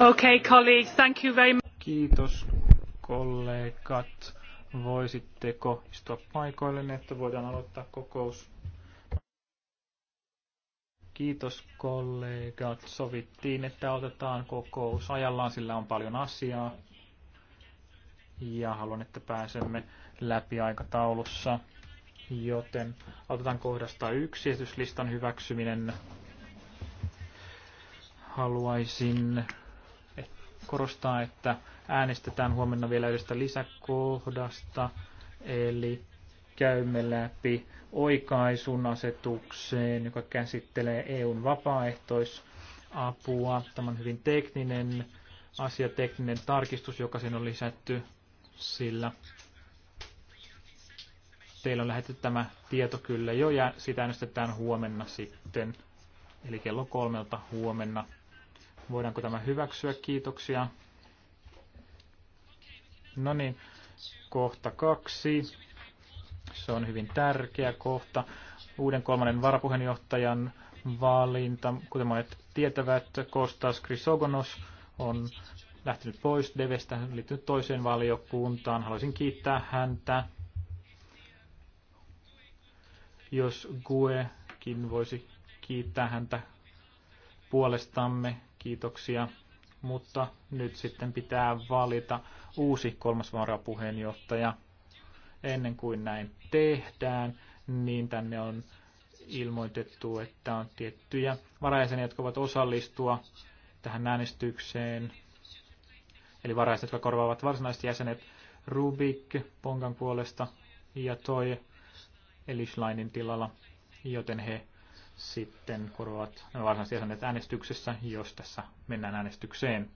Okay, colleagues, thank you very much. Kiitos kollegat. Voisitteko istua paikoillenne, niin, että voidaan aloittaa kokous? Kiitos kollegat. Sovittiin, että otetaan kokous ajallaan, sillä on paljon asiaa. Ja haluan, että pääsemme läpi aikataulussa. Joten otetaan kohdasta yksi esityslistan hyväksyminen. Haluaisin korostaa, että äänestetään huomenna vielä yhdestä lisäkohdasta, eli käymme läpi oikaisun asetukseen, joka käsittelee EUn vapaaehtoisapua. Tämä on hyvin tekninen asia, tekninen tarkistus, joka sen on lisätty sillä teillä on lähetetty tämä tieto kyllä jo ja sitä äänestetään huomenna sitten, eli kello kolmelta huomenna. Voidaanko tämä hyväksyä? Kiitoksia. No niin, kohta kaksi. Se on hyvin tärkeä kohta. Uuden kolmannen varapuheenjohtajan valinta, kuten monet tietävät, Kostas Krisogonos on lähtenyt pois Devestä, liittynyt toiseen valiokuntaan. Haluaisin kiittää häntä. Jos Guekin voisi kiittää häntä puolestamme kiitoksia. Mutta nyt sitten pitää valita uusi kolmas varapuheenjohtaja. Ennen kuin näin tehdään, niin tänne on ilmoitettu, että on tiettyjä varajäseniä, jotka voivat osallistua tähän äänestykseen. Eli varajäsenet, jotka korvaavat varsinaiset jäsenet Rubik Pongan puolesta ja toi Elislainin tilalla, joten he sitten korvaavat nämä varsinaiset jäsenet äänestyksessä, jos tässä mennään äänestykseen.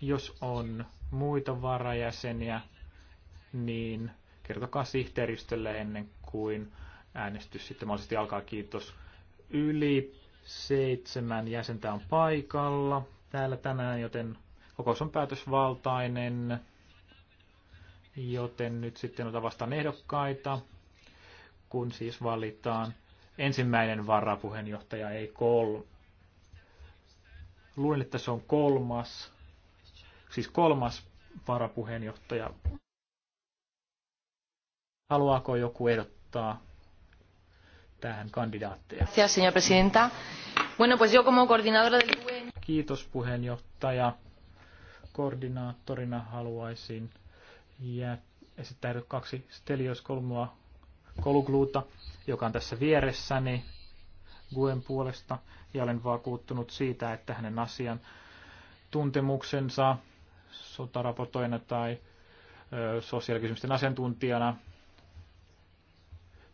Jos on muita varajäseniä, niin kertokaa sihteeristölle ennen kuin äänestys sitten mahdollisesti alkaa. Kiitos. Yli seitsemän jäsentä on paikalla täällä tänään, joten kokous on päätösvaltainen. Joten nyt sitten otan vastaan ehdokkaita kun siis valitaan ensimmäinen varapuheenjohtaja, ei kolme. Luin, että se on kolmas, siis kolmas varapuheenjohtaja. Haluaako joku ehdottaa tähän kandidaatteja? E Kiitos puheenjohtaja. Koordinaattorina haluaisin jää esittää kaksi Stelios Kolmoa Kolugluuta, joka on tässä vieressäni Guen puolesta, ja olen vakuuttunut siitä, että hänen asian tuntemuksensa sotaraportoina tai sosiaalikysymysten asiantuntijana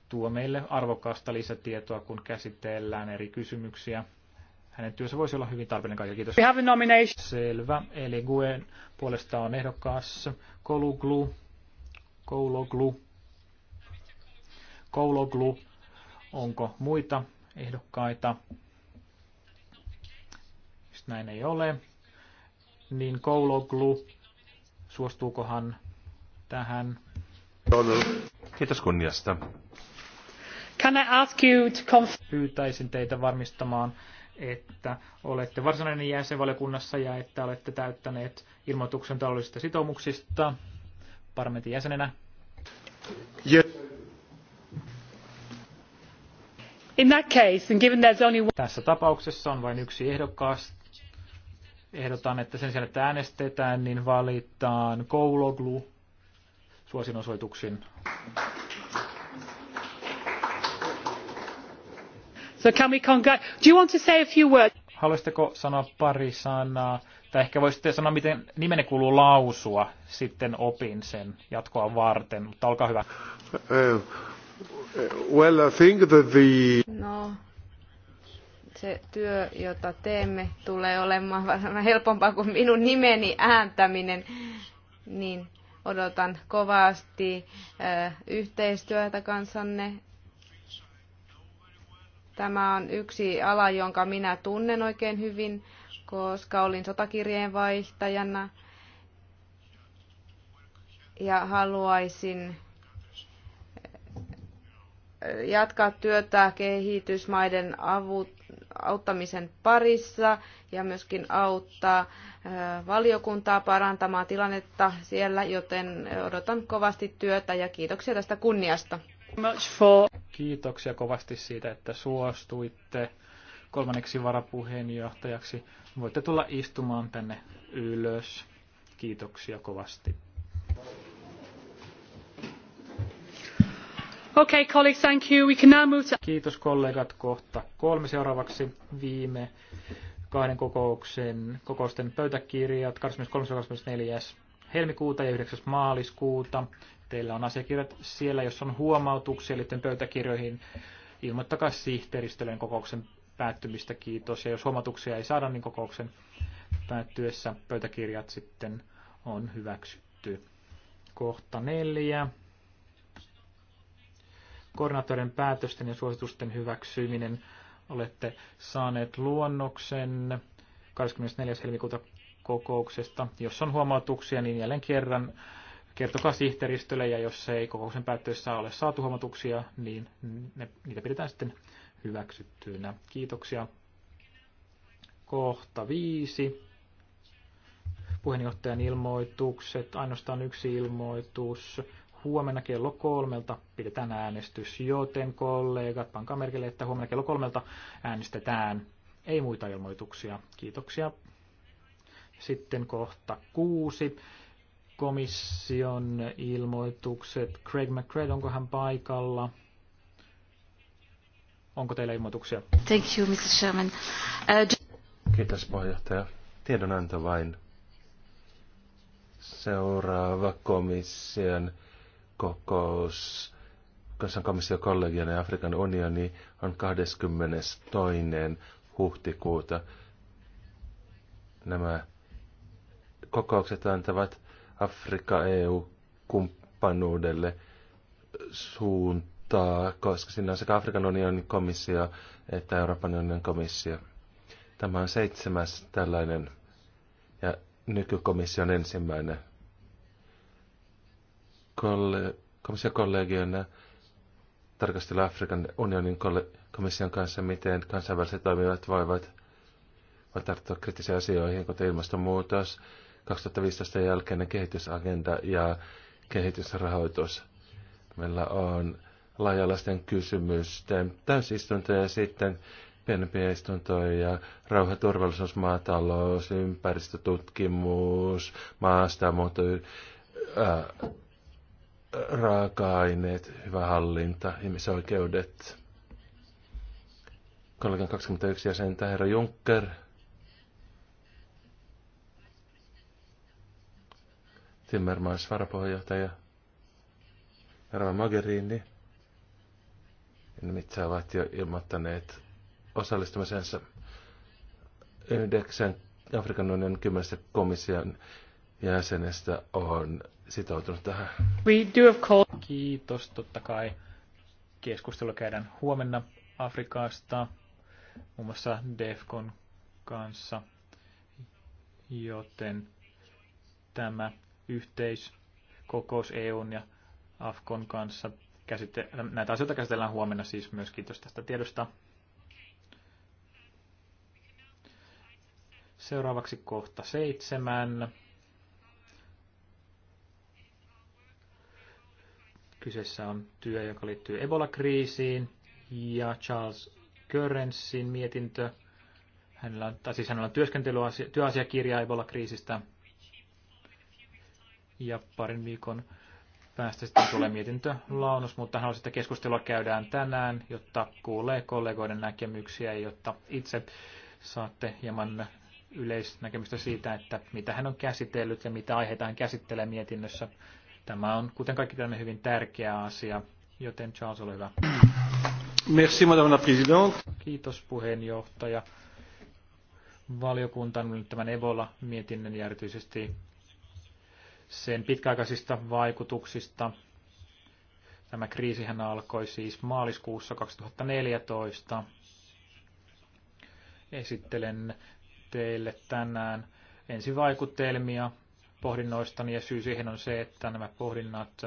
tuo meille arvokasta lisätietoa, kun käsitellään eri kysymyksiä. Hänen työnsä voisi olla hyvin tarpeellinen kaikille. Kiitos. We have a nomination. Selvä. Eli Guen puolesta on ehdokas Koluglu. Kologlu. Kouloglu. Onko muita ehdokkaita? Sitten näin ei ole. Niin Kouloglu, suostuuko hän tähän? Kiitos kunniasta. Can I ask you to Pyytäisin teitä varmistamaan, että olette varsinainen jäsenvaliokunnassa ja että olette täyttäneet ilmoituksen taloudellisista sitoumuksista parlamentin jäsenenä. Yeah. In that case, and given there's only one... Tässä tapauksessa on vain yksi ehdokas. Ehdotan, että sen sijaan, että äänestetään, niin valitaan kouloglu osoituksin. So can we congr- Do you want to say a few words? Haluaisitteko sanoa pari sanaa? Tai ehkä voisitte sanoa, miten nimenne kuuluu lausua, sitten opin sen jatkoa varten, mutta olkaa hyvä. Well, I think that the... No, se työ, jota teemme, tulee olemaan vähän helpompaa kuin minun nimeni ääntäminen. Niin odotan kovasti äh, yhteistyötä kanssanne. Tämä on yksi ala, jonka minä tunnen oikein hyvin, koska olin sotakirjeen vaihtajana ja haluaisin jatkaa työtä kehitysmaiden avut, auttamisen parissa ja myöskin auttaa valiokuntaa parantamaan tilannetta siellä, joten odotan kovasti työtä ja kiitoksia tästä kunniasta. Kiitoksia kovasti siitä, että suostuitte kolmanneksi varapuheenjohtajaksi. Voitte tulla istumaan tänne ylös. Kiitoksia kovasti. Okay, colleagues, thank you. We can now move to... Kiitos kollegat kohta. Kolme seuraavaksi viime kahden kokouksen, kokousten pöytäkirjat 23. 24. helmikuuta ja 9. maaliskuuta. Teillä on asiakirjat siellä, jos on huomautuksia liittyen pöytäkirjoihin. Ilmoittakaa sihteeristölleen kokouksen päättymistä, kiitos. Ja jos huomautuksia ei saada, niin kokouksen päättyessä pöytäkirjat sitten on hyväksytty. Kohta neljä koordinaattoreiden päätösten ja suositusten hyväksyminen. Olette saaneet luonnoksen 24. helmikuuta kokouksesta. Jos on huomautuksia, niin jälleen kerran kertokaa sihteeristölle, ja jos ei kokouksen päätössä ole saatu huomautuksia, niin ne, niitä pidetään sitten hyväksyttyinä. Kiitoksia. Kohta viisi. Puheenjohtajan ilmoitukset. Ainoastaan yksi ilmoitus huomenna kello kolmelta pidetään äänestys, joten kollegat, pankaa merkille, että huomenna kello kolmelta äänestetään. Ei muita ilmoituksia. Kiitoksia. Sitten kohta kuusi. Komission ilmoitukset. Craig McCred, onko hän paikalla? Onko teillä ilmoituksia? Thank you, Mr. Sherman. Uh, Kiitos, puheenjohtaja. Tiedonanto vain. Seuraava komission kokous kansankomission kollegion ja Afrikan unioni on 22. huhtikuuta. Nämä kokoukset antavat Afrika eu kumppanuudelle suuntaa, koska siinä on sekä Afrikan unionin komissio että Euroopan unionin komissio. Tämä on seitsemäs tällainen ja nykykomission ensimmäinen Komission kollegioina äh, tarkastella Afrikan unionin komission kanssa, miten kansainväliset toimijat voivat, voivat tarttua kriittisiin asioihin, kuten ilmastonmuutos, 2015 jälkeinen kehitysagenda ja kehitysrahoitus. Meillä on laajalaisten kysymysten täysistunto ja sitten pienempiä istuntoja, rauha, turvallisuus, maatalous, ympäristötutkimus, maastamuutto, raaka-aineet, hyvä hallinta, ihmisoikeudet. Kollegan 21 jäsentä, herra Juncker. Timmermans varapuheenjohtaja. Herra Magerini, mitä ovat jo ilmoittaneet osallistumisensa yhdeksän Afrikan unionin kymmenestä komission jäsenestä on sitoutunut tähän. We do of course. Kiitos, totta kai. Keskustelu käydään huomenna Afrikasta, muun muassa DEFCON kanssa, joten tämä yhteiskokous EUn ja AFKON kanssa käsite- näitä asioita käsitellään huomenna siis myös. Kiitos tästä tiedosta. Seuraavaksi kohta seitsemän. Kyseessä on työ, joka liittyy Ebola-kriisiin ja Charles Currensin mietintö. Hänellä on, tai siis hänellä on työasiakirja Ebola-kriisistä. Ja parin viikon päästä sitten tulee mietintö launus, mutta hän sitä keskustelua käydään tänään, jotta kuulee kollegoiden näkemyksiä, jotta itse saatte hieman yleisnäkemystä siitä, että mitä hän on käsitellyt ja mitä aiheita hän käsittelee mietinnössä Tämä on, kuten kaikki tämä hyvin tärkeä asia, joten Charles, ole hyvä. Merci, madame la présidente. Kiitos puheenjohtaja. Valiokunta on nyt tämän Ebola-mietinnön ja erityisesti sen pitkäaikaisista vaikutuksista. Tämä kriisihän alkoi siis maaliskuussa 2014. Esittelen teille tänään ensivaikutelmia pohdinnoistani ja syy siihen on se, että nämä pohdinnat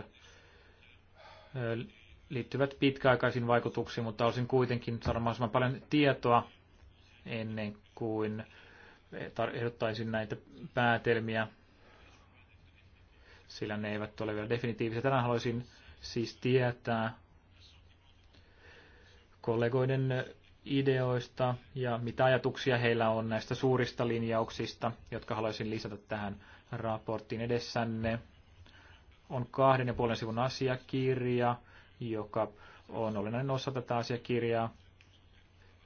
liittyvät pitkäaikaisiin vaikutuksiin, mutta olisin kuitenkin saanut mahdollisimman paljon tietoa ennen kuin ehdottaisin näitä päätelmiä, sillä ne eivät ole vielä definitiivisia. Tänään haluaisin siis tietää kollegoiden ideoista ja mitä ajatuksia heillä on näistä suurista linjauksista, jotka haluaisin lisätä tähän raportin edessänne on kahden ja puolen sivun asiakirja, joka on olennainen osa tätä asiakirjaa.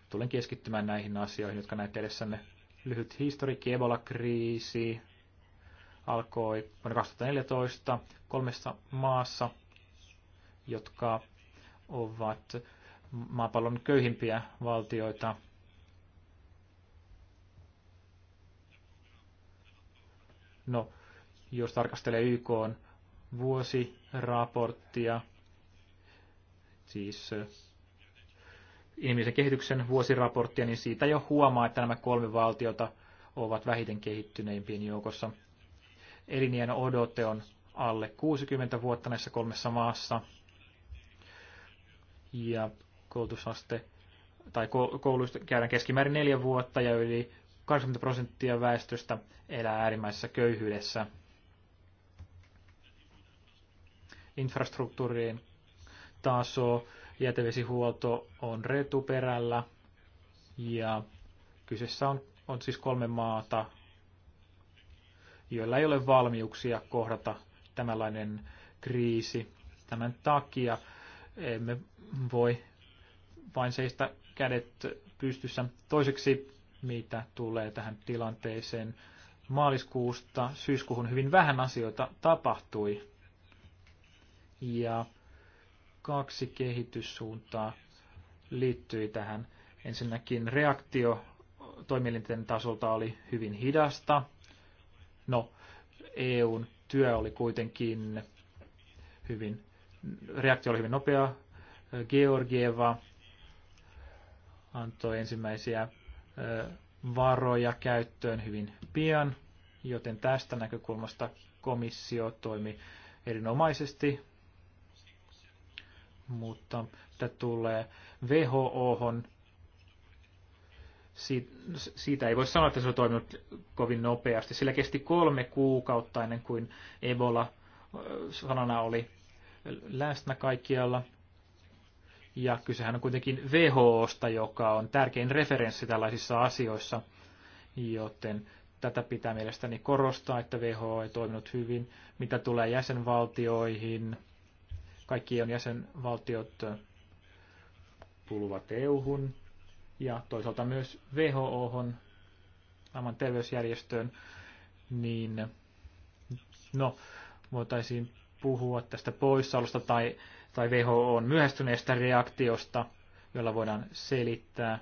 Tulen keskittymään näihin asioihin, jotka näette edessänne. Lyhyt historiikki, Ebola-kriisi alkoi vuonna 2014 kolmessa maassa, jotka ovat maapallon köyhimpiä valtioita – No, jos tarkastelee YK on vuosiraporttia, siis eh, ihmisen kehityksen vuosiraporttia, niin siitä jo huomaa, että nämä kolme valtiota ovat vähiten kehittyneimpien joukossa. Elinien odote on alle 60 vuotta näissä kolmessa maassa. Ja koulutusaste tai kouluista käydään keskimäärin neljä vuotta ja yli 80 prosenttia väestöstä elää äärimmäisessä köyhyydessä. Infrastruktuurien taso, jätevesihuolto on retuperällä ja kyseessä on, on siis kolme maata, joilla ei ole valmiuksia kohdata tämänlainen kriisi. Tämän takia emme voi vain seistä kädet pystyssä. Toiseksi mitä tulee tähän tilanteeseen. Maaliskuusta syyskuuhun hyvin vähän asioita tapahtui. Ja kaksi kehityssuuntaa liittyi tähän. Ensinnäkin reaktio toimielinten tasolta oli hyvin hidasta. No, EUn työ oli kuitenkin hyvin, reaktio oli hyvin nopea. Georgieva antoi ensimmäisiä varoja käyttöön hyvin pian, joten tästä näkökulmasta komissio toimi erinomaisesti, mutta tämä tulee WHO, siitä ei voi sanoa, että se on toiminut kovin nopeasti. Sillä kesti kolme kuukautta ennen kuin Ebola sanana oli läsnä kaikkialla. Ja kysehän on kuitenkin WHOsta, joka on tärkein referenssi tällaisissa asioissa, joten tätä pitää mielestäni korostaa, että WHO ei toiminut hyvin. Mitä tulee jäsenvaltioihin, kaikki on jäsenvaltiot kuuluvat EU-hun ja toisaalta myös WHO:hon, aivan terveysjärjestöön, niin no, voitaisiin puhua tästä poissaolosta tai tai WHO on myöhästyneestä reaktiosta, jolla voidaan selittää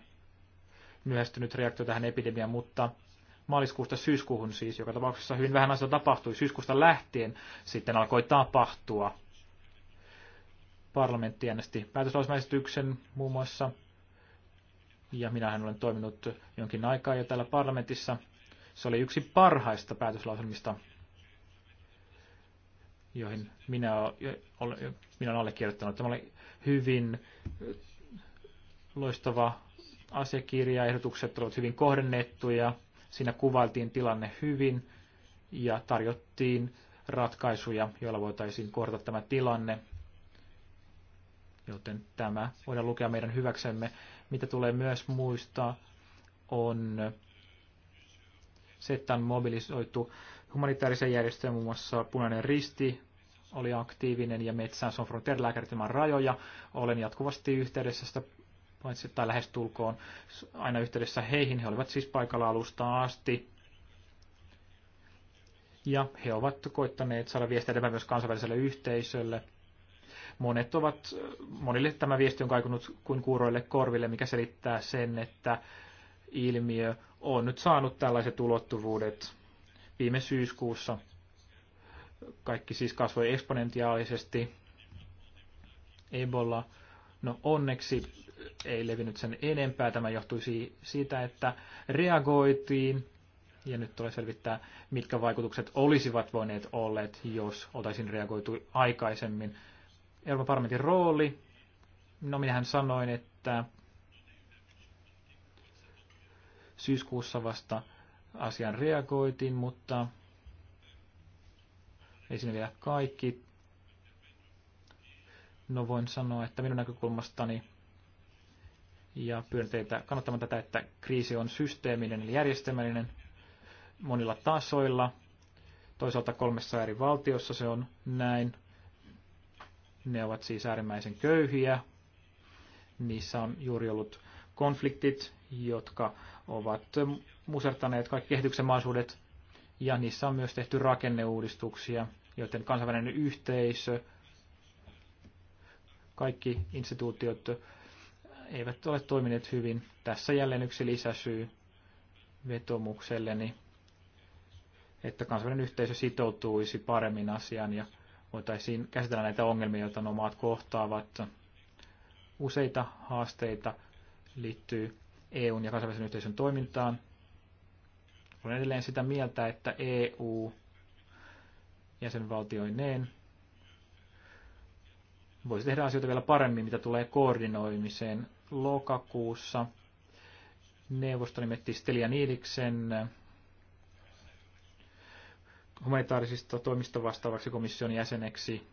myöhästynyt reaktio tähän epidemiaan, mutta maaliskuusta syyskuuhun siis, joka tapauksessa hyvin vähän asioita tapahtui. Syyskuusta lähtien sitten alkoi tapahtua. Parlamentti äänesti päätöslausmaesityksen muun muassa, ja minähän olen toiminut jonkin aikaa jo täällä parlamentissa. Se oli yksi parhaista päätöslauselmista joihin minä, olen, minä olen allekirjoittanut. Tämä oli hyvin loistava asiakirja, ehdotukset olivat hyvin kohdennettuja, siinä kuvailtiin tilanne hyvin ja tarjottiin ratkaisuja, joilla voitaisiin korjata tämä tilanne. Joten tämä voidaan lukea meidän hyväksemme. Mitä tulee myös muistaa, on se, että on mobilisoitu humanitaarisia järjestöjä, muun muassa Punainen Risti oli aktiivinen ja Metsään on Frontier lääkärit rajoja. Olen jatkuvasti yhteydessä sitä paitsi tai lähestulkoon aina yhteydessä heihin. He olivat siis paikalla alusta asti. Ja he ovat koittaneet saada viestiä enemmän myös kansainväliselle yhteisölle. Monet ovat, monille tämä viesti on kaikunut kuin kuuroille korville, mikä selittää sen, että ilmiö on nyt saanut tällaiset ulottuvuudet viime syyskuussa. Kaikki siis kasvoi eksponentiaalisesti. Ebola, no onneksi ei levinnyt sen enempää. Tämä johtui siitä, että reagoitiin ja nyt tulee selvittää, mitkä vaikutukset olisivat voineet olleet, jos oltaisiin reagoitu aikaisemmin. Euroopan parlamentin rooli, no minähän sanoin, että syyskuussa vasta asian reagoitin, mutta ei siinä vielä kaikki. No voin sanoa, että minun näkökulmastani ja pyydän teitä kannattamaan tätä, että kriisi on systeeminen eli järjestelmällinen monilla tasoilla. Toisaalta kolmessa eri valtiossa se on näin. Ne ovat siis äärimmäisen köyhiä. Niissä on juuri ollut konfliktit, jotka ovat musertaneet kaikki kehityksen mahdollisuudet ja niissä on myös tehty rakenneuudistuksia, joten kansainvälinen yhteisö, kaikki instituutiot eivät ole toimineet hyvin. Tässä jälleen yksi lisäsyy vetomukselleni, että kansainvälinen yhteisö sitoutuisi paremmin asiaan ja voitaisiin käsitellä näitä ongelmia, joita nuo maat kohtaavat. Useita haasteita liittyy EUn ja kansainvälisen yhteisön toimintaan. Olen edelleen sitä mieltä, että EU jäsenvaltioineen voisi tehdä asioita vielä paremmin, mitä tulee koordinoimiseen. Lokakuussa neuvosto nimettiin Stelia Niiliksen humanitaarisista toimista vastaavaksi komission jäseneksi.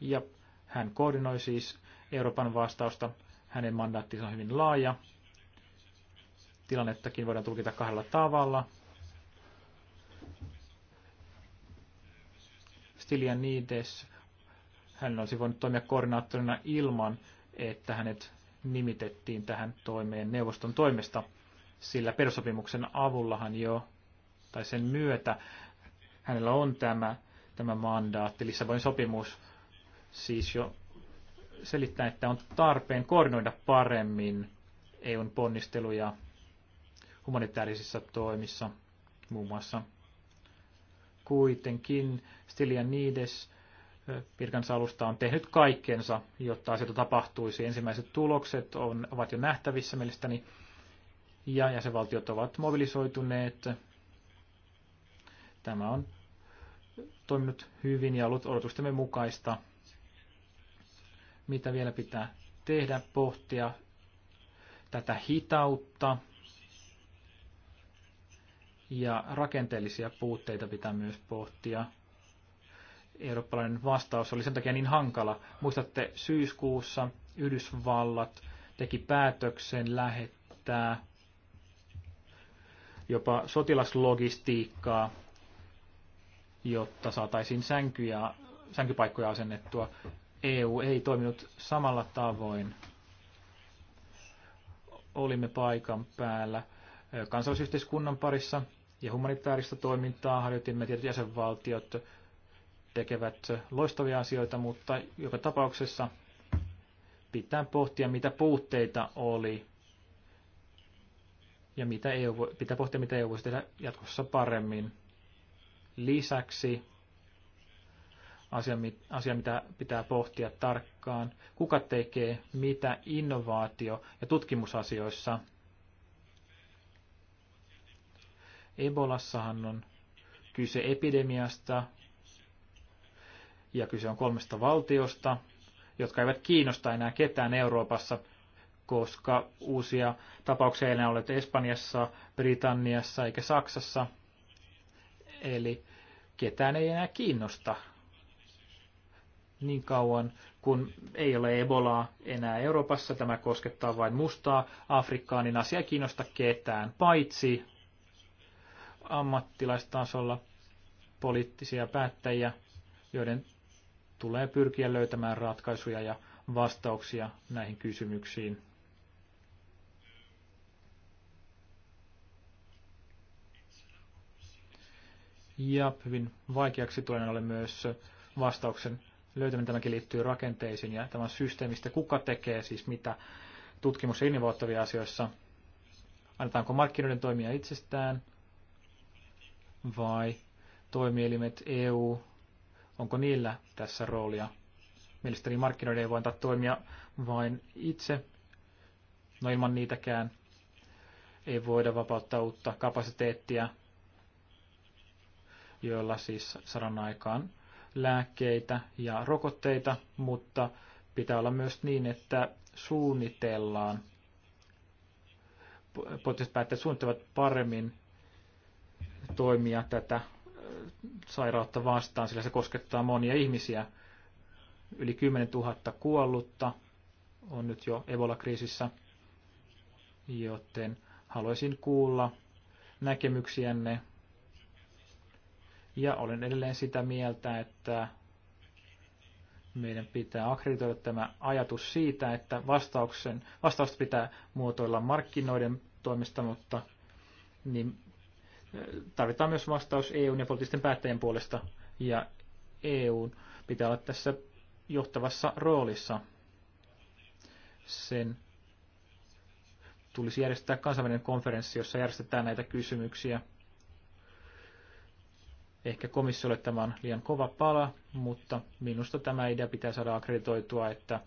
Ja hän koordinoi siis Euroopan vastausta. Hänen mandaattinsa on hyvin laaja tilannettakin voidaan tulkita kahdella tavalla. niides, hän olisi voinut toimia koordinaattorina ilman, että hänet nimitettiin tähän toimeen neuvoston toimesta, sillä perussopimuksen avullahan jo, tai sen myötä, hänellä on tämä, tämä mandaatti, Lissabonin sopimus siis jo selittää, että on tarpeen koordinoida paremmin EUn ponnisteluja humanitaarisissa toimissa muun muassa. Kuitenkin Stilian Niides Pirkansa alusta on tehnyt kaikkensa, jotta asioita tapahtuisi. Ensimmäiset tulokset on, ovat jo nähtävissä mielestäni, ja jäsenvaltiot ovat mobilisoituneet. Tämä on toiminut hyvin ja ollut odotustemme mukaista. Mitä vielä pitää tehdä? Pohtia tätä hitautta, ja rakenteellisia puutteita pitää myös pohtia. Eurooppalainen vastaus oli sen takia niin hankala. Muistatte, syyskuussa Yhdysvallat teki päätöksen lähettää jopa sotilaslogistiikkaa, jotta saataisiin sänkyjä, sänkypaikkoja asennettua. EU ei toiminut samalla tavoin. Olimme paikan päällä kansallisyhteiskunnan parissa ja humanitaarista toimintaa harjoitimme. Tietyt jäsenvaltiot tekevät loistavia asioita, mutta joka tapauksessa pitää pohtia, mitä puutteita oli ja mitä EU, pitää pohtia, mitä EU voisi tehdä jatkossa paremmin. Lisäksi asia, asia, mitä pitää pohtia tarkkaan, kuka tekee mitä innovaatio- ja tutkimusasioissa – Ebolassahan on kyse epidemiasta ja kyse on kolmesta valtiosta, jotka eivät kiinnosta enää ketään Euroopassa, koska uusia tapauksia ei enää ole Espanjassa, Britanniassa eikä Saksassa. Eli ketään ei enää kiinnosta niin kauan, kun ei ole Ebolaa enää Euroopassa. Tämä koskettaa vain mustaa Afrikkaa, niin asia ei kiinnosta ketään, paitsi ammattilaistasolla poliittisia päättäjiä, joiden tulee pyrkiä löytämään ratkaisuja ja vastauksia näihin kysymyksiin. Ja hyvin vaikeaksi tulee ole myös vastauksen löytäminen. Tämäkin liittyy rakenteisiin ja tämän systeemistä, kuka tekee siis mitä tutkimus- ja innovoittavia asioissa. Annetaanko markkinoiden toimia itsestään – vai toimielimet EU, onko niillä tässä roolia? Mielestäni markkinoiden ei voi antaa toimia vain itse, no ilman niitäkään ei voida vapauttaa uutta kapasiteettia, joilla siis saadaan aikaan lääkkeitä ja rokotteita, mutta pitää olla myös niin, että suunnitellaan, poliittiset päättäjät suunnittelevat paremmin toimia tätä äh, sairautta vastaan, sillä se koskettaa monia ihmisiä. Yli 10 000 kuollutta on nyt jo Ebola-kriisissä, joten haluaisin kuulla näkemyksiänne. Ja olen edelleen sitä mieltä, että meidän pitää akkreditoida tämä ajatus siitä, että vastauksen, vastausta pitää muotoilla markkinoiden toimesta, mutta niin tarvitaan myös vastaus EUn ja poliittisten päättäjien puolesta, ja EUn pitää olla tässä johtavassa roolissa. Sen tulisi järjestää kansainvälinen konferenssi, jossa järjestetään näitä kysymyksiä. Ehkä komissiolle tämä on liian kova pala, mutta minusta tämä idea pitää saada akkreditoitua, että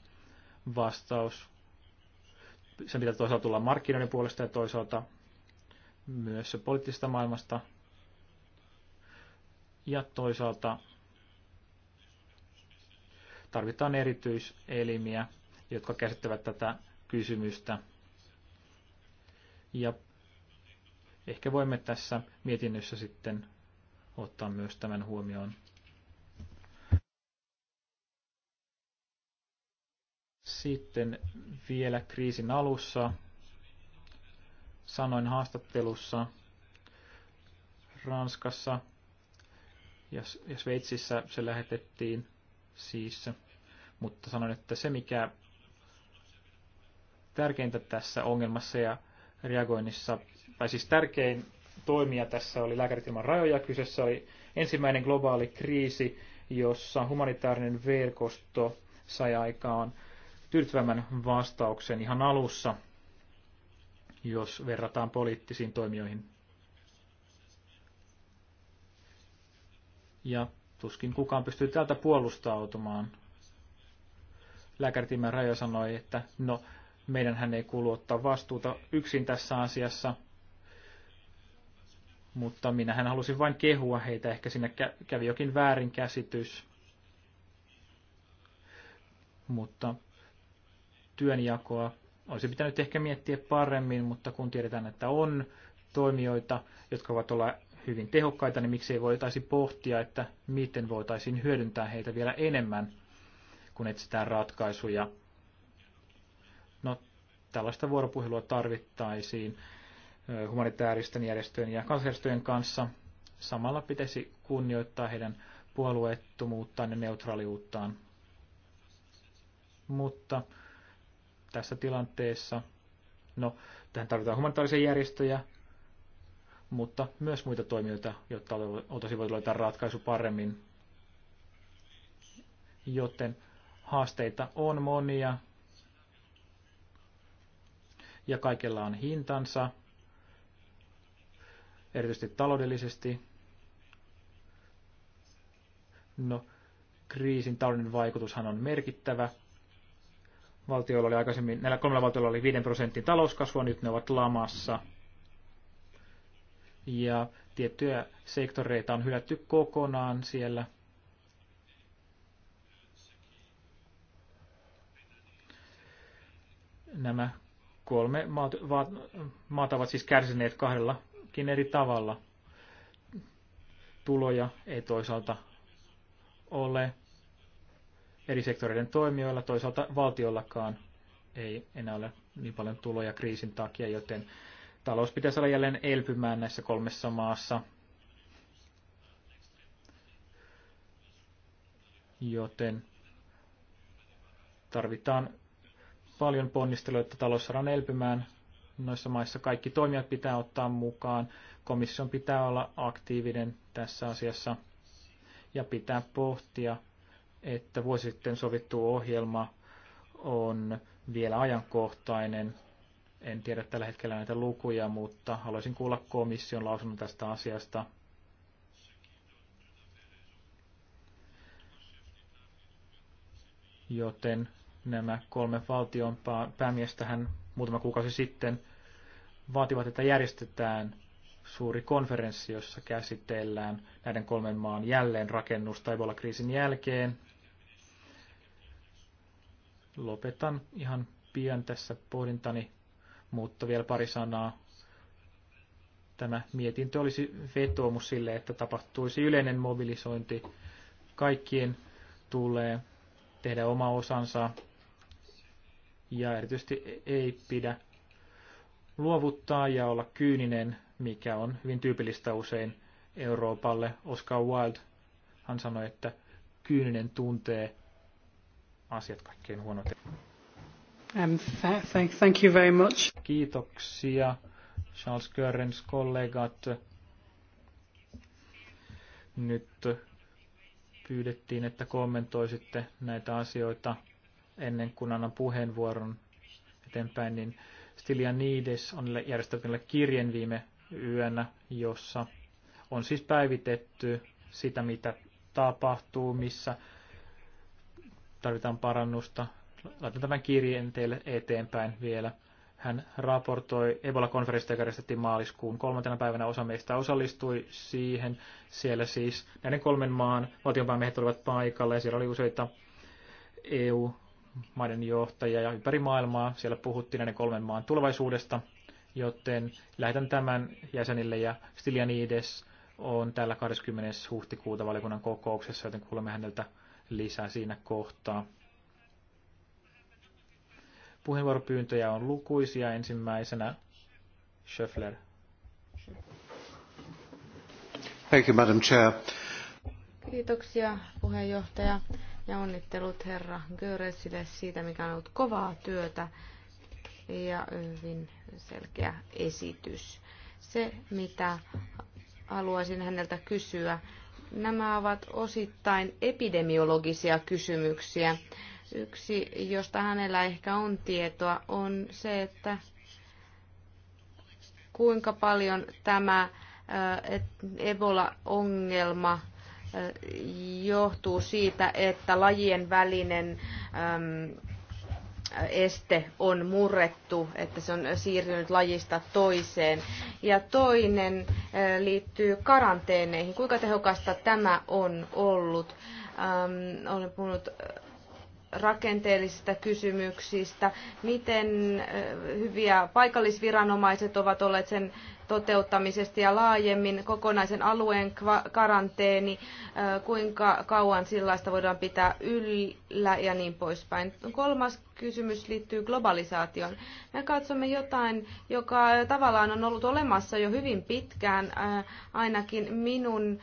vastaus, sen pitää toisaalta tulla markkinoiden puolesta ja toisaalta myös poliittisesta maailmasta ja toisaalta tarvitaan erityiselimiä, jotka käsittävät tätä kysymystä. Ja ehkä voimme tässä mietinnössä sitten ottaa myös tämän huomioon. Sitten vielä kriisin alussa sanoin haastattelussa Ranskassa ja, Sveitsissä se lähetettiin siis, mutta sanoin, että se mikä tärkeintä tässä ongelmassa ja reagoinnissa, tai siis tärkein toimija tässä oli Lääkärit ilman rajoja. Kyseessä oli ensimmäinen globaali kriisi, jossa humanitaarinen verkosto sai aikaan tyrtyvämmän vastauksen ihan alussa – jos verrataan poliittisiin toimijoihin. Ja tuskin kukaan pystyy tältä puolustautumaan. Lääkäritimen Rajo sanoi, että no, meidän hän ei kuulu ottaa vastuuta yksin tässä asiassa, mutta minä hän halusin vain kehua heitä, ehkä sinne kävi jokin väärinkäsitys. Mutta työnjakoa olisi pitänyt ehkä miettiä paremmin, mutta kun tiedetään, että on toimijoita, jotka ovat olla hyvin tehokkaita, niin miksei voitaisi pohtia, että miten voitaisiin hyödyntää heitä vielä enemmän, kun etsitään ratkaisuja. No, tällaista vuoropuhelua tarvittaisiin humanitaaristen järjestöjen ja kansanjärjestöjen kanssa. Samalla pitäisi kunnioittaa heidän puolueettomuuttaan ja neutraaliuttaan. Mutta tässä tilanteessa. No, tähän tarvitaan humanitaarisia järjestöjä, mutta myös muita toimijoita, jotta oltaisiin voitu löytää ratkaisu paremmin. Joten haasteita on monia ja kaikella on hintansa, erityisesti taloudellisesti. No, kriisin taloudellinen vaikutushan on merkittävä, valtioilla oli aikaisemmin, näillä kolmella valtiolla oli 5 prosentin talouskasvua, nyt ne ovat lamassa. Ja tiettyjä sektoreita on hylätty kokonaan siellä. Nämä kolme maat, maat ovat siis kärsineet kahdellakin eri tavalla. Tuloja ei toisaalta ole eri sektoreiden toimijoilla, toisaalta valtiollakaan ei enää ole niin paljon tuloja kriisin takia, joten talous pitäisi olla jälleen elpymään näissä kolmessa maassa. Joten tarvitaan paljon ponnistelua, että talous saadaan elpymään. Noissa maissa kaikki toimijat pitää ottaa mukaan. Komission pitää olla aktiivinen tässä asiassa ja pitää pohtia – että vuosi sitten sovittu ohjelma on vielä ajankohtainen. En tiedä tällä hetkellä näitä lukuja, mutta haluaisin kuulla komission lausunnon tästä asiasta. Joten nämä kolme valtion päämiestähän muutama kuukausi sitten vaativat, että järjestetään suuri konferenssi, jossa käsitellään näiden kolmen maan jälleen rakennus Ebola-kriisin jälkeen. Lopetan ihan pian tässä pohdintani, mutta vielä pari sanaa. Tämä mietintö olisi vetoomus sille, että tapahtuisi yleinen mobilisointi. Kaikkien tulee tehdä oma osansa ja erityisesti ei pidä luovuttaa ja olla kyyninen, mikä on hyvin tyypillistä usein Euroopalle. Oscar Wilde hän sanoi, että kyyninen tuntee asiat kaikkein huonoiten. Um, th- thank you very much. Kiitoksia Charles Görens kollegat. Nyt pyydettiin, että kommentoisitte näitä asioita ennen kuin annan puheenvuoron eteenpäin, niin Niides on järjestänyt kirjeen viime yönä, jossa on siis päivitetty sitä, mitä tapahtuu, missä tarvitaan parannusta. Laitan tämän kirjeen teille eteenpäin vielä. Hän raportoi Ebola-konferenssista, joka järjestettiin maaliskuun kolmantena päivänä. Osa meistä osallistui siihen. Siellä siis näiden kolmen maan valtionpäämiehet olivat paikalla ja siellä oli useita EU-maiden johtajia ja ympäri maailmaa. Siellä puhuttiin näiden kolmen maan tulevaisuudesta, joten lähetän tämän jäsenille ja Stylianides on täällä 20. huhtikuuta valiokunnan kokouksessa, joten kuulemme häneltä lisää siinä kohtaa. Puheenvuoropyyntöjä on lukuisia. Ensimmäisenä Schöffler. Thank you, Madam Chair. Kiitoksia puheenjohtaja ja onnittelut herra Göresille siitä, mikä on ollut kovaa työtä ja hyvin selkeä esitys. Se, mitä haluaisin häneltä kysyä, Nämä ovat osittain epidemiologisia kysymyksiä. Yksi, josta hänellä ehkä on tietoa, on se, että kuinka paljon tämä Ebola-ongelma johtuu siitä, että lajien välinen este on murrettu, että se on siirtynyt lajista toiseen. Ja toinen eh, liittyy karanteeneihin. Kuinka tehokasta tämä on ollut? Ähm, olen puhunut eh, rakenteellisista kysymyksistä, miten eh, hyviä paikallisviranomaiset ovat olleet sen toteuttamisesta ja laajemmin kokonaisen alueen karanteeni, kuinka kauan sellaista voidaan pitää yllä ja niin poispäin. Kolmas kysymys liittyy globalisaatioon. Me katsomme jotain, joka tavallaan on ollut olemassa jo hyvin pitkään, ainakin minun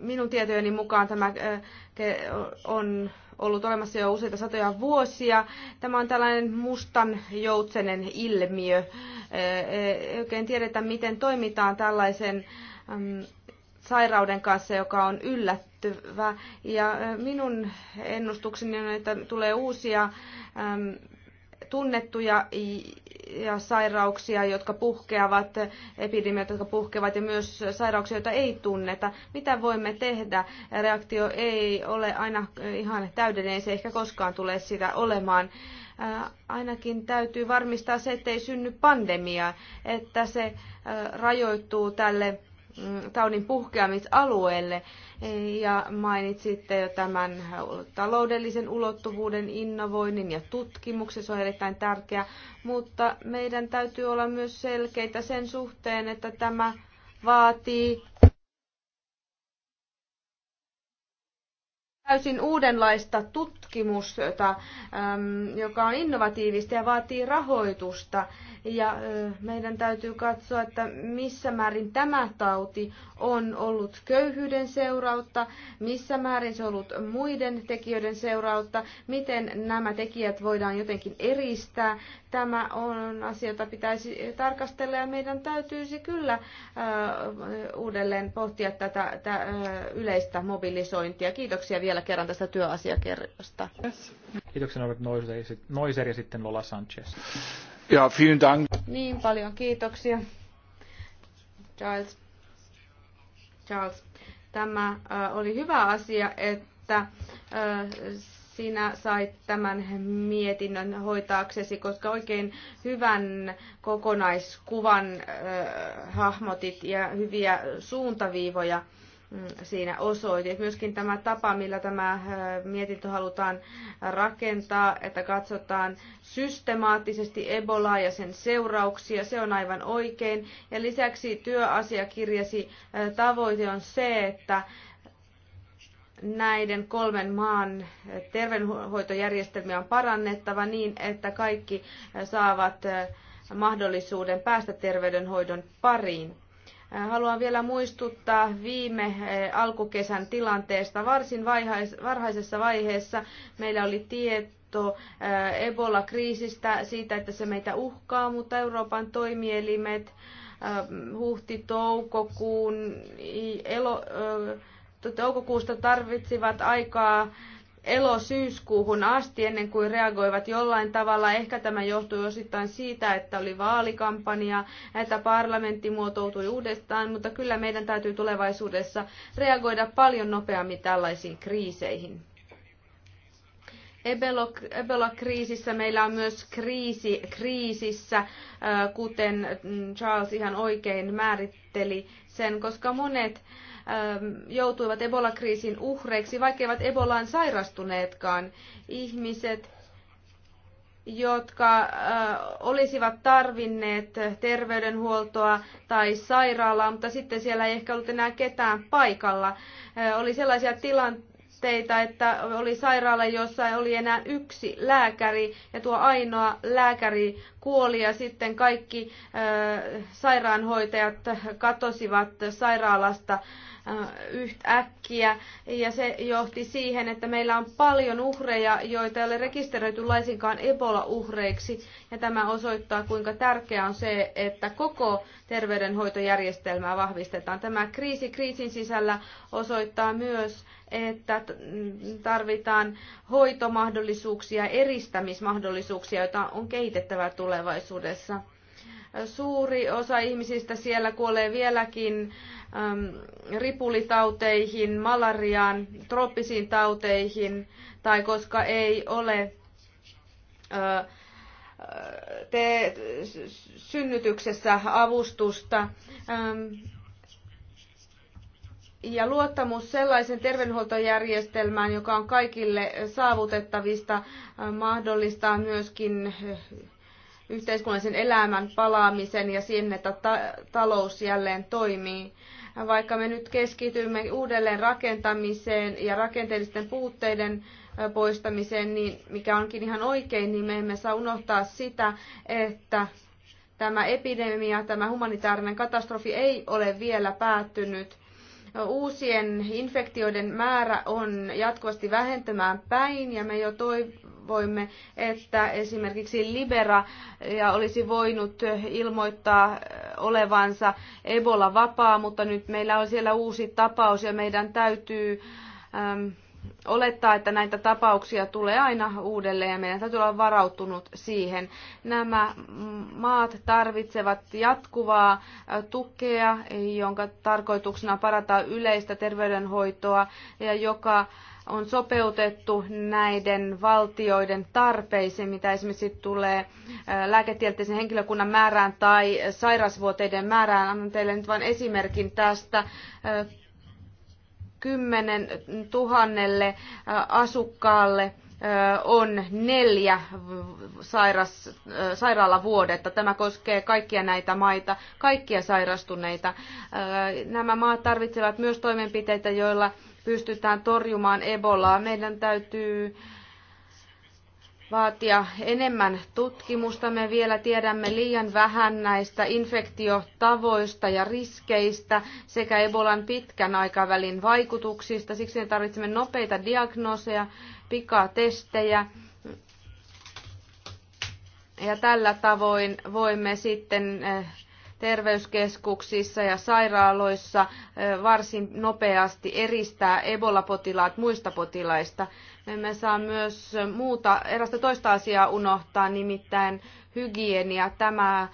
minun tietojeni mukaan tämä on ollut olemassa jo useita satoja vuosia. Tämä on tällainen mustan joutsenen ilmiö. Ei oikein tiedetä, miten toimitaan tällaisen sairauden kanssa, joka on yllättävä. Ja minun ennustukseni on, että tulee uusia tunnettuja ja sairauksia, jotka puhkeavat, epidemiat, jotka puhkeavat ja myös sairauksia, joita ei tunneta. Mitä voimme tehdä? Reaktio ei ole aina ihan täydellinen, se ehkä koskaan tulee sitä olemaan. Äh, ainakin täytyy varmistaa se, ettei synny pandemiaa, että se äh, rajoittuu tälle Mm, taudin puhkeamisalueelle. Ja mainitsitte jo tämän taloudellisen ulottuvuuden, innovoinnin ja tutkimuksen, se on erittäin tärkeää, mutta meidän täytyy olla myös selkeitä sen suhteen, että tämä vaatii täysin uudenlaista tutkimusta äm, joka on innovatiivista ja vaatii rahoitusta. Ja meidän täytyy katsoa, että missä määrin tämä tauti on ollut köyhyyden seurautta, missä määrin se on ollut muiden tekijöiden seurautta, miten nämä tekijät voidaan jotenkin eristää. Tämä on asia, jota pitäisi tarkastella ja meidän täytyisi kyllä uudelleen pohtia tätä, tätä yleistä mobilisointia. Kiitoksia vielä kerran tästä työasiakirjasta vastausta. Kiitoksia Norbert Noiser ja sitten Lola Sanchez. Ja, vielen dank. Niin paljon kiitoksia. Charles. Charles. Tämä äh, oli hyvä asia, että äh, sinä sait tämän mietinnön hoitaaksesi, koska oikein hyvän kokonaiskuvan äh, hahmotit ja hyviä suuntaviivoja siinä osoitti. Et myöskin tämä tapa, millä tämä äh, mietintö halutaan rakentaa, että katsotaan systemaattisesti Ebolaa ja sen seurauksia, se on aivan oikein. Ja lisäksi työasiakirjasi äh, tavoite on se, että näiden kolmen maan äh, terveydenhoitojärjestelmiä on parannettava niin, että kaikki saavat mahdollisuuden päästä terveydenhoidon pariin Äh, haluan vielä muistuttaa viime äh, alkukesän tilanteesta. Varsin varhaisessa vaiheessa meillä oli tieto äh, Ebola-kriisistä siitä, että se meitä uhkaa, mutta Euroopan toimielimet huhti-toukokuun elo, toukokuusta tarvitsivat aikaa elo-syyskuuhun asti ennen kuin reagoivat jollain tavalla. Ehkä tämä johtui osittain siitä, että oli vaalikampanja, että parlamentti muotoutui uudestaan, mutta kyllä meidän täytyy tulevaisuudessa reagoida paljon nopeammin tällaisiin kriiseihin. Ebola-kriisissä meillä on myös kriisi kriisissä, kuten mm, Charles ihan oikein määritteli sen, koska monet Ähm, joutuivat Ebola-kriisin uhreiksi, vaikkeivat Ebolaan sairastuneetkaan. Ihmiset, jotka äh, olisivat tarvinneet terveydenhuoltoa tai sairaalaa, mutta sitten siellä ei ehkä ollut enää ketään paikalla. Äh, oli sellaisia tilanteita, että oli sairaala, jossa oli enää yksi lääkäri ja tuo ainoa lääkäri kuoli ja sitten kaikki äh, sairaanhoitajat katosivat sairaalasta yhtäkkiä ja se johti siihen, että meillä on paljon uhreja, joita ei ole rekisteröity laisinkaan Ebola-uhreiksi ja tämä osoittaa, kuinka tärkeää on se, että koko terveydenhoitojärjestelmää vahvistetaan. Tämä kriisi kriisin sisällä osoittaa myös, että tarvitaan hoitomahdollisuuksia, eristämismahdollisuuksia, joita on kehitettävä tulevaisuudessa Suuri osa ihmisistä siellä kuolee vieläkin äm, ripulitauteihin, malariaan, trooppisiin tauteihin tai koska ei ole ä, äh, te synnytyksessä avustusta. Äm, ja luottamus sellaisen terveydenhuoltojärjestelmään, joka on kaikille saavutettavista, äh, mahdollistaa myöskin äh, yhteiskunnallisen elämän palaamisen ja siihen, että ta- talous jälleen toimii. Vaikka me nyt keskitymme uudelleen rakentamiseen ja rakenteellisten puutteiden poistamiseen, niin mikä onkin ihan oikein, niin me emme saa unohtaa sitä, että tämä epidemia, tämä humanitaarinen katastrofi ei ole vielä päättynyt Uusien infektioiden määrä on jatkuvasti vähentymään päin ja me jo toivoimme, että esimerkiksi Libera olisi voinut ilmoittaa olevansa Ebola-vapaa, mutta nyt meillä on siellä uusi tapaus ja meidän täytyy ähm, olettaa, että näitä tapauksia tulee aina uudelleen ja meidän täytyy olla varautunut siihen. Nämä maat tarvitsevat jatkuvaa tukea, jonka tarkoituksena parata yleistä terveydenhoitoa ja joka on sopeutettu näiden valtioiden tarpeisiin, mitä esimerkiksi tulee lääketieteellisen henkilökunnan määrään tai sairasvuoteiden määrään. Annan teille nyt vain esimerkin tästä 10 tuhannelle asukkaalle on neljä sairas, sairaalavuodetta. Tämä koskee kaikkia näitä maita, kaikkia sairastuneita. Nämä maat tarvitsevat myös toimenpiteitä, joilla pystytään torjumaan Ebolaa. Meidän täytyy äh, vaatia enemmän tutkimusta. Me vielä tiedämme liian vähän näistä infektiotavoista ja riskeistä sekä Ebolan pitkän aikavälin vaikutuksista. Siksi me tarvitsemme nopeita diagnooseja, pikatestejä. Ja tällä tavoin voimme sitten eh, terveyskeskuksissa ja sairaaloissa eh, varsin nopeasti eristää Ebola-potilaat muista potilaista. Me emme saa myös muuta, erästä toista asiaa unohtaa, nimittäin hygienia. Tämä äh,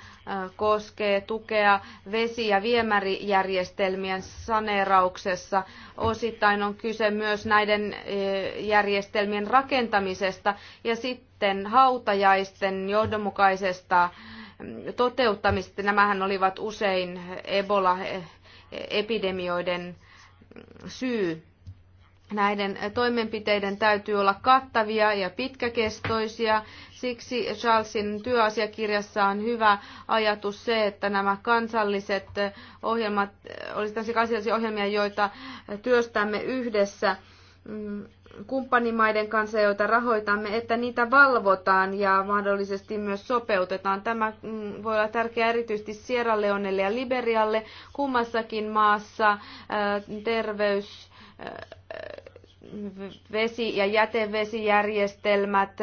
koskee tukea vesi- ja viemärijärjestelmien saneerauksessa. Osittain on kyse myös näiden äh, järjestelmien rakentamisesta ja sitten hautajaisten johdonmukaisesta mm, toteuttamista. Nämähän olivat usein Ebola-epidemioiden e-, mm, syy Näiden äh, toimenpiteiden täytyy olla kattavia ja pitkäkestoisia. Siksi Charlesin työasiakirjassa on hyvä ajatus se, että nämä kansalliset äh, ohjelmat, äh, olisi tässä kansallisia ohjelmia, joita työstämme yhdessä mm, kumppanimaiden kanssa, joita rahoitamme, että niitä valvotaan ja mahdollisesti myös sopeutetaan. Tämä mm, voi olla tärkeää erityisesti Sierra Leonelle ja Liberialle. Kummassakin maassa terveys vesi- ja jätevesijärjestelmät,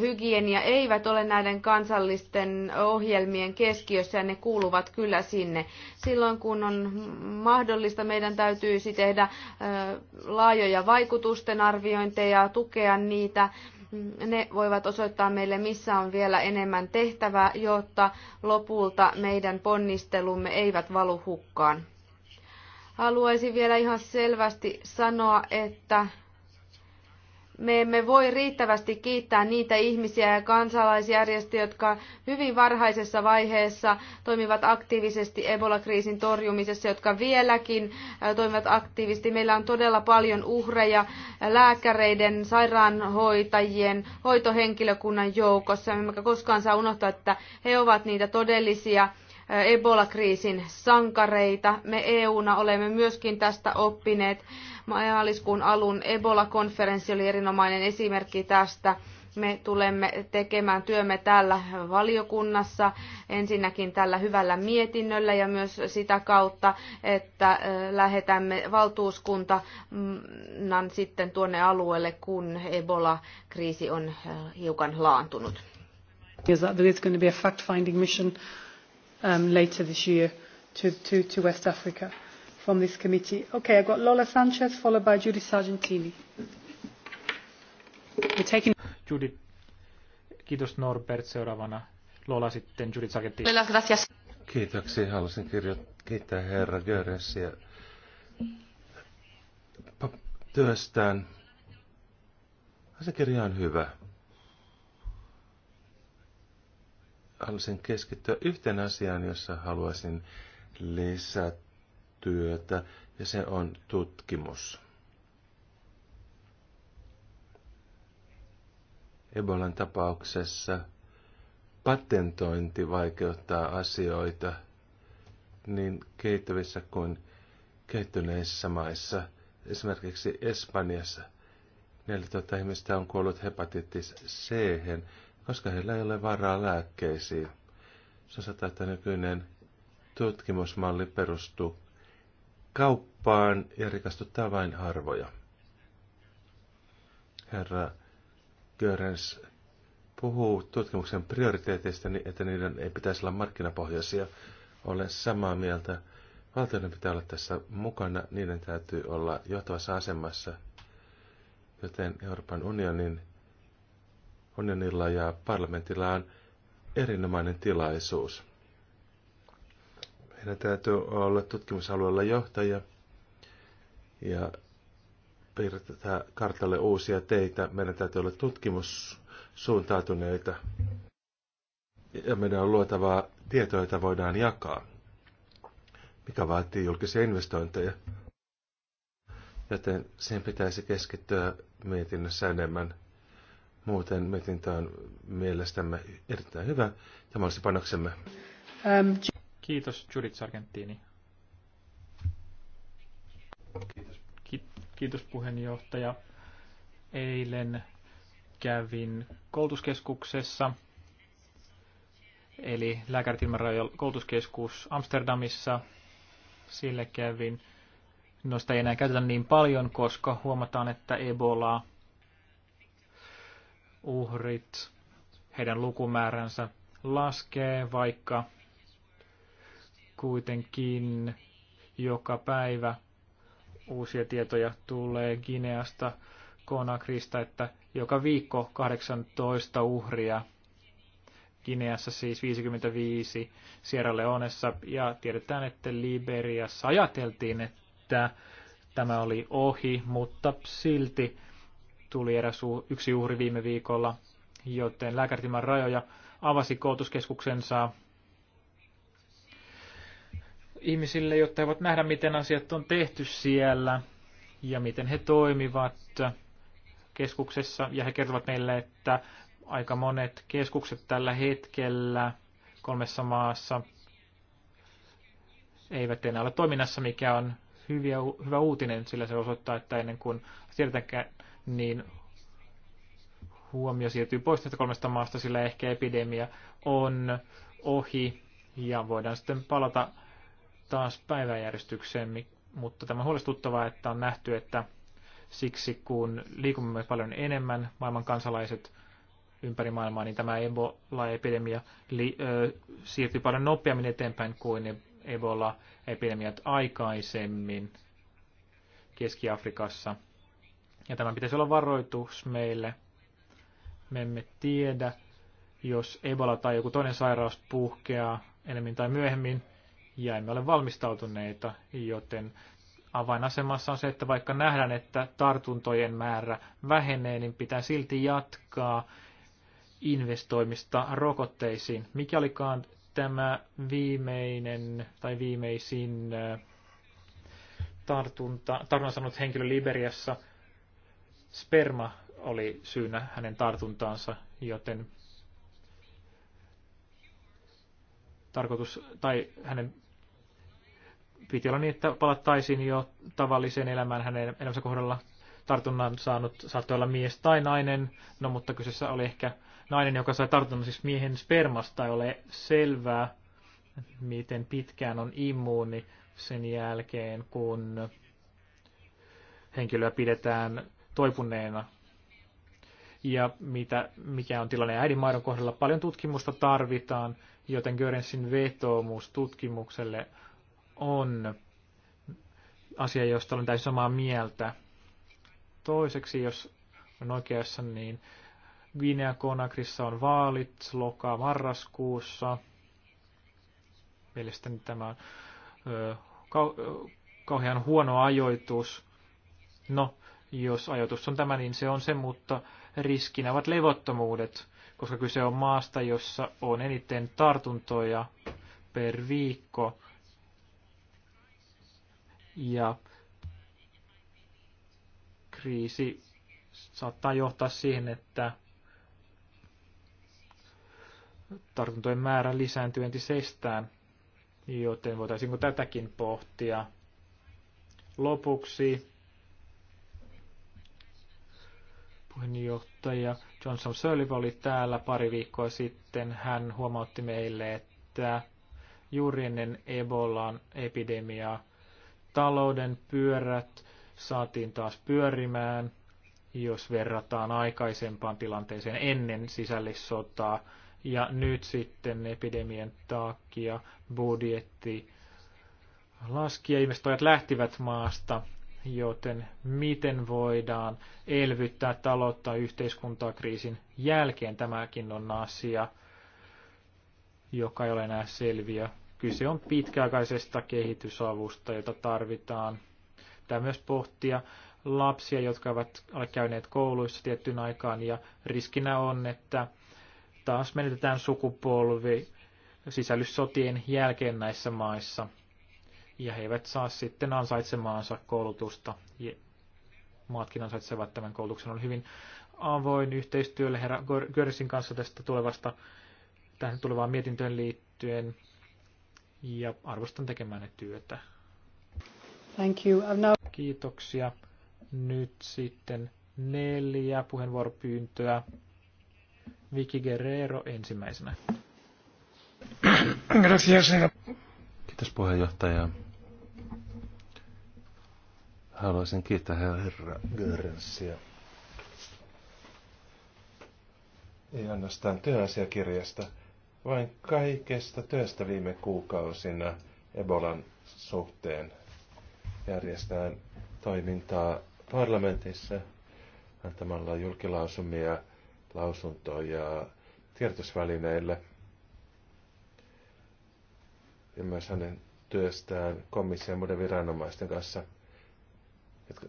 hygienia eivät ole näiden kansallisten ohjelmien keskiössä ja ne kuuluvat kyllä sinne. Silloin kun on mahdollista, meidän täytyisi tehdä laajoja vaikutusten arviointeja, tukea niitä. Ne voivat osoittaa meille, missä on vielä enemmän tehtävää, jotta lopulta meidän ponnistelumme eivät valu hukkaan. Haluaisin vielä ihan selvästi sanoa, että me emme voi riittävästi kiittää niitä ihmisiä ja kansalaisjärjestöjä, jotka hyvin varhaisessa vaiheessa toimivat aktiivisesti Ebola-kriisin torjumisessa, jotka vieläkin toimivat aktiivisesti. Meillä on todella paljon uhreja lääkäreiden, sairaanhoitajien, hoitohenkilökunnan joukossa, Emme koskaan saa unohtaa, että he ovat niitä todellisia Ebola-kriisin sankareita. Me EUna olemme myöskin tästä oppineet. Maaliskuun alun Ebola-konferenssi oli erinomainen esimerkki tästä. Me tulemme tekemään työmme täällä valiokunnassa ensinnäkin tällä hyvällä mietinnöllä ja myös sitä kautta, että lähetämme valtuuskunnan sitten tuonne alueelle, kun Ebola-kriisi on hiukan laantunut. that going to be a fact-finding mission um, later this year to, to, to West Africa from this committee. Okay, I've got Lola Sanchez followed by Judith Sargentini. We're taking... Judith. Kiitos Norbert seuraavana. Lola sitten Judith Sargentini. Kiitoksia. Haluaisin kirjo- kiittää herra Göresiä työstään. Asiakirja on hyvä. haluaisin keskittyä yhteen asiaan, jossa haluaisin työtä, ja se on tutkimus. Ebolan tapauksessa patentointi vaikeuttaa asioita niin kehittyvissä kuin kehittyneissä maissa. Esimerkiksi Espanjassa 4000 ihmistä on kuollut hepatitis c koska heillä ei ole varaa lääkkeisiin. Sanotaan, että nykyinen tutkimusmalli perustuu kauppaan ja rikastuttaa vain harvoja. Herra Görens puhuu tutkimuksen prioriteeteista, niin että niiden ei pitäisi olla markkinapohjaisia. Olen samaa mieltä. Valtioiden pitää olla tässä mukana, niiden täytyy olla johtavassa asemassa, joten Euroopan unionin unionilla ja parlamentilla on erinomainen tilaisuus. Meidän täytyy olla tutkimusalueella johtaja ja piirtää kartalle uusia teitä. Meidän täytyy olla tutkimussuuntautuneita ja meidän on luotavaa tietoa, jota voidaan jakaa, mikä vaatii julkisia investointeja. Joten siihen pitäisi keskittyä mietinnössä enemmän. Muuten mietintö on mielestämme erittäin hyvä. Tämä olisi panoksemme. Ähm, kiitos Judith Sargentini. Kiitos. Kiitos puheenjohtaja. Eilen kävin koulutuskeskuksessa, eli Lääkärit koulutuskeskus Amsterdamissa. Sille kävin. Noista ei enää käytetä niin paljon, koska huomataan, että Ebolaa uhrit, heidän lukumääränsä laskee, vaikka kuitenkin joka päivä uusia tietoja tulee Gineasta, Konakrista, että joka viikko 18 uhria. Gineassa siis 55, Sierra Leonessa ja tiedetään, että Liberiassa ajateltiin, että tämä oli ohi, mutta silti tuli eräs yksi uhri viime viikolla, joten lääkäritimän rajoja avasi koulutuskeskuksensa ihmisille, jotta he voivat nähdä, miten asiat on tehty siellä ja miten he toimivat keskuksessa. Ja he kertovat meille, että aika monet keskukset tällä hetkellä kolmessa maassa eivät enää ole toiminnassa, mikä on hyviä, hyvä uutinen, sillä se osoittaa, että ennen kuin tiedetäänkään, niin huomio siirtyy pois näistä kolmesta maasta, sillä ehkä epidemia on ohi ja voidaan sitten palata taas päiväjärjestykseen, mutta tämä on huolestuttavaa, että on nähty, että siksi kun liikumme paljon enemmän maailman kansalaiset ympäri maailmaa, niin tämä Ebola-epidemia li- ö, siirtyy paljon nopeammin eteenpäin kuin Ebola-epidemiat aikaisemmin Keski-Afrikassa – ja tämä pitäisi olla varoitus meille. Me emme tiedä, jos Ebola tai joku toinen sairaus puhkeaa enemmän tai myöhemmin, ja emme ole valmistautuneita, joten avainasemassa on se, että vaikka nähdään, että tartuntojen määrä vähenee, niin pitää silti jatkaa investoimista rokotteisiin. Mikä olikaan tämä viimeinen tai viimeisin äh, tartunta, tartunnan sanonut henkilö Liberiassa – sperma oli syynä hänen tartuntaansa, joten tarkoitus, tai hänen piti olla niin, että palattaisiin jo tavalliseen elämään hänen elämänsä kohdalla. Tartunnan saanut saattoi olla mies tai nainen, no mutta kyseessä oli ehkä nainen, joka sai tartunnan siis miehen spermasta, ei ole selvää, miten pitkään on immuuni sen jälkeen, kun henkilöä pidetään toipuneena. Ja mitä, mikä on tilanne äidinmaidon kohdalla, paljon tutkimusta tarvitaan, joten Görensin vetoomus tutkimukselle on asia, josta olen täysin samaa mieltä. Toiseksi, jos on oikeassa, niin Guinea-Konakrissa on vaalit lokaa marraskuussa. Mielestäni tämä on ö, kau, ö, kauhean huono ajoitus. No, jos ajoitus on tämä, niin se on se, mutta riskinä ovat levottomuudet, koska kyse on maasta, jossa on eniten tartuntoja per viikko. Ja kriisi saattaa johtaa siihen, että tartuntojen määrä lisääntyy entisestään, joten voitaisiinko tätäkin pohtia. Lopuksi puheenjohtaja Johnson Sirleaf oli täällä pari viikkoa sitten. Hän huomautti meille, että juuri ennen Ebolan epidemiaa talouden pyörät saatiin taas pyörimään, jos verrataan aikaisempaan tilanteeseen ennen sisällissotaa. Ja nyt sitten epidemian takia budjetti laski ja investoijat lähtivät maasta joten miten voidaan elvyttää taloutta yhteiskuntaa kriisin jälkeen, tämäkin on asia, joka ei ole enää selviä. Kyse on pitkäaikaisesta kehitysavusta, jota tarvitaan. tämä myös pohtia lapsia, jotka ovat käyneet kouluissa tiettyyn aikaan, ja riskinä on, että taas menetetään sukupolvi sisällyssotien jälkeen näissä maissa – ja he eivät saa sitten ansaitsemaansa koulutusta. Maatkin ansaitsevat tämän koulutuksen. On hyvin avoin yhteistyölle herra Görsin kanssa tästä tulevasta, tähän tulevaan mietintöön liittyen ja arvostan tekemään työtä. Thank you. now... Kiitoksia. Nyt sitten neljä puheenvuoropyyntöä. Vicky Guerrero ensimmäisenä. Gracias, Kiitos puheenjohtaja. Haluaisin kiittää herra Görensiä. Ei ainoastaan työasiakirjasta, vain kaikesta työstä viime kuukausina Ebolan suhteen. Järjestään toimintaa parlamentissa antamalla julkilausumia, lausuntoja tiedotusvälineille – ja myös hänen työstään komission ja muiden viranomaisten kanssa, jotka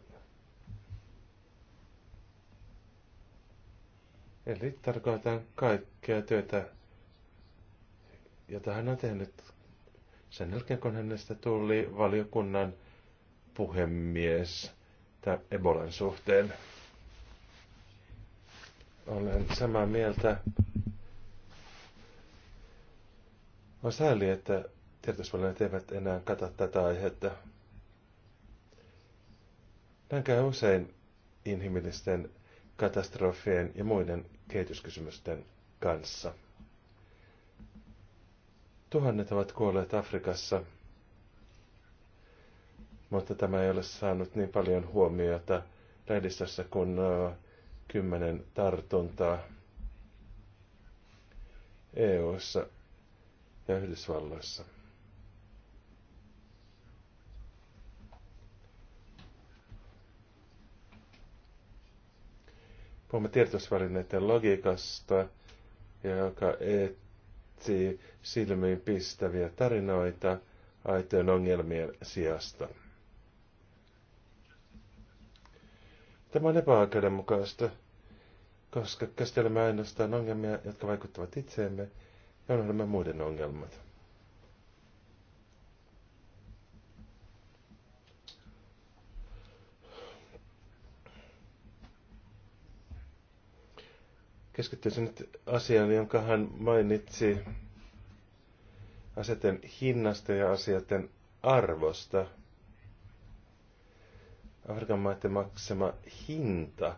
Eli tarkoitan kaikkea työtä, jota hän on tehnyt sen jälkeen, kun hänestä tuli valiokunnan puhemies tämän Ebolan suhteen. Olen samaa mieltä. On sääli, että tietosvälineet eivät enää kata tätä aihetta. Näin käy usein inhimillisten katastrofien ja muiden kehityskysymysten kanssa. Tuhannet ovat kuolleet Afrikassa, mutta tämä ei ole saanut niin paljon huomiota lehdistössä kuin kymmenen tartuntaa EU:ssa ja Yhdysvalloissa. Puhumme tiedotusvälineiden logiikasta, joka etsii silmiin pistäviä tarinoita aitojen ongelmien sijasta. Tämä on epäoikeudenmukaista, koska käsittelemme ainoastaan ongelmia, jotka vaikuttavat itseemme, ja unohdamme muiden ongelmat. keskittyisin nyt asiaan, jonka hän mainitsi asioiden hinnasta ja asioiden arvosta. Afrikan maiden maksama hinta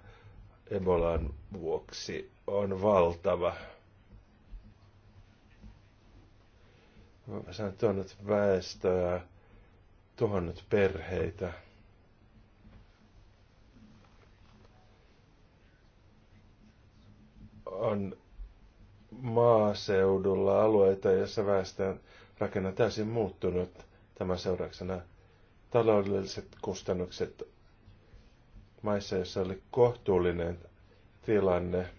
Ebolan vuoksi on valtava. Se on tuonut väestöä, tuonut perheitä – on maaseudulla alueita, joissa väestön rakenne on täysin muuttunut tämän seurauksena. Taloudelliset kustannukset maissa, joissa oli kohtuullinen tilanne,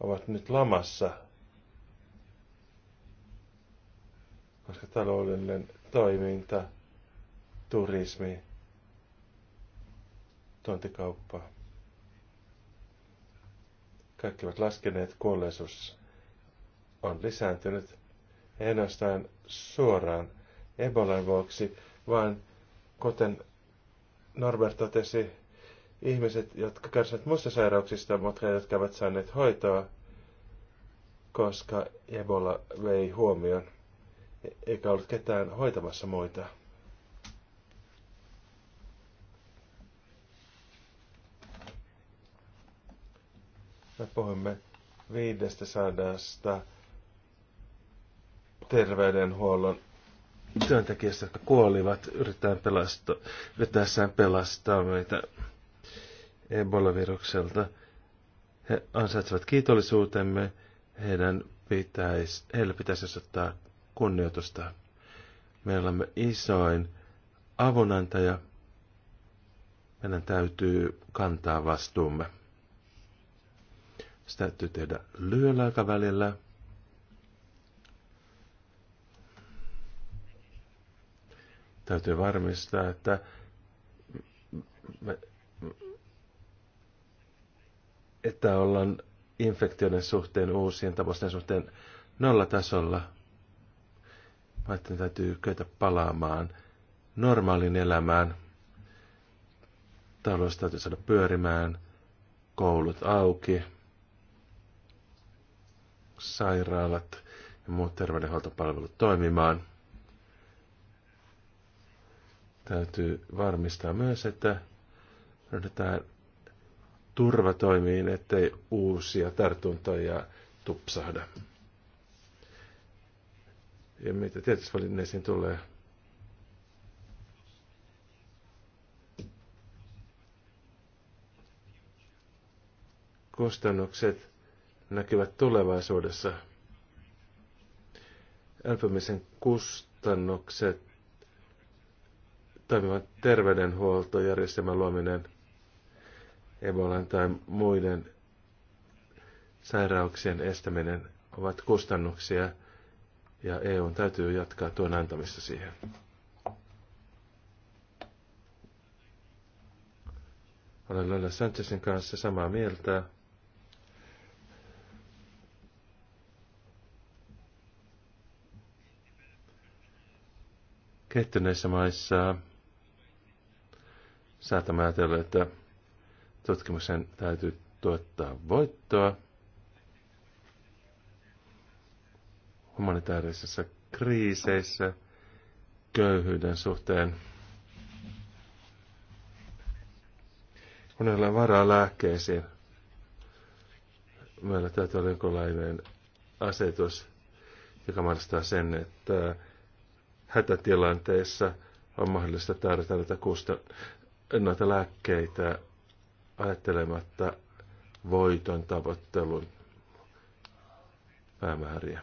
ovat nyt lamassa, koska taloudellinen toiminta, turismi, tuontikauppa – kaikki ovat laskeneet, kuolleisuus on lisääntynyt, ei ainoastaan suoraan Ebolan vuoksi, vaan kuten Norbert totesi, ihmiset, jotka kärsivät muista sairauksista, mutta jotka ovat saaneet hoitoa, koska Ebola vei huomioon, eikä ollut ketään hoitamassa muita. Me puhumme 500 terveydenhuollon työntekijästä, jotka kuolivat yrittäen pelastaa, yrittäessään pelastaa meitä Ebola-virukselta. He ansaitsevat kiitollisuutemme, heidän pitäisi, heille pitäisi ottaa kunnioitusta. Meillä on isoin avunantaja. Meidän täytyy kantaa vastuumme. Sitä täytyy tehdä lyhyellä aikavälillä. Täytyy varmistaa, että että ollaan infektioiden suhteen, uusien tavoisten suhteen nollatasolla. Maiden täytyy kyetä palaamaan normaalin elämään. Talous täytyy saada pyörimään, koulut auki sairaalat ja muut terveydenhuoltopalvelut toimimaan. Täytyy varmistaa myös, että ryhdytään turvatoimiin, ettei uusia tartuntoja tupsahda. Ja mitä tietysti valinneisiin tulee, kustannukset näkyvät tulevaisuudessa. Elpymisen kustannukset, toimivan terveydenhuoltojärjestelmän luominen, Ebolan tai muiden sairauksien estäminen ovat kustannuksia, ja EU täytyy jatkaa tuon antamista siihen. Olen Lola Sanchezin kanssa samaa mieltä. Kehittyneissä maissa saatamme ajatella, että tutkimuksen täytyy tuottaa voittoa. Humanitaarisissa kriiseissä köyhyyden suhteen. Kun ei ole varaa lääkkeisiin, meillä täytyy olla jonkinlainen asetus, joka mahdollistaa sen, että hätätilanteissa on mahdollista tarjota näitä, kusta, näitä lääkkeitä ajattelematta voiton tavoittelun päämääriä.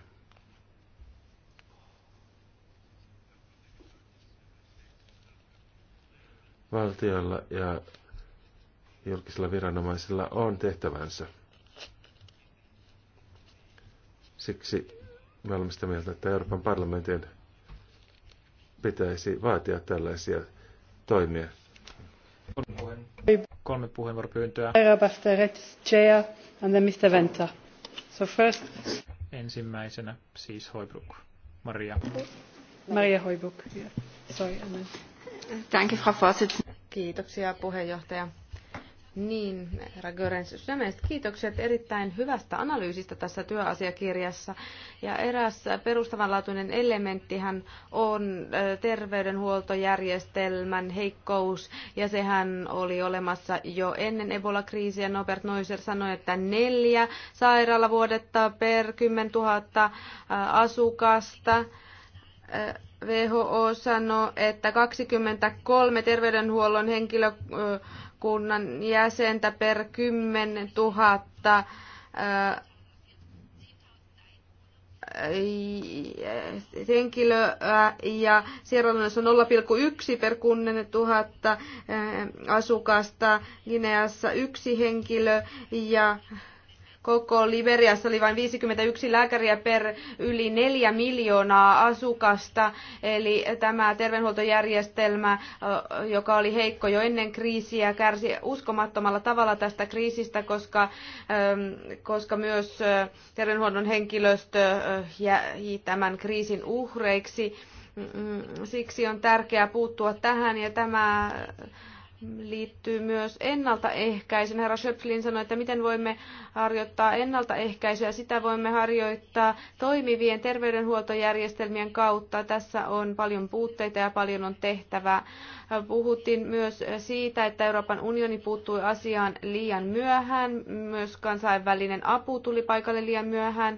Valtiolla ja julkisilla viranomaisilla on tehtävänsä. Siksi me olemme sitä mieltä, että Euroopan parlamentin pitäisi vaatia tällaisia toimia. Kolme puheenvuoropyyntöä. and Mr. Venta. So first... Ensimmäisenä siis Hoibruk. Maria. Maria Hoibruk. Yeah. Sorry, Anna. Thank you, Frau Kiitoksia puheenjohtaja. Niin, herra Görens, sydämestä kiitokset erittäin hyvästä analyysistä tässä työasiakirjassa. Ja eräs perustavanlaatuinen elementtihän on terveydenhuoltojärjestelmän heikkous, ja sehän oli olemassa jo ennen Ebola-kriisiä. Norbert Neuser sanoi, että neljä sairaalavuodetta per 10 000 asukasta. WHO sanoi, että 23 terveydenhuollon henkilö valtuuskunnan jäsentä per 10 000 henkilöä ja Sierra Leoneassa on 0,1 per 10 000 asukasta, Gineassa yksi henkilö ja Koko Liberiassa oli vain 51 lääkäriä per yli 4 miljoonaa asukasta, eli tämä terveydenhuoltojärjestelmä, joka oli heikko jo ennen kriisiä, kärsi uskomattomalla tavalla tästä kriisistä, koska, koska myös terveydenhuollon henkilöstö jäi tämän kriisin uhreiksi. Mm, mm, siksi on tärkeää puuttua tähän ja tämä liittyy myös ennaltaehkäisyyn. Herra Schöpflin sanoi, että miten voimme harjoittaa ennaltaehkäisyä. Sitä voimme harjoittaa toimivien terveydenhuoltojärjestelmien kautta. Tässä on paljon puutteita ja paljon on tehtävää. Puhuttiin myös siitä, että Euroopan unioni puuttui asiaan liian myöhään. Myös kansainvälinen apu tuli paikalle liian myöhään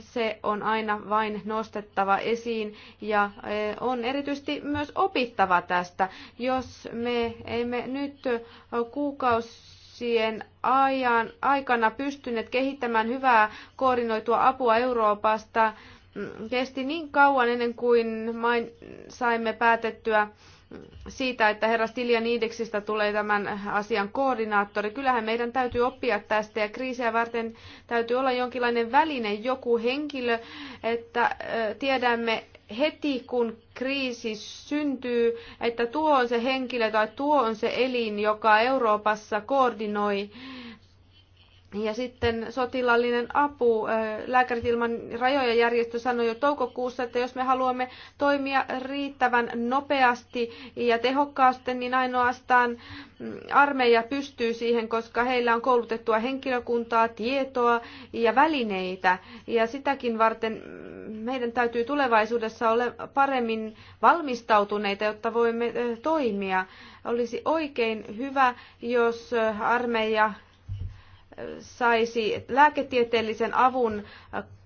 se on aina vain nostettava esiin ja e, on erityisesti myös opittava tästä. Jos me emme nyt kuukausien ajan, aikana pystyneet kehittämään hyvää koordinoitua apua Euroopasta, mm, kesti niin kauan ennen kuin main, saimme päätettyä siitä, että herra Stiljan Indeksistä tulee tämän asian koordinaattori. Kyllähän meidän täytyy oppia tästä ja kriisiä varten täytyy olla jonkinlainen väline, joku henkilö, että tiedämme heti kun kriisi syntyy, että tuo on se henkilö tai tuo on se elin, joka Euroopassa koordinoi äh, ja sitten sotilallinen apu. Lääkärit ilman rajoja järjestö sanoi jo toukokuussa, että jos me haluamme toimia riittävän nopeasti ja tehokkaasti, niin ainoastaan mm, armeija pystyy siihen, koska heillä on koulutettua henkilökuntaa, tietoa ja välineitä. Ja sitäkin varten mm, meidän täytyy tulevaisuudessa olla paremmin valmistautuneita, jotta voimme toimia. Olisi oikein hyvä, jos armeija saisi lääketieteellisen avun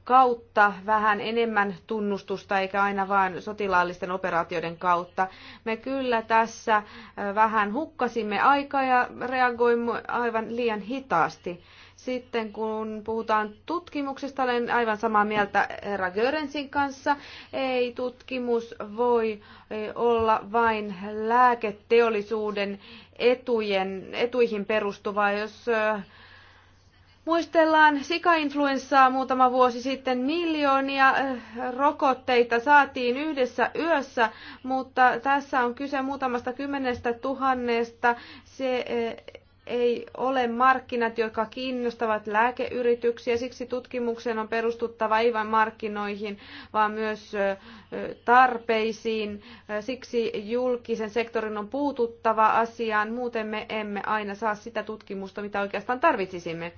kautta vähän enemmän tunnustusta eikä aina vain sotilaallisten operaatioiden kautta. Me kyllä tässä äh, vähän hukkasimme aikaa ja reagoimme aivan liian hitaasti. Sitten kun puhutaan tutkimuksesta, olen aivan samaa mieltä herra Görensin kanssa. Ei tutkimus voi äh, olla vain lääketeollisuuden etujen, etuihin perustuvaa, jos äh, Muistellaan sikainfluenssaa muutama vuosi sitten. Miljoonia eh, rokotteita saatiin yhdessä yössä, mutta tässä on kyse muutamasta kymmenestä tuhannesta. Se eh, ei ole markkinat, jotka kiinnostavat lääkeyrityksiä. Siksi tutkimuksen on perustuttava ei vain markkinoihin, vaan myös eh, tarpeisiin. Siksi julkisen sektorin on puututtava asiaan, muuten me emme aina saa sitä tutkimusta, mitä oikeastaan tarvitsisimme.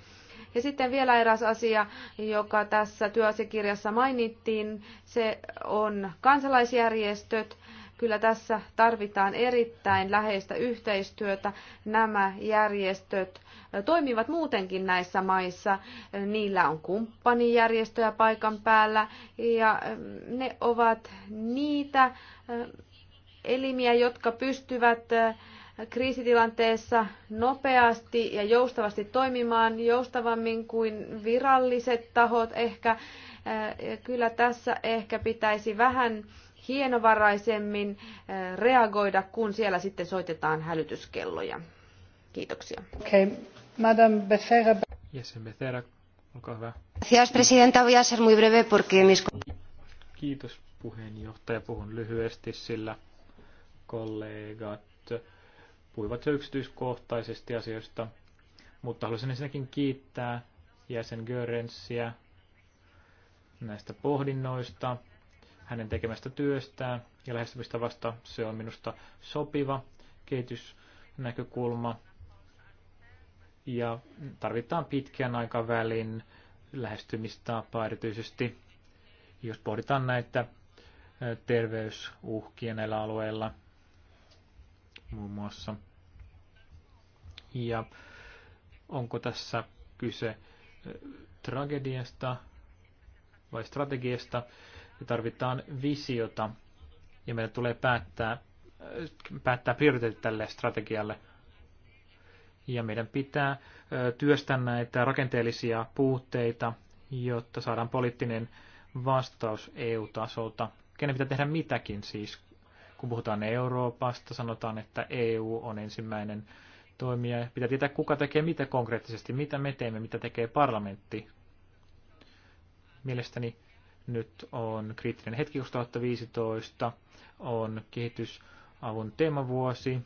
Ja sitten vielä eräs asia, joka tässä työasiakirjassa mainittiin, se on kansalaisjärjestöt. Kyllä tässä tarvitaan erittäin läheistä yhteistyötä. Nämä järjestöt toimivat muutenkin näissä maissa. Niillä on kumppanijärjestöjä paikan päällä ja ne ovat niitä eh, elimiä, jotka pystyvät eh, kriisitilanteessa nopeasti ja joustavasti toimimaan, joustavammin kuin viralliset tahot ehkä. Äh, kyllä tässä ehkä pitäisi vähän hienovaraisemmin äh, reagoida, kun siellä sitten soitetaan hälytyskelloja. Kiitoksia. Okay. Madame Becerra. Yes, Becerra. Olkaa hyvä. Gracias, presidenta. Voy a ser muy breve porque mis... Kiitos puheenjohtaja. Puhun lyhyesti, sillä kollegat puhuivat jo yksityiskohtaisesti asioista, mutta haluaisin ensinnäkin kiittää jäsen Görenssiä näistä pohdinnoista, hänen tekemästä työstään ja lähestymistä vasta se on minusta sopiva kehitysnäkökulma. Ja tarvitaan pitkän aikavälin lähestymistä erityisesti, jos pohditaan näitä terveysuhkia näillä alueilla muun muassa. Ja onko tässä kyse äh, tragediasta vai strategiasta? Me tarvitaan visiota ja meidän tulee päättää, äh, päättää prioriteetit tälle strategialle. Ja meidän pitää äh, työstää näitä rakenteellisia puutteita, jotta saadaan poliittinen vastaus EU-tasolta. Kenen pitää tehdä mitäkin siis, kun puhutaan Euroopasta, sanotaan, että EU on ensimmäinen toimija. Pitää tietää, kuka tekee mitä konkreettisesti, mitä me teemme, mitä tekee parlamentti. Mielestäni nyt on kriittinen hetki 2015, on kehitysavun teemavuosi.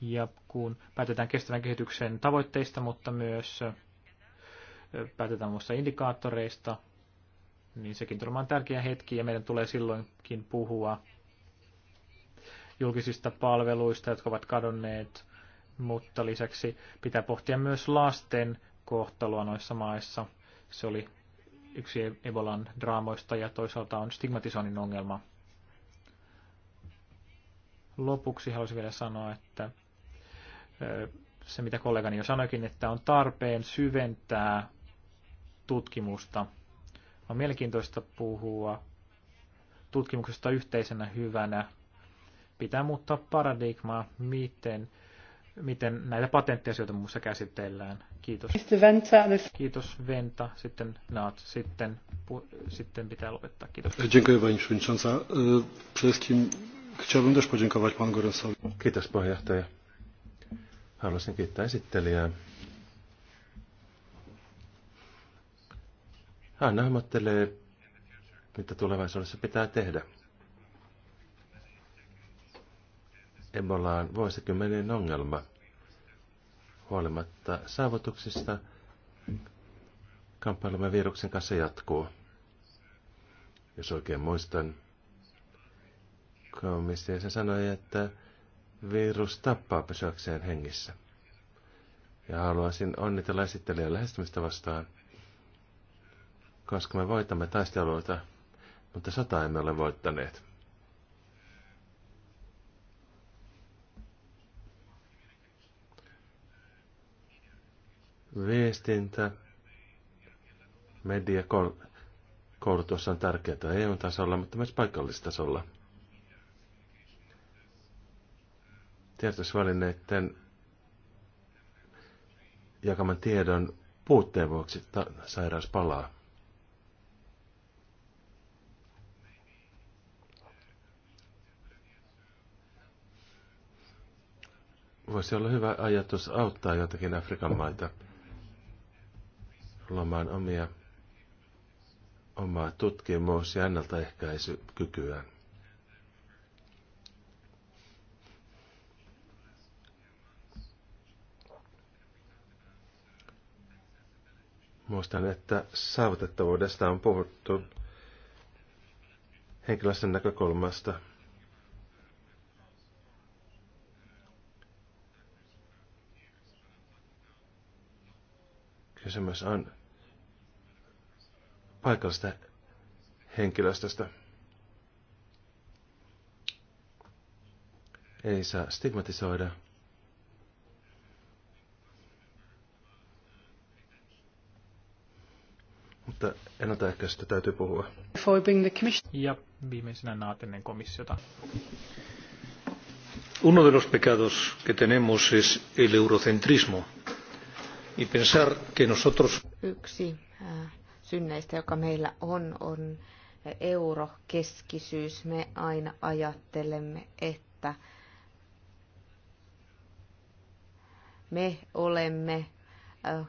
Ja kun päätetään kestävän kehityksen tavoitteista, mutta myös päätetään muissa indikaattoreista, niin sekin tulee olemaan tärkeä hetki ja meidän tulee silloinkin puhua julkisista palveluista, jotka ovat kadonneet, mutta lisäksi pitää pohtia myös lasten kohtaloa noissa maissa. Se oli yksi Ebolan draamoista ja toisaalta on stigmatisoinnin ongelma. Lopuksi haluaisin vielä sanoa, että se mitä kollegani jo sanoikin, että on tarpeen syventää tutkimusta on mielenkiintoista puhua tutkimuksesta yhteisenä hyvänä. Pitää muuttaa paradigmaa, miten, miten näitä patenttiasioita muussa käsitellään. Kiitos. Kiitos Venta, sitten Naat, sitten, pu, sitten pitää lopettaa. Kiitos. Dziękuję e, podziękować Kiitos puheenjohtaja. Haluaisin kiittää esittelijää Hän hahmottelee, mitä tulevaisuudessa pitää tehdä. Ebola on vuosikymmenen ongelma. Huolimatta saavutuksista kamppailumme viruksen kanssa jatkuu. Jos oikein muistan, komissio sanoi, että virus tappaa pysyäkseen hengissä. Ja haluaisin onnitella esittelijän lähestymistä vastaan – koska me voitamme taisteluita, mutta sota emme ole voittaneet. Viestintä, media, koulutus on tärkeää EU-tasolla, mutta myös paikallistasolla. Tiedotusvälineiden jakaman tiedon puutteen vuoksi sairaus palaa. voisi olla hyvä ajatus auttaa jotakin Afrikan maita luomaan omia, omaa tutkimus- ja ennaltaehkäisykykyään. Muistan, että saavutettavuudesta on puhuttu henkilöstön näkökulmasta – Kysymys on paikallista henkilöstöstä. Ei saa stigmatisoida. Mutta ennaltaehkäisystä täytyy puhua. Ja viimeisenä naatinen komissiota. Uno de los pecados que tenemos es el eurocentrismo y pensar que nosotros... Yksi äh, synneistä, joka meillä on, on äh, eurokeskisyys. Me aina ajattelemme, että me olemme äh,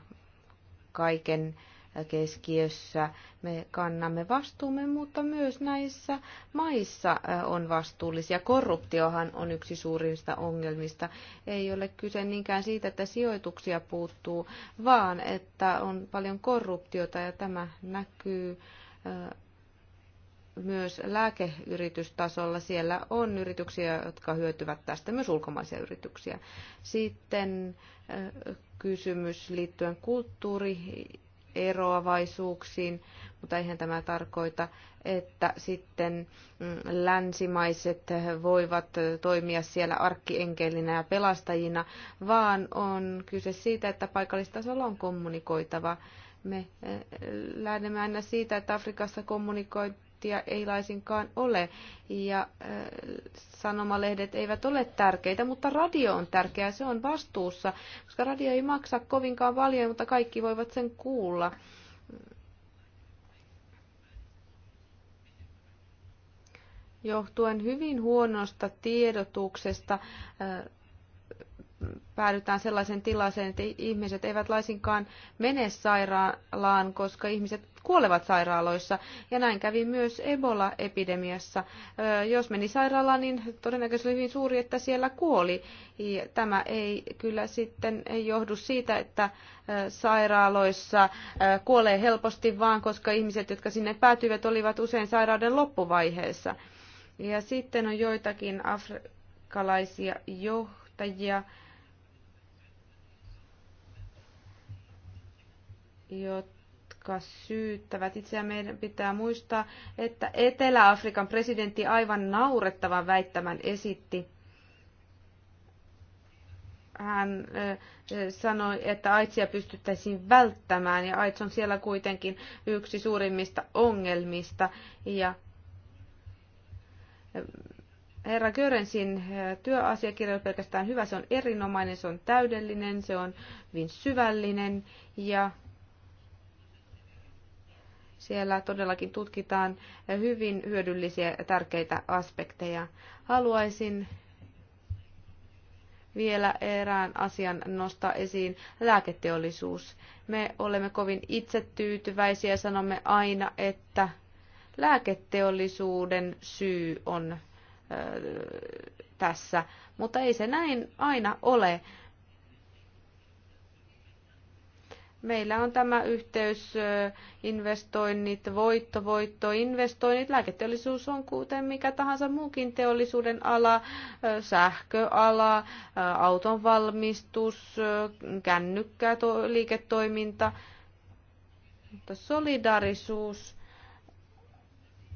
kaiken keskiössä. Me kannamme vastuumme, mutta myös näissä maissa on vastuullisia. Korruptiohan on yksi suurimmista ongelmista. Ei ole kyse niinkään siitä, että sijoituksia puuttuu, vaan että on paljon korruptiota ja tämä näkyy myös lääkeyritystasolla siellä on yrityksiä, jotka hyötyvät tästä, myös ulkomaisia yrityksiä. Sitten kysymys liittyen kulttuuri- eroavaisuuksiin, mutta eihän tämä tarkoita, että sitten mm, länsimaiset voivat toimia siellä arkkienkelinä ja pelastajina, vaan on kyse siitä, että paikallistasolla on kommunikoitava. Me eh, lähdemme aina siitä, että Afrikassa kommunikoit raporttia ei laisinkaan ole. Ja äh, sanomalehdet eivät ole tärkeitä, mutta radio on tärkeää, se on vastuussa, koska radio ei maksa kovinkaan paljon, mutta kaikki voivat sen kuulla. Johtuen hyvin huonosta tiedotuksesta äh, päädytään sellaisen tilaseen, että ihmiset eivät laisinkaan mene sairaalaan, koska ihmiset kuolevat sairaaloissa. Ja näin kävi myös Ebola-epidemiassa. Jos meni sairaalaan, niin todennäköisesti oli hyvin niin suuri, että siellä kuoli. Ja tämä ei kyllä sitten ei johdu siitä, että sairaaloissa kuolee helposti, vaan koska ihmiset, jotka sinne päätyivät, olivat usein sairauden loppuvaiheessa. Ja sitten on joitakin afrikkalaisia johtajia, jotka jotka syyttävät itseään. Meidän pitää muistaa, että Etelä-Afrikan presidentti aivan naurettavan väittämän esitti. Hän sanoi, että AIDSia pystyttäisiin välttämään ja AIDS on siellä kuitenkin yksi suurimmista ongelmista. Ja Herra Görensin työasiakirja on pelkästään hyvä, se on erinomainen, se on täydellinen, se on hyvin syvällinen ja siellä todellakin tutkitaan hyvin hyödyllisiä ja tärkeitä aspekteja. Haluaisin vielä erään asian nostaa esiin lääketeollisuus. Me olemme kovin itsetyytyväisiä ja sanomme aina, että lääketeollisuuden syy on tässä, mutta ei se näin aina ole. Meillä on tämä yhteys, investoinnit, voitto, voitto, investoinnit. Lääketeollisuus on kuten mikä tahansa muukin teollisuuden ala, sähköala, auton valmistus, kännykkä, liiketoiminta, mutta solidarisuus.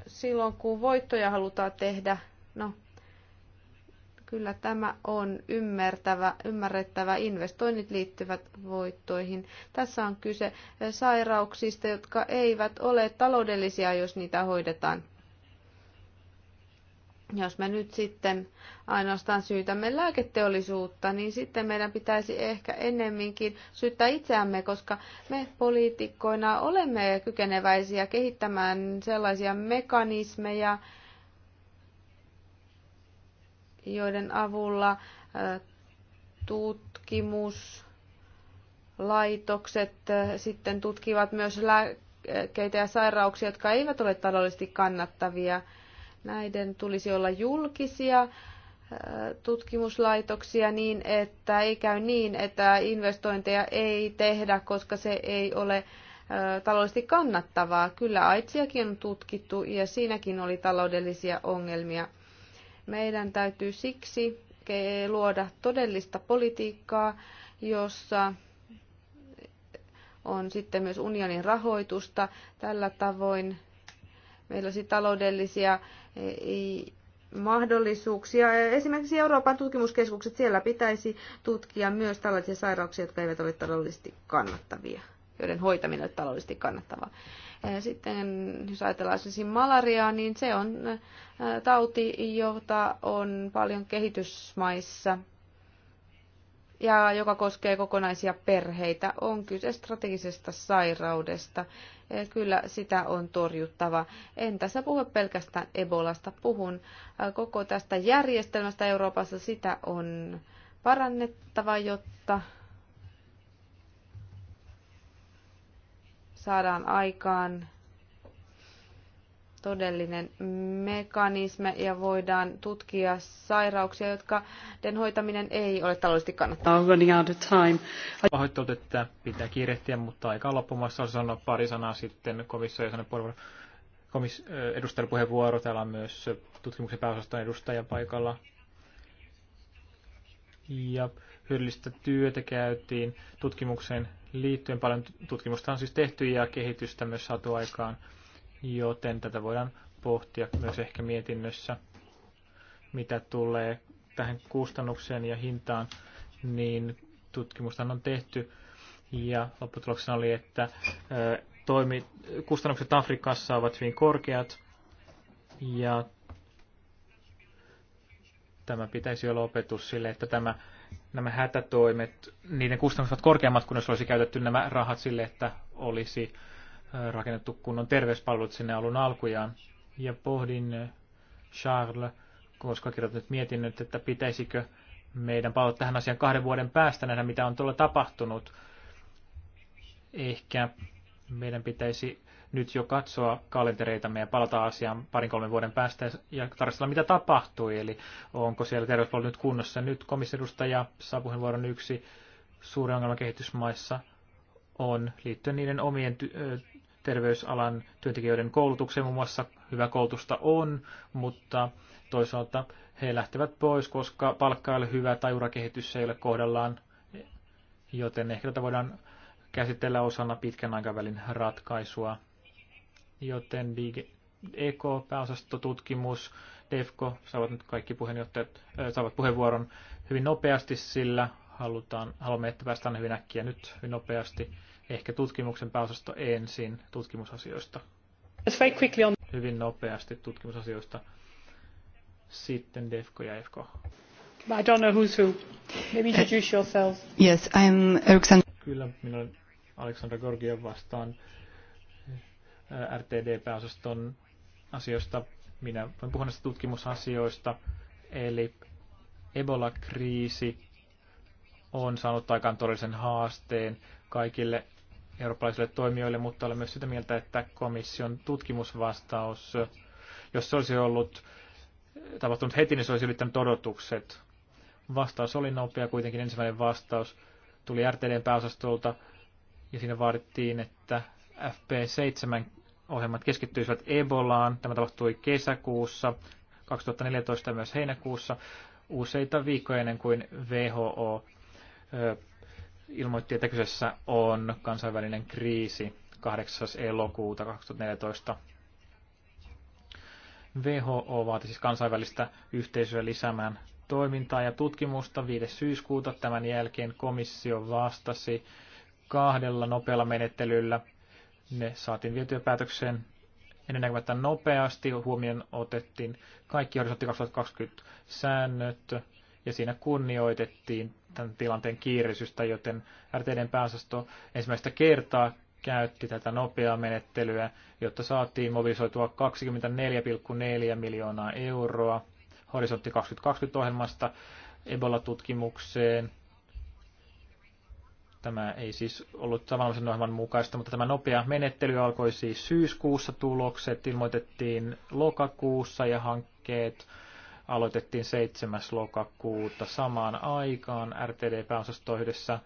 Silloin kun voittoja halutaan tehdä, no Kyllä tämä on ymmärtävä, ymmärrettävä. Investoinnit liittyvät voittoihin. Tässä on kyse sairauksista, jotka eivät ole taloudellisia, jos niitä hoidetaan. Jos me nyt sitten ainoastaan syytämme lääketeollisuutta, niin sitten meidän pitäisi ehkä ennemminkin syyttää itseämme, koska me poliitikkoina olemme kykeneväisiä kehittämään sellaisia mekanismeja, joiden avulla tutkimuslaitokset sitten tutkivat myös lääkkeitä ja sairauksia, jotka eivät ole taloudellisesti kannattavia. Näiden tulisi olla julkisia tutkimuslaitoksia niin, että ei käy niin, että investointeja ei tehdä, koska se ei ole taloudellisesti kannattavaa. Kyllä AIDSiakin on tutkittu ja siinäkin oli taloudellisia ongelmia. Meidän täytyy siksi luoda todellista politiikkaa, jossa on sitten myös unionin rahoitusta. Tällä tavoin meillä olisi taloudellisia eh, mahdollisuuksia. Esimerkiksi Euroopan tutkimuskeskukset, siellä pitäisi tutkia myös tällaisia sairauksia, jotka eivät ole taloudellisesti kannattavia, joiden hoitaminen on taloudellisesti kannattavaa. Sitten jos ajatellaan siis malariaa, niin se on tauti, jota on paljon kehitysmaissa ja joka koskee kokonaisia perheitä. On kyse strategisesta sairaudesta. Kyllä sitä on torjuttava. En tässä puhu pelkästään Ebolasta, puhun koko tästä järjestelmästä Euroopassa. Sitä on parannettava, jotta saadaan aikaan todellinen mekanismi ja voidaan tutkia sairauksia, jotka den hoitaminen ei ole taloudellisesti kannattavaa. Pahoittelut, että pitää kiirehtiä, mutta aika on loppumassa. sanoa pari sanaa sitten komissio ja komis, edustajapuheenvuoro. Täällä on myös tutkimuksen pääosaston edustaja paikalla. Ja hyödyllistä työtä käytiin tutkimuksen liittyen paljon tutkimusta on siis tehty ja kehitystä myös saatu aikaan, joten tätä voidaan pohtia myös ehkä mietinnössä, mitä tulee tähän kustannukseen ja hintaan, niin tutkimusta on tehty ja lopputuloksena oli, että toimi, kustannukset Afrikassa ovat hyvin korkeat ja tämä pitäisi olla opetus sille, että tämä nämä hätätoimet, niiden kustannukset ovat korkeammat kuin jos olisi käytetty nämä rahat sille, että olisi rakennettu kunnon terveyspalvelut sinne alun alkujaan. Ja pohdin Charles, koska kirjoitin mietinnön, että pitäisikö meidän palata tähän asiaan kahden vuoden päästä, nähdä mitä on tuolla tapahtunut. Ehkä meidän pitäisi nyt jo katsoa kalentereitamme ja palata asiaan parin kolmen vuoden päästä ja tarkastella, mitä tapahtui. Eli onko siellä terveyspuoli nyt kunnossa. Nyt komissiodustaja saa puheenvuoron yksi suuri ongelma kehitysmaissa on liittyen niiden omien terveysalan työntekijöiden koulutukseen. Muun muassa hyvä koulutusta on, mutta toisaalta he lähtevät pois, koska palkka ei ole hyvä tai urakehitys ei ole kohdallaan, joten ehkä tätä voidaan käsitellä osana pitkän aikavälin ratkaisua joten EK, pääosastotutkimus, DEFCO saavat nyt kaikki puheenjohtajat, äh, saavat puheenvuoron hyvin nopeasti, sillä halutaan, haluamme, että päästään hyvin äkkiä nyt hyvin nopeasti. Ehkä tutkimuksen pääosasto ensin tutkimusasioista. Hyvin nopeasti tutkimusasioista. Sitten DEFCO ja EFCO. I don't know who's who. Maybe introduce yourselves. Yes, I'm Alexander. Kyllä, minä olen Aleksandra Gorgiev vastaan RTD-pääosaston asioista. Minä voin puhua näistä tutkimusasioista, eli Ebola-kriisi on saanut aikaan todellisen haasteen kaikille eurooppalaisille toimijoille, mutta olen myös sitä mieltä, että komission tutkimusvastaus, jos se olisi ollut tapahtunut heti, niin se olisi ylittänyt odotukset. Vastaus oli nopea, kuitenkin ensimmäinen vastaus tuli RTDn pääosastolta, ja siinä vaadittiin, että FP7 ohjelmat keskittyisivät Ebolaan. Tämä tapahtui kesäkuussa, 2014 myös heinäkuussa, useita viikkoja ennen kuin WHO ilmoitti, että kyseessä on kansainvälinen kriisi 8. elokuuta 2014. WHO vaati siis kansainvälistä yhteisöä lisäämään toimintaa ja tutkimusta 5. syyskuuta. Tämän jälkeen komissio vastasi kahdella nopealla menettelyllä – ne saatiin vietyä päätökseen ennennäkemättä nopeasti. Huomioon otettiin kaikki horisontti 2020 säännöt ja siinä kunnioitettiin tämän tilanteen kiireisystä, joten RTDn pääosasto ensimmäistä kertaa käytti tätä nopeaa menettelyä, jotta saatiin mobilisoitua 24,4 miljoonaa euroa horisontti 2020 ohjelmasta Ebola-tutkimukseen, Tämä ei siis ollut tavallisen ohjelman mukaista, mutta tämä nopea menettely alkoi siis syyskuussa. Tulokset ilmoitettiin lokakuussa ja hankkeet aloitettiin 7. lokakuuta samaan aikaan RTD-pääosasto yhdessä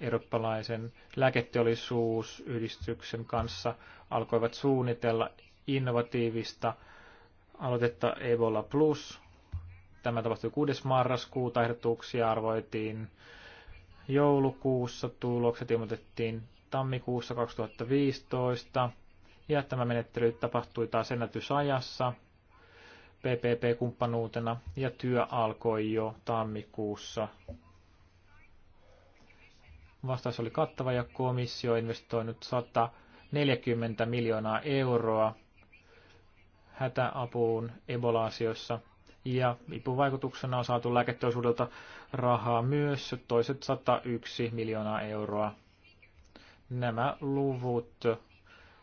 eurooppalaisen lääketeollisuusyhdistyksen kanssa alkoivat suunnitella innovatiivista aloitetta Ebola Plus. Tämä tapahtui 6. marraskuuta. Ehdotuksia arvoitiin joulukuussa, tulokset ilmoitettiin tammikuussa 2015, ja tämä menettely tapahtui taas ennätysajassa PPP-kumppanuutena, ja työ alkoi jo tammikuussa. Vastaus oli kattava, ja komissio investoinut 140 miljoonaa euroa hätäapuun Ebola-asioissa – ja IPUn vaikutuksena on saatu lääketeollisuudelta rahaa myös toiset 101 miljoonaa euroa. Nämä luvut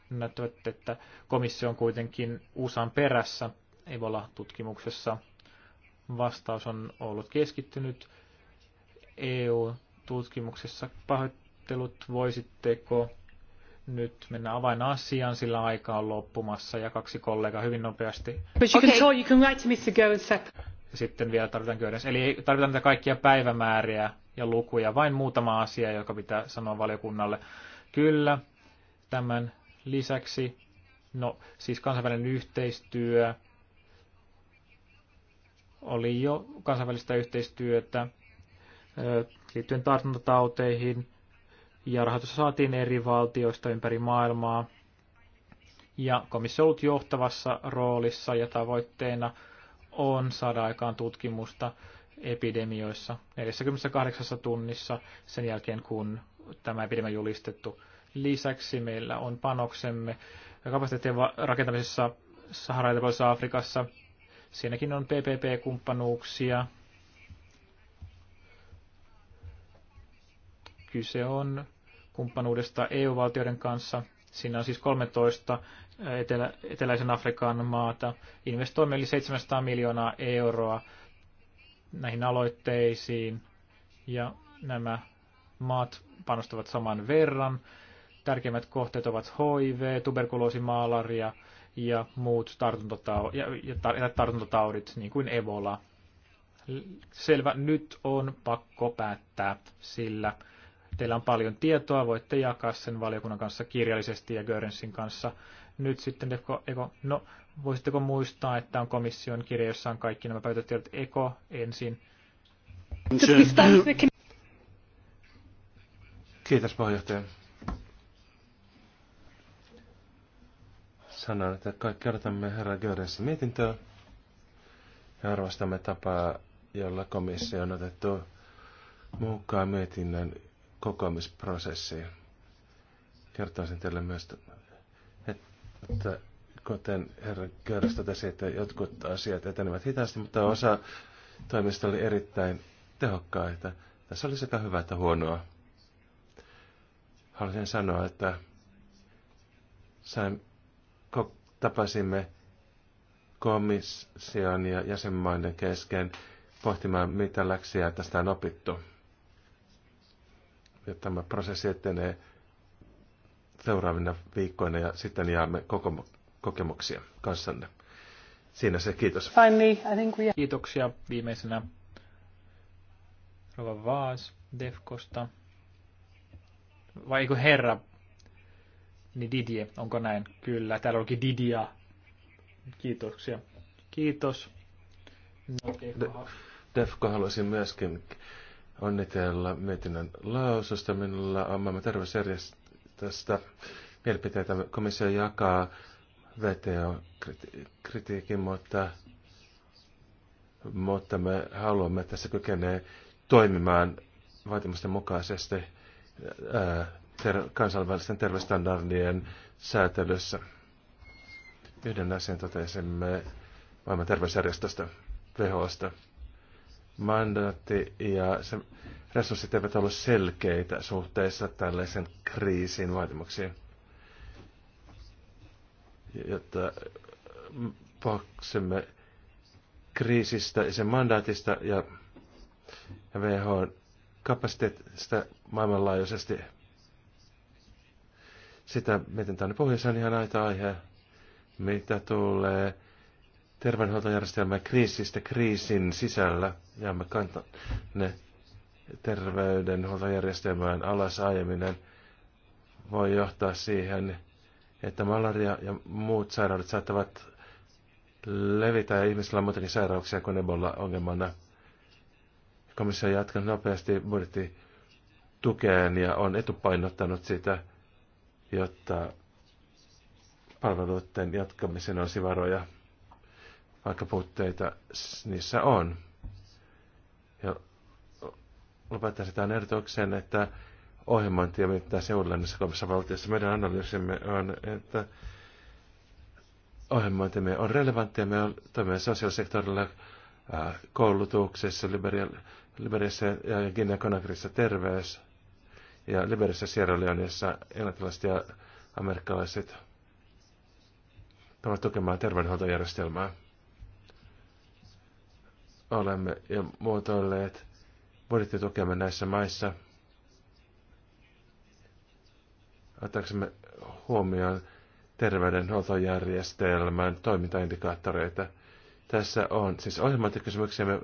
näyttävät, että komissio on kuitenkin USAn perässä Ebola-tutkimuksessa. Vastaus on ollut keskittynyt EU-tutkimuksessa. Pahoittelut voisitteko nyt mennä avainasiaan, sillä aika on loppumassa ja kaksi kollegaa hyvin nopeasti. Ja sitten vielä tarvitaan Goins. Eli tarvitaan niitä kaikkia päivämääriä ja lukuja, vain muutama asia, joka pitää sanoa valiokunnalle. Kyllä, tämän lisäksi, no siis kansainvälinen yhteistyö, oli jo kansainvälistä yhteistyötä liittyen tartuntatauteihin, ja rahoitusta saatiin eri valtioista ympäri maailmaa. Ja komissio on ollut johtavassa roolissa ja tavoitteena on saada aikaan tutkimusta epidemioissa 48 tunnissa sen jälkeen, kun tämä epidemia julistettu. Lisäksi meillä on panoksemme kapasiteettien rakentamisessa Sahara Afrikassa. Siinäkin on PPP-kumppanuuksia. Kyse on kumppanuudesta EU-valtioiden kanssa. Siinä on siis 13 etelä, eteläisen Afrikan maata. Investoimme yli 700 miljoonaa euroa näihin aloitteisiin ja nämä maat panostavat saman verran. Tärkeimmät kohteet ovat HIV, tuberkuloosi, ja muut tartuntataudit, ja, ja tartuntataudit, niin kuin Ebola. Selvä, nyt on pakko päättää, sillä Teillä on paljon tietoa, voitte jakaa sen valiokunnan kanssa kirjallisesti ja Görensin kanssa. Nyt sitten, Eko, Eko, no, voisitteko muistaa, että on komission kirja, jossa on kaikki nämä pöytätiedot Eko ensin. Kiitos puheenjohtaja. Sanon, että kaikki odotamme herra Görensin mietintöä ja arvostamme tapaa, jolla komissio on otettu mukaan mietinnön kokoamisprosessiin. Kertoisin teille myös, että kuten herra Körs totesi, että jotkut asiat etenevät hitaasti, mutta osa toimista oli erittäin tehokkaita. Tässä oli sekä hyvää että huonoa. Haluaisin sanoa, että sain, tapasimme komission ja jäsenmaiden kesken pohtimaan, mitä läksiä tästä on opittu ja tämä prosessi etenee seuraavina viikkoina ja sitten jaamme koko, kokemuksia kanssanne. Siinä se, kiitos. Finally, I think we... Kiitoksia viimeisenä Rova Vaas Defkosta. Vai eikö herra? Niin Didie, onko näin? Kyllä, täällä olikin Didia. Kiitoksia. Kiitos. No, Defko haluaisin myöskin onnitella mietinnön laususta. Minulla on maailman terveysjärjestöstä mielipiteitä. Komissio jakaa VTO-kritiikin, mutta, mutta me haluamme, että se kykenee toimimaan vaatimusten mukaisesti ää, ter- kansainvälisten terveysstandardien säätelyssä. Yhden asian totesimme maailman terveysjärjestöstä, WHOsta mandaatti ja se resurssit eivät ole selkeitä suhteessa tällaisen kriisin vaatimuksiin. Jotta mm, paksemme kriisistä ja sen mandaatista ja WHO kapasiteetista maailmanlaajuisesti. Sitä miten tänne pohjassa on ihan aita aihe, mitä tulee terveydenhuoltojärjestelmää kriisistä kriisin sisällä ja me ne terveydenhuoltojärjestelmään alas aieminen voi johtaa siihen, että malaria ja muut sairaudet saattavat levitä ja ihmisillä on muutenkin sairauksia kuin Ebola ongelmana. Komissio on jatkanut nopeasti budjettitukeen ja on etupainottanut sitä, jotta palveluiden jatkamisen on sivaroja vaikka puutteita niissä on. Ja lopettaa sitä ehdotuksen, että ohjelmointia mietittäisiin uudelleen niissä kolmessa valtiossa. Meidän analyysimme on, että ohjelmointimme on relevanttia. Me toimimme sosiaalisektorilla äh, koulutuksessa, Liberiassa ja guinea Conakryssä terveys ja Liberiassa Sierra Leoneissa englantilaiset ja amerikkalaiset tulevat tukemaan terveydenhuoltojärjestelmää olemme jo muotoilleet budjettitukemme näissä maissa. Ottaaksemme huomioon terveydenhuoltojärjestelmän toimintaindikaattoreita. Tässä on siis ohjelmointikysymyksiä. Me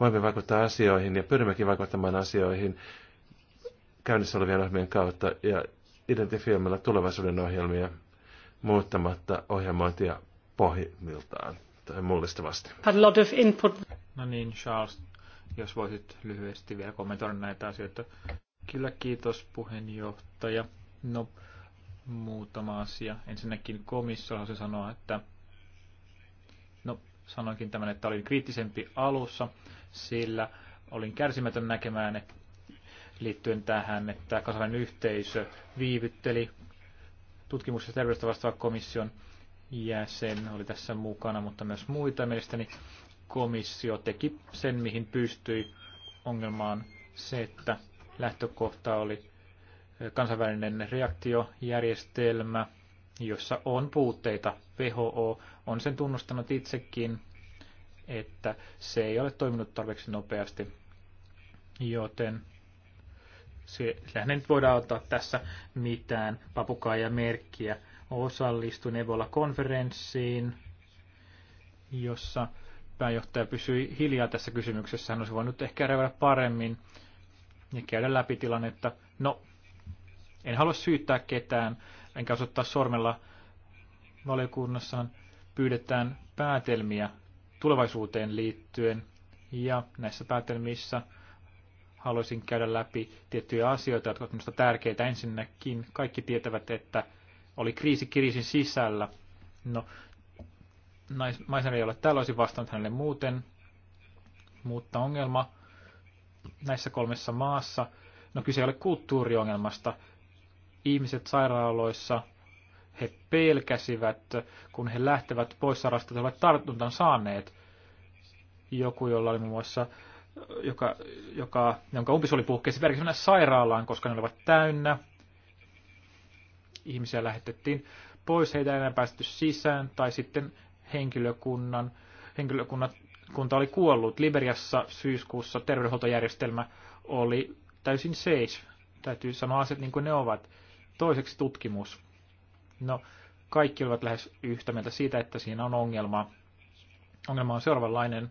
voimme vaikuttaa asioihin ja pyrimmekin vaikuttamaan asioihin käynnissä olevien ohjelmien kautta ja identifioimalla tulevaisuuden ohjelmia muuttamatta ohjelmointia pohjimmiltaan tai mullistavasti. Had a lot of input. No niin, Charles, jos voisit lyhyesti vielä kommentoida näitä asioita. Kyllä, kiitos puheenjohtaja. No, muutama asia. Ensinnäkin komissio se sanoa, että no, sanoinkin tämän, että olin kriittisempi alussa, sillä olin kärsimätön näkemään että liittyen tähän, että kansainvälinen yhteisö viivytteli tutkimuksesta terveydestä vastaava komission jäsen oli tässä mukana, mutta myös muita. Mielestäni komissio teki sen, mihin pystyi ongelmaan se, että lähtökohta oli eh, kansainvälinen reaktiojärjestelmä, jossa on puutteita. WHO on sen tunnustanut itsekin, että se ei ole toiminut tarpeeksi nopeasti, joten ei nyt voidaan ottaa tässä mitään merkkiä. Osallistuin Ebola-konferenssiin, jossa pääjohtaja pysyi hiljaa tässä kysymyksessä. Hän olisi voinut ehkä reväillä paremmin ja käydä läpi tilannetta. No, en halua syyttää ketään, enkä osoittaa sormella valiokunnassaan pyydetään päätelmiä tulevaisuuteen liittyen. Ja näissä päätelmissä haluaisin käydä läpi tiettyjä asioita, jotka ovat minusta tärkeitä. Ensinnäkin kaikki tietävät, että oli kriisi kriisin sisällä. No, maisen ei ole täällä, olisi vastannut hänelle muuten. Mutta ongelma näissä kolmessa maassa, no kyse ei ole kulttuuriongelmasta. Ihmiset sairaaloissa, he pelkäsivät, kun he lähtevät pois sairaalasta, että ovat tartuntan saaneet. Joku, jolla oli muun muassa, joka, joka, jonka umpisoli puhkesi, pelkäsi mennä sairaalaan, koska ne olivat täynnä. Ihmisiä lähetettiin pois, heitä ei enää päästy sisään, tai sitten henkilökunnan, henkilökunnan kunta oli kuollut. Liberiassa syyskuussa terveydenhuoltojärjestelmä oli täysin seis. Täytyy sanoa asiat niin kuin ne ovat. Toiseksi tutkimus. No, kaikki olivat lähes yhtä mieltä siitä, että siinä on ongelma. Ongelma on seuraavanlainen.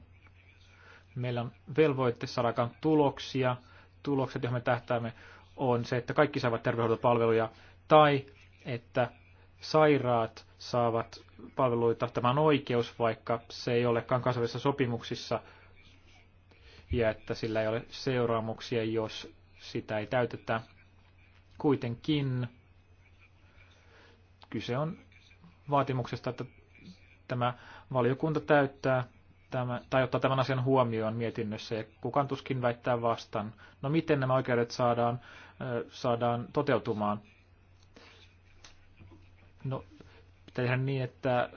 Meillä on velvoitte saada tuloksia. Tulokset, joihin me tähtäämme, on se, että kaikki saavat terveydenhuoltopalveluja tai että sairaat saavat palveluita. Tämä on oikeus, vaikka se ei olekaan kansainvälisissä sopimuksissa ja että sillä ei ole seuraamuksia, jos sitä ei täytetä. Kuitenkin kyse on vaatimuksesta, että tämä valiokunta täyttää tämän, tai ottaa tämän asian huomioon mietinnössä ja kukaan tuskin väittää vastaan. No miten nämä oikeudet saadaan, saadaan toteutumaan? No tehdä niin, että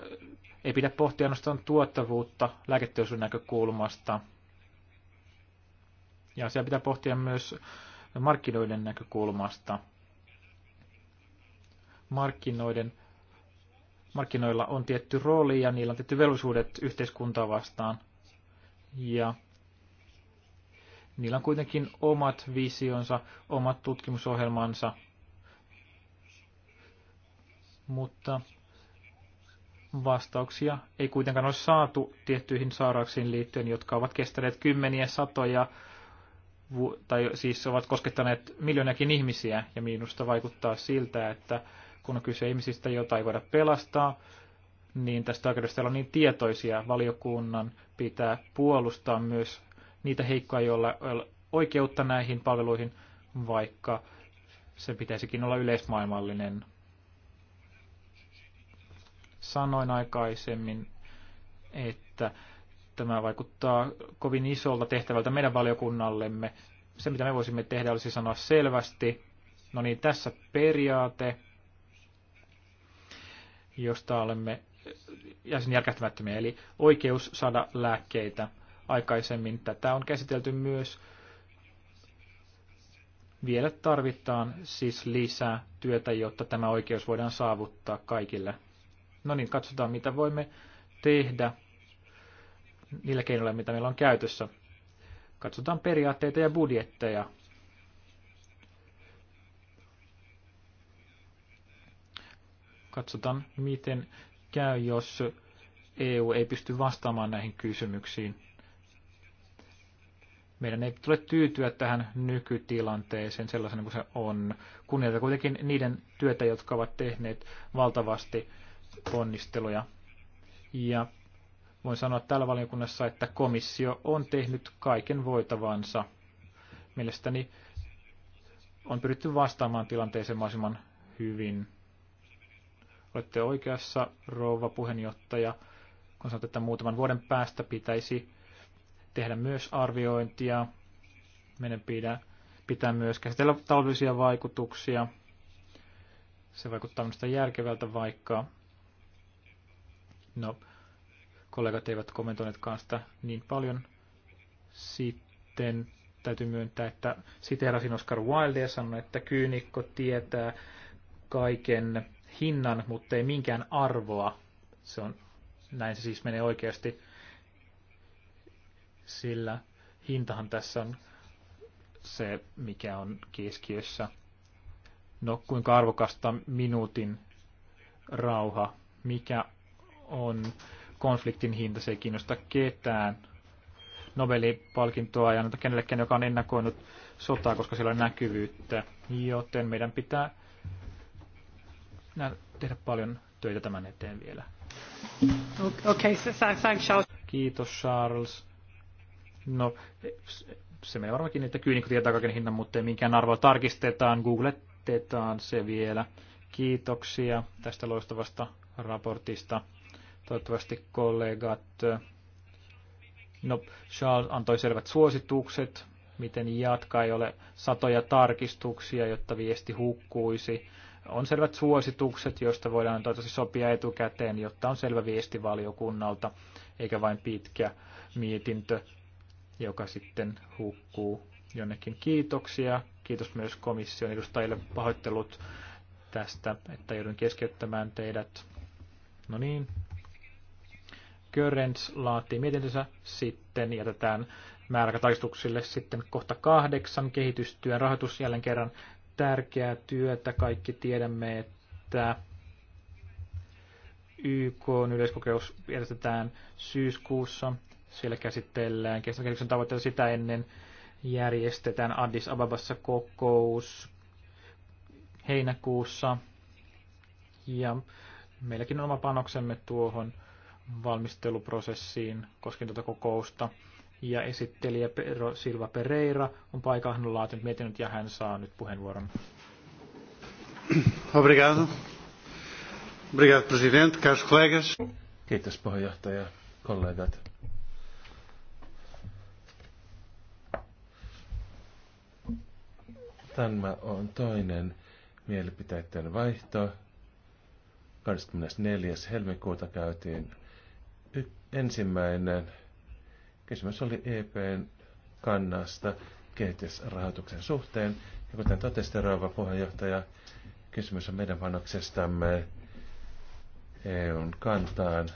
ei pidä pohtia ainoastaan tuottavuutta lääketeollisuuden näkökulmasta. Ja asiaa pitää pohtia myös markkinoiden näkökulmasta. Markkinoiden, markkinoilla on tietty rooli ja niillä on tietty velvollisuudet yhteiskuntaa vastaan. Ja niillä on kuitenkin omat visionsa, omat tutkimusohjelmansa. Mutta Vastauksia ei kuitenkaan ole saatu tiettyihin sairauksiin liittyen, jotka ovat kestäneet kymmeniä, satoja, tai siis ovat koskettaneet miljoonakin ihmisiä, ja minusta vaikuttaa siltä, että kun on kyse ihmisistä, jota ei voida pelastaa, niin tästä oikeudesta on niin tietoisia. Valiokunnan pitää puolustaa myös niitä heikkoja, joilla oikeutta näihin palveluihin, vaikka se pitäisikin olla yleismaailmallinen sanoin aikaisemmin, että tämä vaikuttaa kovin isolta tehtävältä meidän valiokunnallemme. Se, mitä me voisimme tehdä, olisi sanoa selvästi, no niin, tässä periaate, josta olemme jäsen järkähtämättömiä, eli oikeus saada lääkkeitä aikaisemmin. Tätä on käsitelty myös. Vielä tarvitaan siis lisää työtä, jotta tämä oikeus voidaan saavuttaa kaikille No niin, katsotaan mitä voimme tehdä niillä keinoilla, mitä meillä on käytössä. Katsotaan periaatteita ja budjetteja. Katsotaan, miten käy, jos EU ei pysty vastaamaan näihin kysymyksiin. Meidän ei tule tyytyä tähän nykytilanteeseen sellaisena kuin se on. Kunnioita kuitenkin niiden työtä, jotka ovat tehneet valtavasti ponnisteluja. Ja voin sanoa täällä valiokunnassa, että komissio on tehnyt kaiken voitavansa. Mielestäni on pyritty vastaamaan tilanteeseen mahdollisimman hyvin. Olette oikeassa, rouva puheenjohtaja, kun sanot että muutaman vuoden päästä pitäisi tehdä myös arviointia. Meidän pitää, pitää myös käsitellä taloudellisia vaikutuksia. Se vaikuttaa minusta järkevältä, vaikka No, kollegat eivät kommentoineetkaan sitä niin paljon. Sitten täytyy myöntää, että siteerasin Oscar Wilde ja sanoi, että kyynikko tietää kaiken hinnan, mutta ei minkään arvoa. Se on, näin se siis menee oikeasti, sillä hintahan tässä on se, mikä on keskiössä. No, kuinka arvokasta minuutin rauha, mikä on konfliktin hinta, se ei kiinnosta ketään. Nobelipalkintoa ja anneta kenellekään, joka on ennakoinut sotaa, koska siellä on näkyvyyttä. Joten meidän pitää tehdä paljon töitä tämän eteen vielä. Okay, thanks, Charles. Kiitos, Charles. No, se menee varmaankin, niin, että kyynikko tietää kaiken hinnan, mutta ei minkään arvoa tarkistetaan, googletetaan se vielä. Kiitoksia tästä loistavasta raportista. Toivottavasti kollegat. No, Charles antoi selvät suositukset, miten jatkaa, ei ole satoja tarkistuksia, jotta viesti hukkuisi. On selvät suositukset, joista voidaan toivottavasti sopia etukäteen, jotta on selvä viesti valiokunnalta, eikä vain pitkä mietintö, joka sitten hukkuu jonnekin kiitoksia. Kiitos myös komission edustajille pahoittelut tästä, että joudun keskeyttämään teidät. No niin, Görens laatii mietintönsä, sitten jätetään määräaikatarkistuksille sitten kohta kahdeksan kehitystyön rahoitus jälleen kerran tärkeää työtä. Kaikki tiedämme, että YK yleiskokeus järjestetään syyskuussa. Siellä käsitellään kestävän kehityksen tavoitteita sitä ennen. Järjestetään Addis Ababassa kokous heinäkuussa. Ja meilläkin on oma panoksemme tuohon valmisteluprosessiin koskien tuota kokousta. Ja esittelijä Pero Silva Pereira on paikalla, laatinut mietinnöt ja hän saa nyt puheenvuoron. Obrigado. Obrigado, president. caros colegas. Kiitos puheenjohtaja, kollegat. Tämä on toinen mielipiteiden vaihto. 24. helmikuuta käytiin ensimmäinen kysymys oli EPn kannasta kehitysrahoituksen suhteen. Ja kuten totesi rouva puheenjohtaja, kysymys on meidän panoksestamme EUn kantaan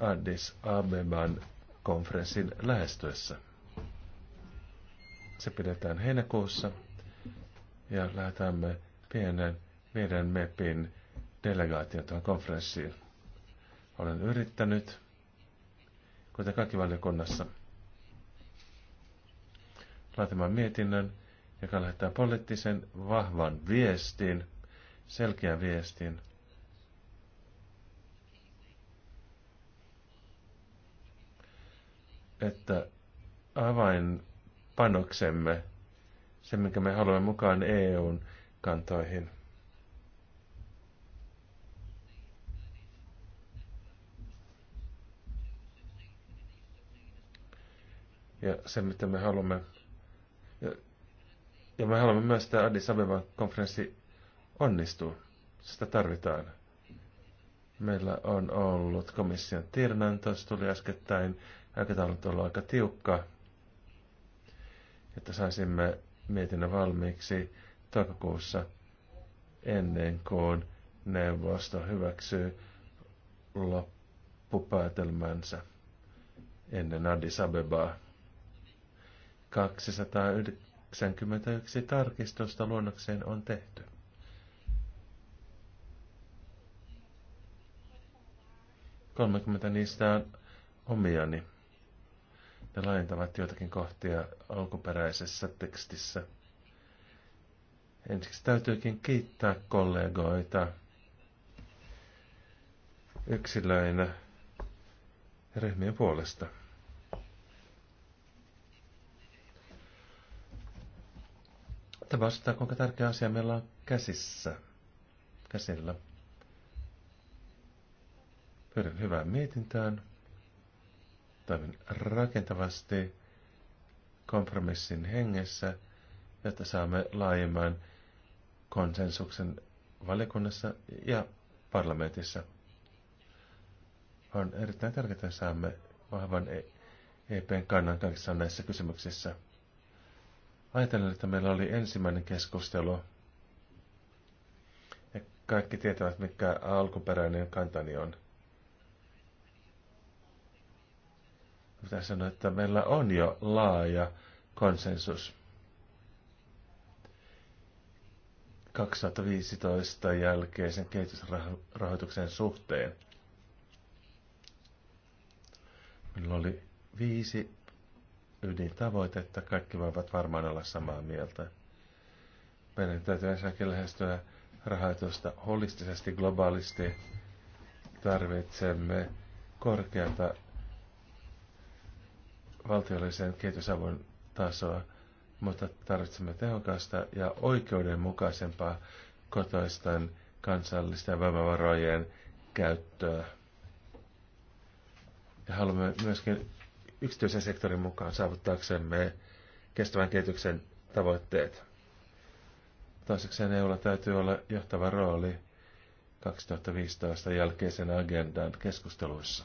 Addis Abeban konferenssin lähestyessä. Se pidetään heinäkuussa ja lähetämme pienen viiden MEPin delegaation tuohon konferenssiin. Olen yrittänyt, kuten kaikki valiokunnassa, laatimaan mietinnön, joka lähettää poliittisen vahvan viestin, selkeän viestin. Että avainpanoksemme, se minkä me haluamme mukaan EUn kantoihin, ja se, mitä me haluamme. Ja, ja me haluamme myös, että Addis Abeban konferenssi onnistuu. Sitä tarvitaan. Meillä on ollut komission tirnan, tuossa tuli äskettäin. Aikataulut on ollut aika tiukka, että saisimme mietinnön valmiiksi toukokuussa ennen kuin neuvosto hyväksyy loppupäätelmänsä ennen Addis Abebaa. 291 tarkistusta luonnokseen on tehty. Kolmekymmentä niistä on omiani. Ne laajentavat joitakin kohtia alkuperäisessä tekstissä. Ensiksi täytyykin kiittää kollegoita yksilöinä ja ryhmien puolesta. Tämä vastaa kuinka tärkeä asia meillä on käsissä, käsillä. Pyydän hyvää mietintään. Toimin rakentavasti kompromissin hengessä, jotta saamme laajemman konsensuksen valiokunnassa ja parlamentissa. On erittäin tärkeää, että saamme vahvan EPn kannan kaikissa näissä kysymyksissä – Ajatellen, että meillä oli ensimmäinen keskustelu. Ja kaikki tietävät, mikä alkuperäinen kantani on. Pitää sanoa, että meillä on jo laaja konsensus. 2015 jälkeisen kehitysrahoituksen suhteen. Meillä oli viisi ydintavoitetta. Kaikki voivat varmaan olla samaa mieltä. Meidän täytyy ensinnäkin lähestyä rahoitusta holistisesti, globaalisti. Tarvitsemme korkeata valtiollisen kehitysavun tasoa, mutta tarvitsemme tehokasta ja oikeudenmukaisempaa kotoistan kansallisten voimavarojen käyttöä. Ja haluamme myöskin yksityisen sektorin mukaan saavuttaaksemme kestävän kehityksen tavoitteet. Toisekseen EUlla täytyy olla johtava rooli 2015 jälkeisen agendan keskusteluissa.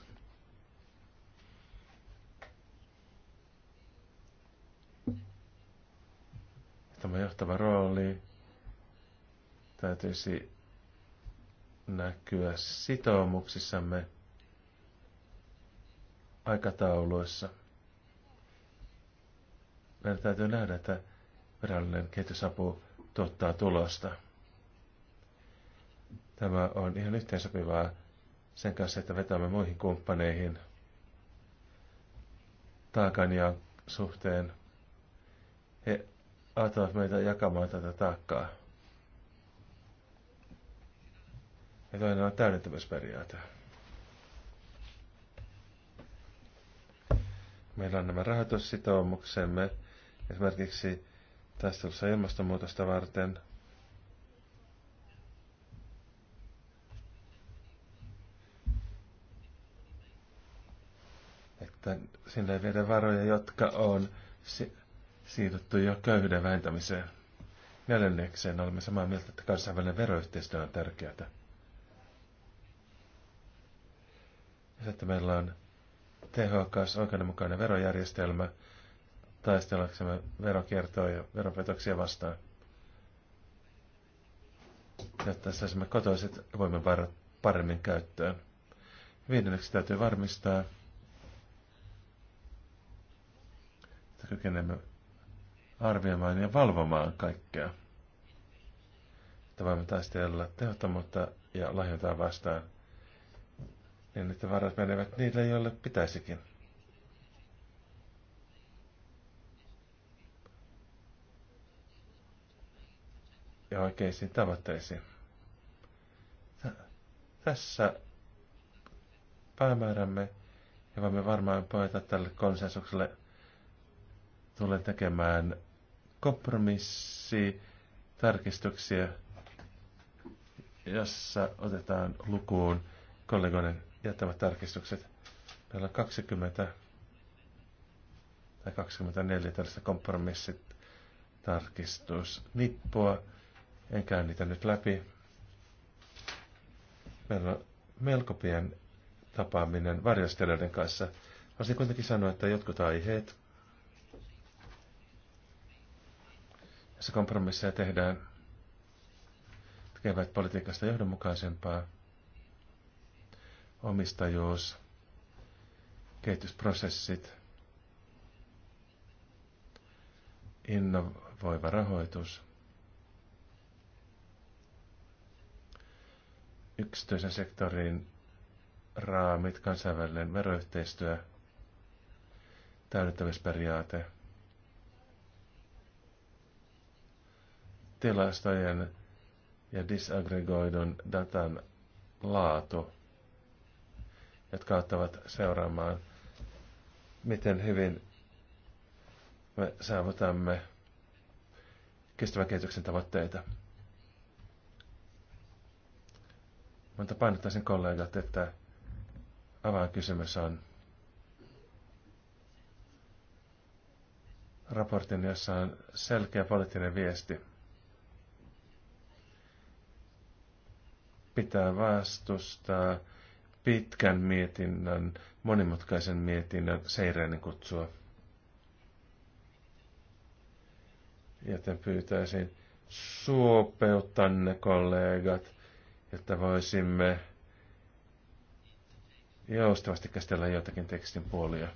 Tämä johtava rooli täytyisi näkyä sitoumuksissamme – aikatauluissa. Meidän täytyy nähdä, että virallinen kehitysapu tuottaa tulosta. Tämä on ihan yhteensopivaa sen kanssa, että vetämme muihin kumppaneihin ja suhteen. He auttavat meitä jakamaan tätä taakkaa. Ja toinen on täydentämisperiaate. Meillä on nämä rahoitussitoumuksemme esimerkiksi taistelussa ilmastonmuutosta varten. Että sinne viedä varoja, jotka on si- siirrytty jo köyhyyden vähentämiseen. Neljännekseen olemme samaa mieltä, että kansainvälinen veroyhteistyö on tärkeää. Ja että meillä on tehokas, oikeudenmukainen verojärjestelmä taistellaksemme verokiertoa ja veropetoksia vastaan. Jotta saisimme kotoiset voimavarat paremmin käyttöön. Viidenneksi täytyy varmistaa, että kykenemme arvioimaan ja valvomaan kaikkea. Että voimme taistella tehottomuutta ja lahjontaa vastaan niin että varat menevät niille, joille pitäisikin. Ja oikeisiin tavoitteisiin. Tässä päämäärämme, ja voimme varmaan poeta tälle konsensukselle, tulee tekemään kompromissi tarkistuksia, jossa otetaan lukuun kollegoiden jättämät tarkistukset. Meillä on 20 tai 24 tällaista kompromissit nippua. En käy niitä nyt läpi. Meillä on melko pien tapaaminen varjostelijoiden kanssa. Voisin kuitenkin sanoa, että jotkut aiheet, joissa kompromisseja tehdään, tekevät politiikasta johdonmukaisempaa – omistajuus, kehitysprosessit, innovoiva rahoitus, yksityisen sektorin raamit, kansainvälinen veroyhteistyö, täydentämisperiaate, tilastojen ja disaggregoidun datan laatu, jotka auttavat seuraamaan, miten hyvin me saavutamme kestävän kehityksen tavoitteita. Mutta painottaisin kollegat, että kysymys on raportin, jossa on selkeä poliittinen viesti. Pitää vastustaa pitkän mietinnön, monimutkaisen mietinnön seireinen kutsua. Joten pyytäisin suopeutanne kollegat, jotta voisimme joustavasti käsitellä jotakin tekstin puolia.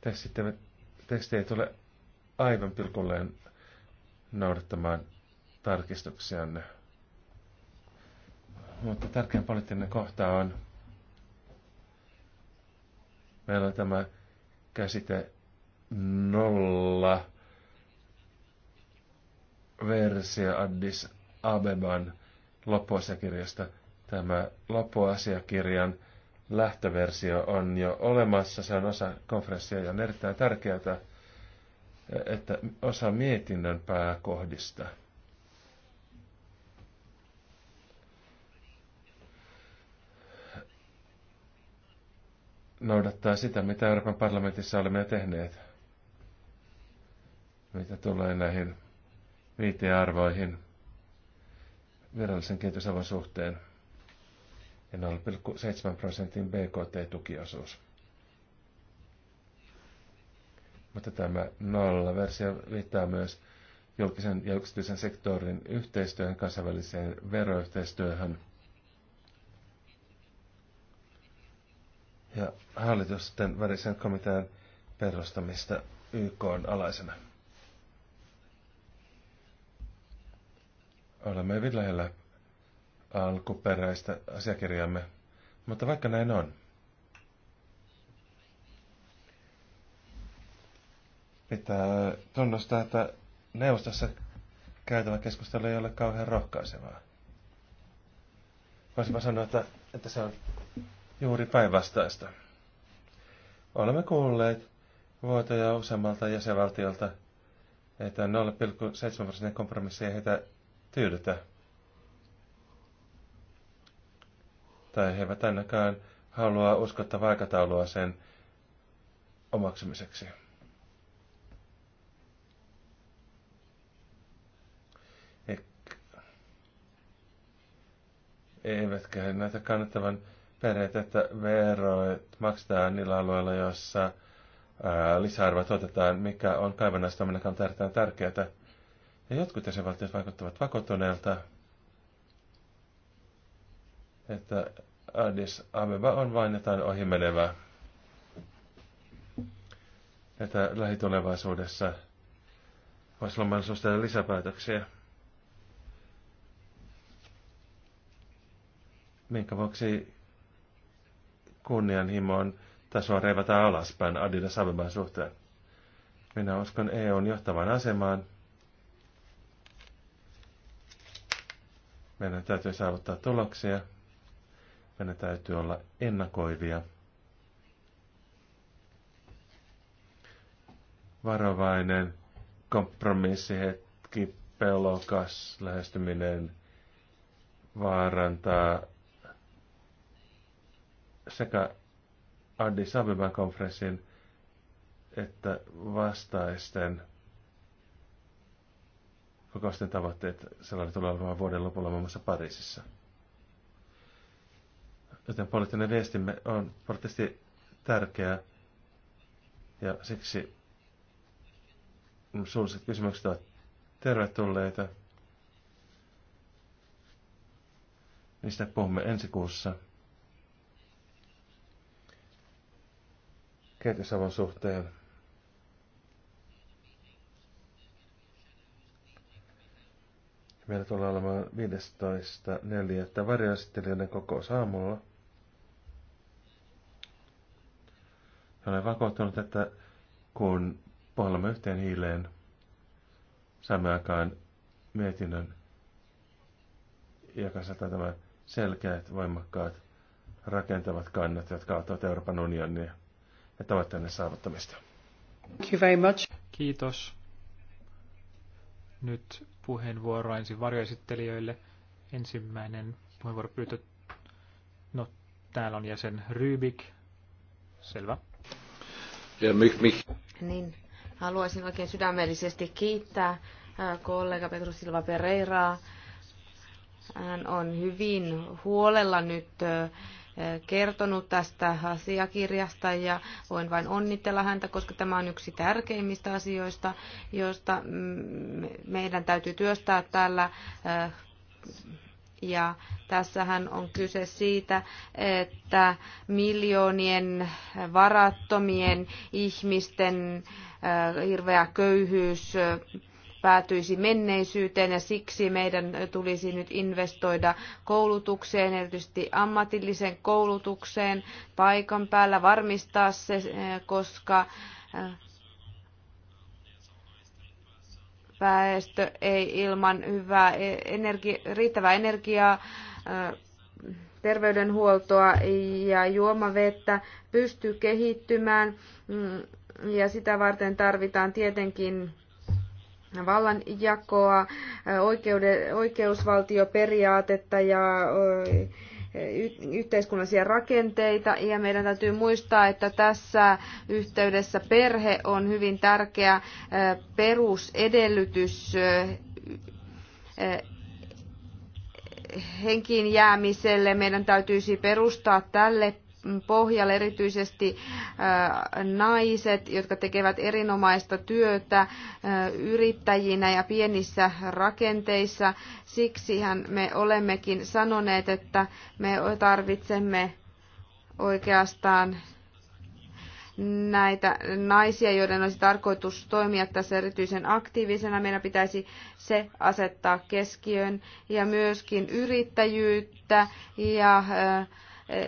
Tässä sitten teksti ei tule aivan pilkulleen noudattamaan tarkistuksianne. Mutta tärkein poliittinen kohta on, meillä on tämä käsite nolla versio Addis Abeban loppuasiakirjasta. Tämä loppuasiakirjan lähtöversio on jo olemassa, se on osa konferenssia ja on erittäin tärkeää, että osa mietinnön pääkohdista – noudattaa sitä, mitä Euroopan parlamentissa olemme tehneet. Mitä tulee näihin viitearvoihin virallisen kehitysavun suhteen ja 0,7 prosentin BKT-tukiosuus. Mutta tämä nolla versio viittaa myös julkisen ja yksityisen sektorin yhteistyöhön, kansainväliseen veroyhteistyöhön – ja hallitusten välisen komitean perustamista YK on alaisena. Olemme hyvin lähellä alkuperäistä asiakirjamme, mutta vaikka näin on, pitää tunnustaa, että neuvostossa käytävä keskustelu ei ole kauhean rohkaisevaa. Voisin sanoa, että, että se on juuri päinvastaista. Olemme kuulleet vuotoja useammalta jäsenvaltiolta, että 0,7 prosentin kompromissi ei heitä tyydytä. Tai he eivät ainakaan halua uskottavaa aikataulua sen omaksumiseksi. eivätkä he näitä kannattavan perheet, että veroit maksetaan niillä alueilla, joissa lisäarvoa tuotetaan, mikä on kaivannaistoiminnan kannalta erittäin tärkeää. Ja jotkut jäsenvaltiot vaikuttavat vakotuneelta, että Addis Abeba on vain jotain ohimenevää. Että lähitulevaisuudessa voisi olla mahdollisuus tehdä lisäpäätöksiä. Minkä vuoksi kunnianhimon tasoa reivataan alaspäin Adidas Abeban suhteen. Minä uskon EUn johtavan asemaan. Meidän täytyy saavuttaa tuloksia. Meidän täytyy olla ennakoivia. Varovainen kompromissihetki, pelokas lähestyminen vaarantaa sekä Addis Abeban konferenssin että vastaisten kokousten tavoitteet sellainen tulee olemaan vuoden lopulla muun muassa Pariisissa. Joten poliittinen viestimme on protesti tärkeä ja siksi suulliset kysymykset ovat tervetulleita. Niistä puhumme ensi kuussa. kehitysavun suhteen. Meillä tulee olemaan 15.4. varjoesittelijöiden kokous aamulla. Ja olen vakuuttunut, että kun puhallamme yhteen hiileen, saamme aikaan mietinnön, joka saattaa tämän selkeät, voimakkaat, rakentavat kannat, jotka auttavat Euroopan unionia ja tavoitteiden saavuttamista. Thank you very much. Kiitos. Nyt puheenvuoro ensin varjoesittelijöille. Ensimmäinen puheenvuoropyyntö. No, täällä on jäsen Rybik. Selvä. Ja mik, mik. Niin, haluaisin oikein sydämellisesti kiittää kollega Petro Silva Pereiraa. Hän on hyvin huolella nyt kertonut tästä asiakirjasta ja voin vain onnitella häntä, koska tämä on yksi tärkeimmistä asioista, joista meidän täytyy työstää täällä ja tässähän on kyse siitä, että miljoonien varattomien ihmisten hirveä köyhyys päätyisi menneisyyteen ja siksi meidän tulisi nyt investoida koulutukseen, erityisesti ammatilliseen koulutukseen paikan päällä, varmistaa se, eh, koska eh, väestö ei ilman hyvää e, energi- riittävää energiaa, eh, terveydenhuoltoa ja juomavettä pysty kehittymään mm, ja sitä varten tarvitaan tietenkin vallanjakoa, oikeude, oikeusvaltioperiaatetta ja yhteiskunnallisia rakenteita ja meidän täytyy muistaa, että tässä yhteydessä perhe on hyvin tärkeä perusedellytys henkiin jäämiselle. Meidän täytyisi perustaa tälle pohjalle erityisesti naiset, jotka tekevät erinomaista työtä yrittäjinä ja pienissä rakenteissa. Siksihän me olemmekin sanoneet, että me tarvitsemme oikeastaan näitä naisia, joiden olisi tarkoitus toimia tässä erityisen aktiivisena. Meidän pitäisi se asettaa keskiöön ja myöskin yrittäjyyttä ja äh,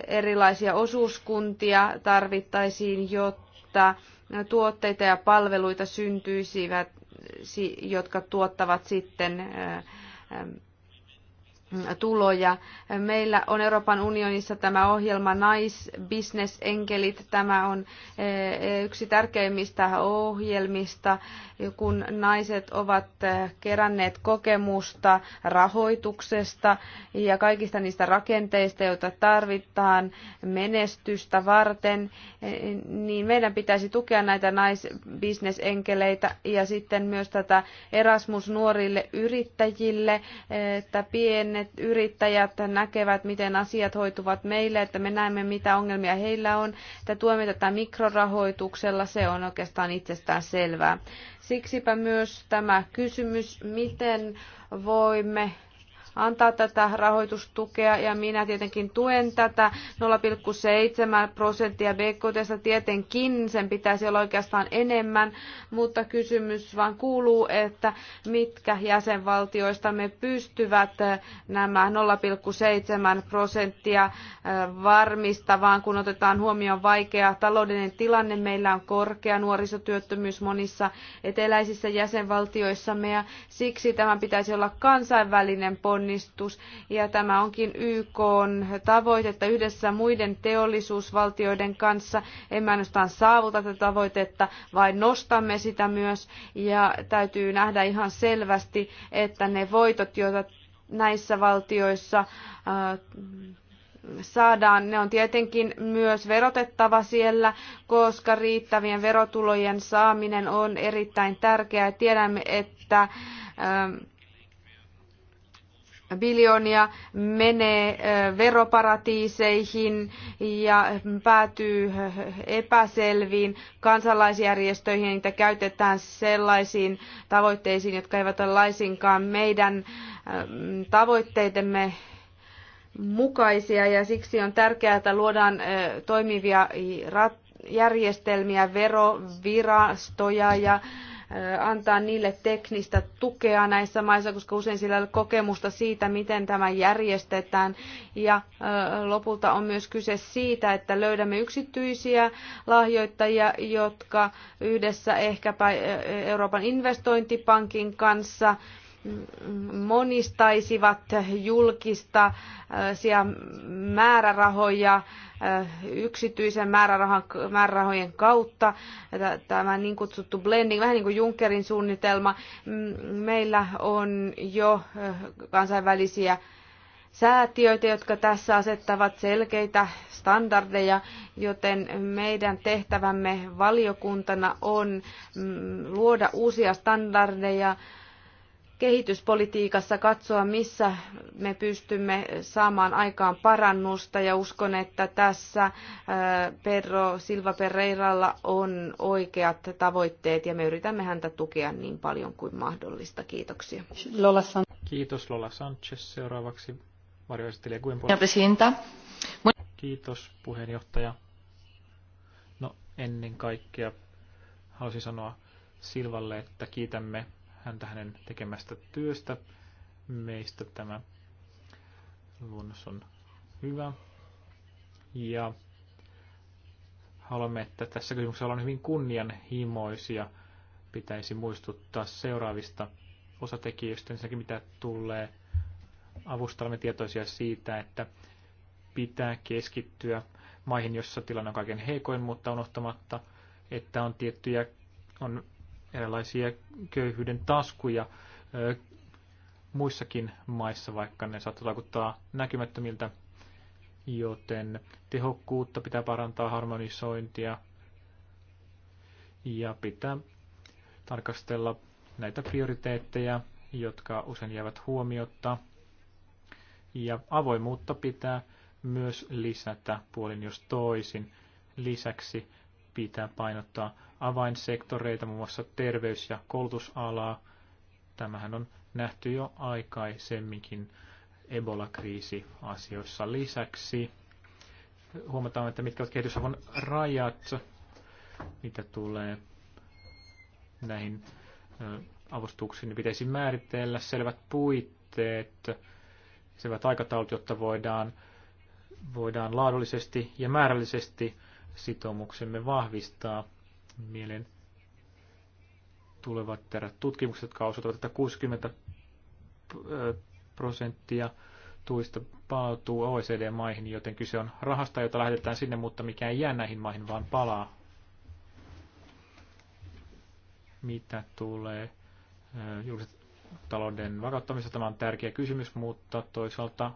erilaisia osuuskuntia tarvittaisiin, jotta tuotteita ja palveluita syntyisivät, jotka tuottavat sitten tuloja. Meillä on Euroopan unionissa tämä ohjelma Enkelit. Tämä on eh, yksi tärkeimmistä ohjelmista, kun naiset ovat eh, keränneet kokemusta rahoituksesta ja kaikista niistä rakenteista, joita tarvitaan menestystä varten, eh, niin meidän pitäisi tukea näitä Enkeleitä ja sitten myös tätä Erasmus nuorille yrittäjille, että pienet pienet yrittäjät näkevät, miten asiat hoituvat meille, että me näemme, mitä ongelmia heillä on, että tuemme tätä mikrorahoituksella, se on oikeastaan itsestään selvää. Siksipä myös tämä kysymys, miten voimme antaa tätä rahoitustukea ja minä tietenkin tuen tätä 0,7 prosenttia BKT tietenkin, sen pitäisi olla oikeastaan enemmän, mutta kysymys vaan kuuluu, että mitkä jäsenvaltioista me pystyvät eh, nämä 0,7 prosenttia eh, varmistavaan, kun otetaan huomioon vaikea taloudellinen tilanne. Meillä on korkea nuorisotyöttömyys monissa eteläisissä jäsenvaltioissamme ja siksi tämän pitäisi olla kansainvälinen poni ponnistus ja tämä onkin YK on tavoitetta yhdessä muiden teollisuusvaltioiden kanssa. Emme ainoastaan saavuta tätä tavoitetta, vaan nostamme sitä myös ja täytyy nähdä ihan selvästi, että ne voitot, joita näissä valtioissa äh, saadaan, ne on tietenkin myös verotettava siellä, koska riittävien verotulojen saaminen on erittäin tärkeää. Tiedämme, että ähm, biljoonia menee veroparatiiseihin ja päätyy epäselviin kansalaisjärjestöihin. Niitä käytetään sellaisiin tavoitteisiin, jotka eivät ole laisinkaan meidän tavoitteidemme mukaisia ja siksi on tärkeää, että luodaan toimivia järjestelmiä, verovirastoja ja antaa niille teknistä tukea näissä maissa, koska usein sillä ei ole kokemusta siitä, miten tämä järjestetään. Ja lopulta on myös kyse siitä, että löydämme yksityisiä lahjoittajia, jotka yhdessä ehkäpä Euroopan investointipankin kanssa – monistaisivat julkista äh, määrärahoja äh, yksityisen määrärahan, määrärahojen kautta. Tämä niin kutsuttu blending, vähän niin kuin Junckerin suunnitelma. Meillä on jo äh, kansainvälisiä säätiöitä, jotka tässä asettavat selkeitä standardeja, joten meidän tehtävämme valiokuntana on mm, luoda uusia standardeja kehityspolitiikassa katsoa, missä me pystymme saamaan aikaan parannusta ja uskon, että tässä äh, Pedro Silva Pereiralla on oikeat tavoitteet ja me yritämme häntä tukea niin paljon kuin mahdollista. Kiitoksia. Lola San... Kiitos Lola Sanchez. Seuraavaksi Mario Presidenta. Kiitos puheenjohtaja. No ennen kaikkea haluaisin sanoa Silvalle, että kiitämme häntä hänen tekemästä työstä. Meistä tämä luonnos on hyvä. Ja haluamme, että tässä kysymyksessä ollaan hyvin kunnianhimoisia. Pitäisi muistuttaa seuraavista osatekijöistä. Ensinnäkin mitä tulee avustamme tietoisia siitä, että pitää keskittyä maihin, jossa tilanne on kaiken heikoin, mutta unohtamatta, että on tiettyjä on erilaisia köyhyyden taskuja muissakin maissa, vaikka ne saattavat vaikuttaa näkymättömiltä, joten tehokkuutta pitää parantaa, harmonisointia ja pitää tarkastella näitä prioriteetteja, jotka usein jäävät huomiotta. Ja avoimuutta pitää myös lisätä puolin jos toisin. Lisäksi pitää painottaa avainsektoreita, muun muassa terveys- ja koulutusalaa. Tämähän on nähty jo aikaisemminkin Ebola-kriisi-asioissa lisäksi. Huomataan, että mitkä ovat kehitysavun rajat, mitä tulee näihin avustuksiin, niin pitäisi määritellä selvät puitteet, selvät aikataulut, jotta voidaan, voidaan laadullisesti ja määrällisesti sitoumuksemme vahvistaa. Mielen tulevat terät tutkimukset, jotka osoittavat, että 60 prosenttia tuista palautuu OECD-maihin, joten kyse on rahasta, jota lähetetään sinne, mutta mikä ei jää näihin maihin, vaan palaa. Mitä tulee julkisen talouden vakauttamisesta, tämä on tärkeä kysymys, mutta toisaalta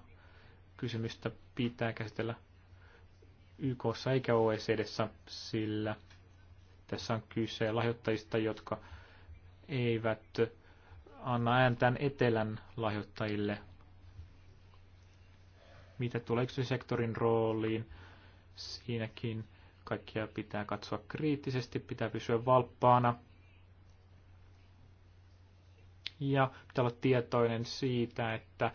kysymystä pitää käsitellä YK eikä OECDssä, sillä tässä on kyse lahjoittajista, jotka eivät anna ääntään etelän lahjoittajille. Mitä tulee sektorin rooliin, siinäkin kaikkia pitää katsoa kriittisesti, pitää pysyä valppaana. Ja pitää olla tietoinen siitä, että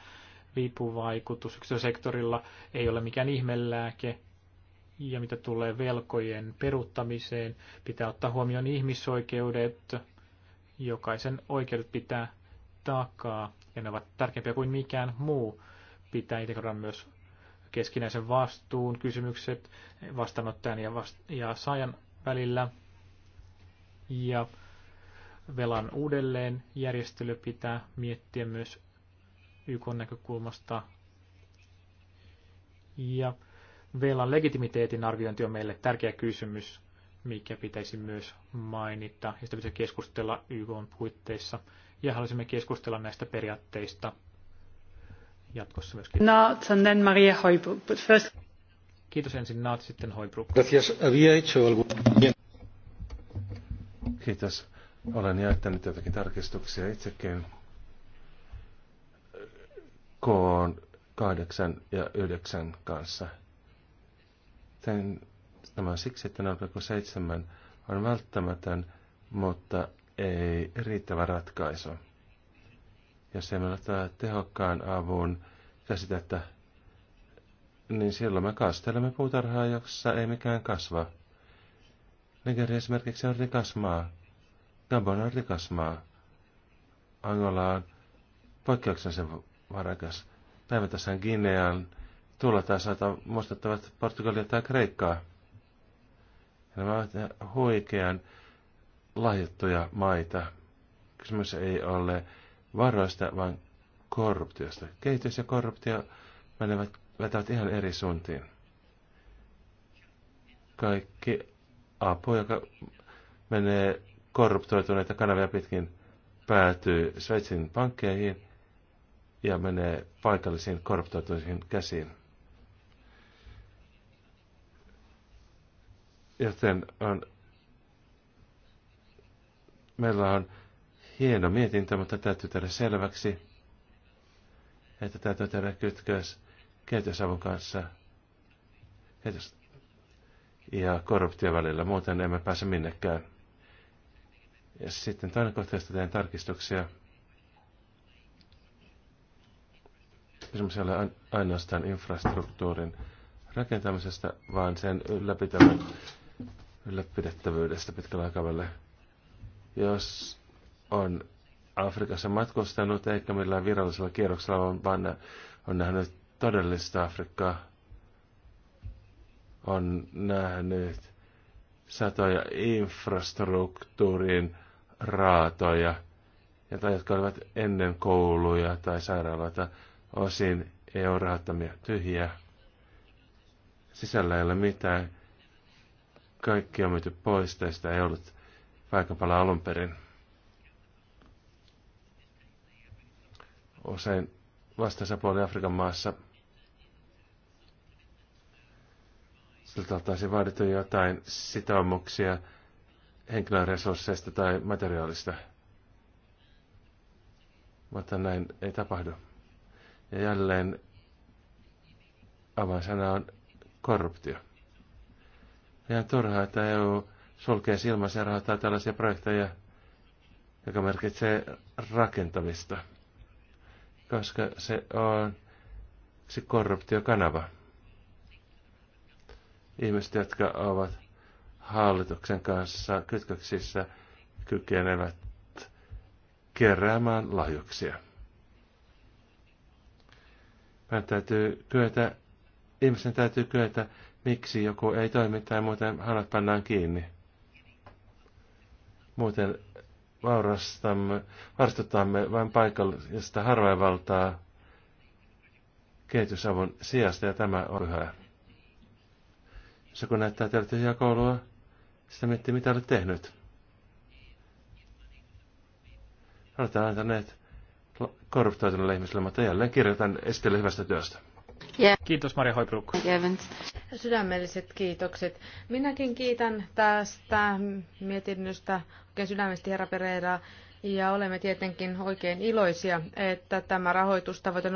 vipuvaikutus sektorilla ei ole mikään ihmelääke, ja mitä tulee velkojen peruuttamiseen, pitää ottaa huomioon ihmisoikeudet. Jokaisen oikeudet pitää takaa, ja ne ovat tärkeimpiä kuin mikään muu. Pitää integroida myös keskinäisen vastuun kysymykset vastaanottajan ja, vast- ja saajan välillä. Ja velan uudelleen järjestely pitää miettiä myös YK näkökulmasta. Ja Velan legitimiteetin arviointi on meille tärkeä kysymys, mikä pitäisi myös mainita, ja sitä pitäisi keskustella YK puitteissa. Ja haluaisimme keskustella näistä periaatteista jatkossa myöskin. No, then Maria Hoibu, but first... Kiitos ensin Naat, sitten Hoibru. Kiitos. Olen jättänyt jotakin tarkistuksia itsekin koon kahdeksan ja yhdeksän kanssa – Tämän, tämä on siksi, että 0,7 on välttämätön, mutta ei riittävä ratkaisu. Jos emme ole tehokkaan avun käsitettä, niin silloin me kastelemme puutarhaa, jossa ei mikään kasva. Nigeria esimerkiksi on rikas maa. Gabon on rikas maa. Angola on poikkeuksellisen varakas. Päivätässä Guinean tulla taas muistuttavat Portugalia tai Kreikkaa. Ja nämä ovat huikean lahjattuja maita. Kysymys ei ole varoista, vaan korruptiosta. Kehitys ja korruptio menevät, vetävät ihan eri suuntiin. Kaikki apu, joka menee korruptoituneita kanavia pitkin, päätyy Sveitsin pankkeihin ja menee paikallisiin korruptoituisiin käsiin. Joten on, meillä on hieno mietintä, mutta täytyy tehdä selväksi, että täytyy tehdä kytkös kehitysavun kanssa kehitys ja korruption välillä. Muuten emme pääse minnekään. Ja sitten toinen kohta, josta teen tarkistuksia. Kysymys ei ole ainoastaan infrastruktuurin rakentamisesta, vaan sen ylläpitämän ylläpidettävyydestä pitkällä aikavälillä. Jos on Afrikassa matkustanut eikä millään virallisella kierroksella, on vaan on nähnyt todellista Afrikkaa, on nähnyt satoja infrastruktuurin raatoja, tai jotka olivat ennen kouluja tai sairaaloita osin EU-rahoittamia tyhjiä. Sisällä ei ole mitään kaikki on myyty pois, tai sitä ei ollut paikan päällä alun perin. Usein vastaisa puoli Afrikan maassa siltä oltaisiin vaadittu jotain sitoumuksia henkilöresursseista tai materiaalista. Mutta näin ei tapahdu. Ja jälleen avainsana on korruptio ihan on turhaa, että EU sulkee silmänsä ja rahoittaa tällaisia projekteja, joka merkitsee rakentamista, koska se on se korruptiokanava. Ihmiset, jotka ovat hallituksen kanssa kytköksissä, kykenevät keräämään lahjuksia. Meidän täytyy kyetä, ihmisen täytyy kyetä miksi joku ei toimi tai muuten hanat pannaan kiinni. Muuten vaurastamme, varastutamme vain paikallista harvainvaltaa kehitysavun sijasta ja tämä on yhä. Se kun näyttää teille koulua, sitä miettii mitä olet tehnyt. Olette antaneet korruptoituneille ihmisille, mutta jälleen kirjoitan esitelle hyvästä työstä. Kiitos Maria Hoibruk. Sydämelliset kiitokset. Minäkin kiitän tästä mietinnöstä oikein sydämellisesti herra Pereira. Ja olemme tietenkin oikein iloisia, että tämä rahoitustavoite 0,7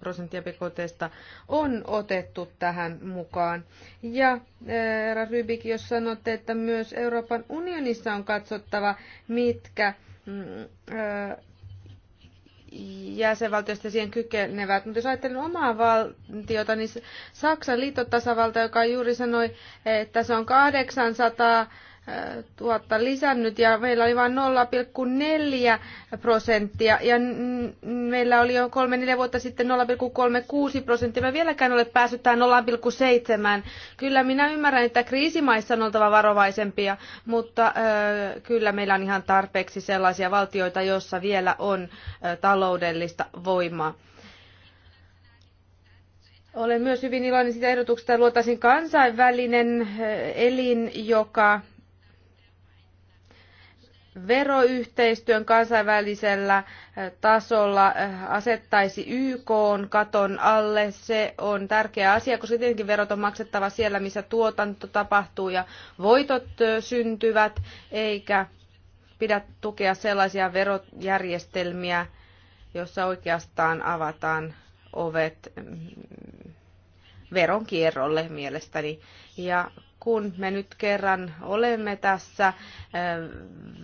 prosenttia PKTstä on otettu tähän mukaan. Ja eh, herra Rybik, jos sanotte, että myös Euroopan unionissa on katsottava, mitkä mm, eh, jäsenvaltioista siihen kykenevät. Mutta jos ajattelen omaa valtiota, niin Saksan liittotasavalta, joka juuri sanoi, että se on 800 tuota lisännyt ja meillä oli vain 0,4 prosenttia ja meillä oli jo kolme neljä vuotta sitten 0,36 prosenttia. Mä vieläkään ole päässyt tähän 0,7. Kyllä minä ymmärrän, että kriisimaissa on oltava varovaisempia, mutta kyllä meillä on ihan tarpeeksi sellaisia valtioita, joissa vielä on taloudellista voimaa. Olen myös hyvin iloinen siitä ehdotuksesta, että luotaisin kansainvälinen elin, joka veroyhteistyön kansainvälisellä eh, tasolla eh, asettaisi YK katon alle. Se on tärkeä asia, koska tietenkin verot on maksettava siellä, missä tuotanto tapahtuu ja voitot eh, syntyvät, eikä pidä tukea sellaisia verojärjestelmiä, joissa oikeastaan avataan ovet mm, veronkierrolle mielestäni. Ja kun me nyt kerran olemme tässä äh,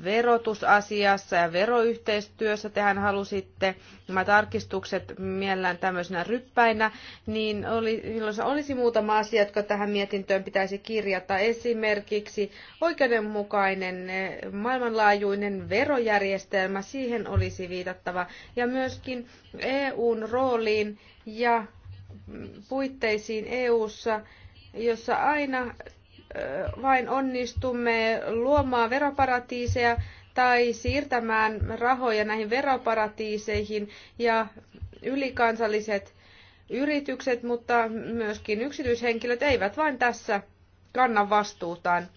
verotusasiassa ja veroyhteistyössä, tehän halusitte nämä tarkistukset mielellään tämmöisenä ryppäinä, niin oli, olisi muutama asia, jotka tähän mietintöön pitäisi kirjata. Esimerkiksi oikeudenmukainen äh, maailmanlaajuinen verojärjestelmä, siihen olisi viitattava, ja myöskin EUn rooliin ja puitteisiin EUssa, jossa aina vain onnistumme luomaan veroparatiiseja tai siirtämään rahoja näihin veroparatiiseihin ja ylikansalliset yritykset, mutta myöskin yksityishenkilöt eivät vain tässä kanna vastuutaan.